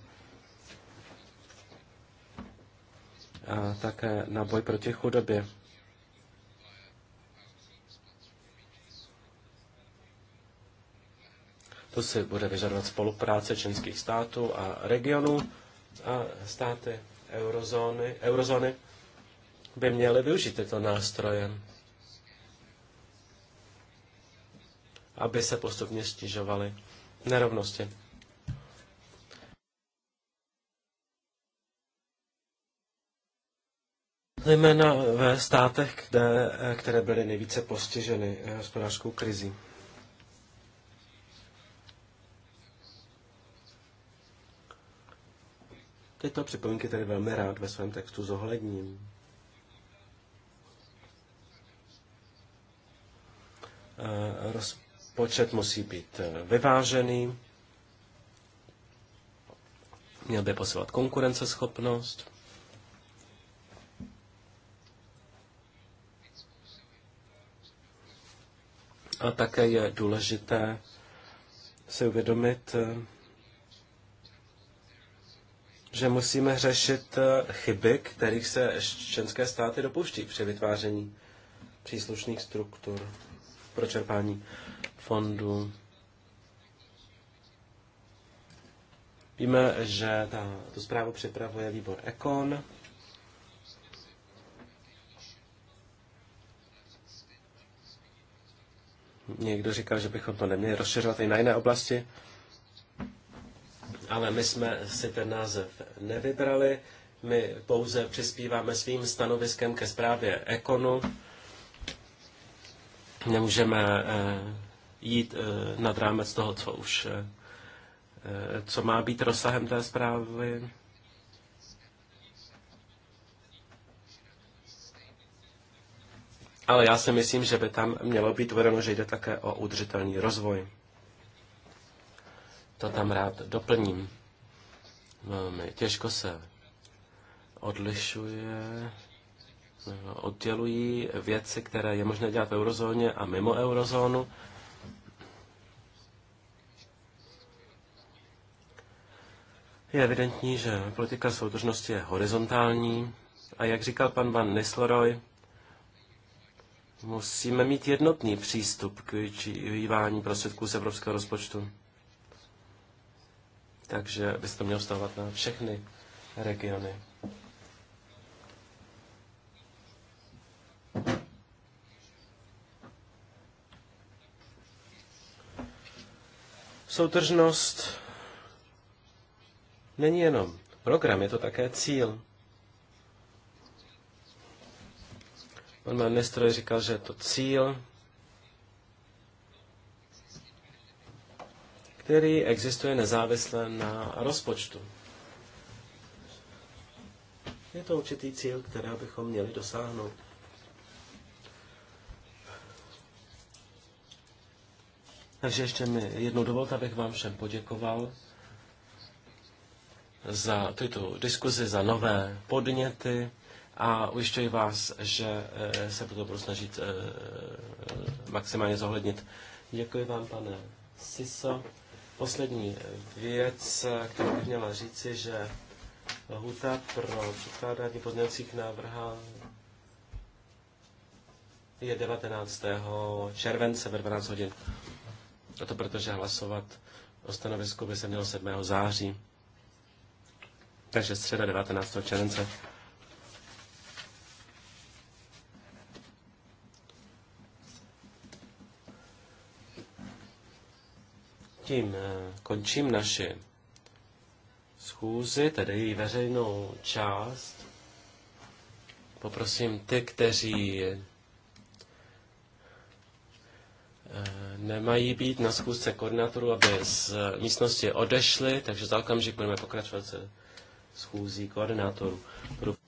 a také na boj proti chudobě. To si bude vyžadovat spolupráce členských států a regionů a státy eurozóny, eurozóny by měly využít tyto nástroje, aby se postupně stěžovaly nerovnosti. Zejména ve státech, kde, eh, které byly nejvíce postiženy eh, hospodářskou krizí. Tyto připomínky tedy velmi rád ve svém textu zohledním. Eh, rozpočet musí být vyvážený, měl by posilovat konkurenceschopnost, A také je důležité si uvědomit, že musíme řešit eh, chyby, kterých se členské státy dopouští při vytváření příslušných struktur pro čerpání fondů. Víme, že ta, tu zprávu připravuje výbor Econ Někdo říkal, že bychom to neměli rozšiřovat i na jiné oblasti, ale my jsme si ten název nevybrali. My pouze přispíváme svým stanoviskem ke zprávě Ekonu. Nemůžeme eh, jít eh, nad rámec toho, co už eh, co má být rozsahem té zprávy. ale já si myslím, že by tam mělo být uvedeno, že jde také o udržitelný rozvoj. To tam rád doplním. Velmi těžko se odlišuje, oddělují věci, které je možné dělat v eurozóně a mimo eurozónu. Je evidentní, že politika soudržnosti je horizontální a jak říkal pan Van Nisleroy, Musíme mít jednotný přístup k vyjívání prostředků z evropského rozpočtu. Takže by se to mělo stávat na všechny regiony. Soutržnost není jenom program, je to také cíl. Pan ministr říkal, že je to cíl, který existuje nezávisle na rozpočtu. Je to určitý cíl, kterého bychom měli dosáhnout. Takže ještě mi jednou dovolte, abych vám všem poděkoval za tyto diskuzi, za nové podněty a ujišťuji vás, že eh, se budu snažit eh, maximálně zohlednit. Děkuji vám, pane Siso. Poslední věc, kterou bych měla říci, že lhuta pro předkládání pozměňovacích návrhů je 19. července ve 12 hodin. A to protože hlasovat o stanovisku by se mělo 7. září. Takže středa 19. července. tím eh, končím naši schůzi, tedy její veřejnou část. Poprosím ty, kteří eh, nemají být na schůzce koordinátorů, aby z místnosti odešli, takže za okamžik budeme pokračovat se schůzí koordinátorů.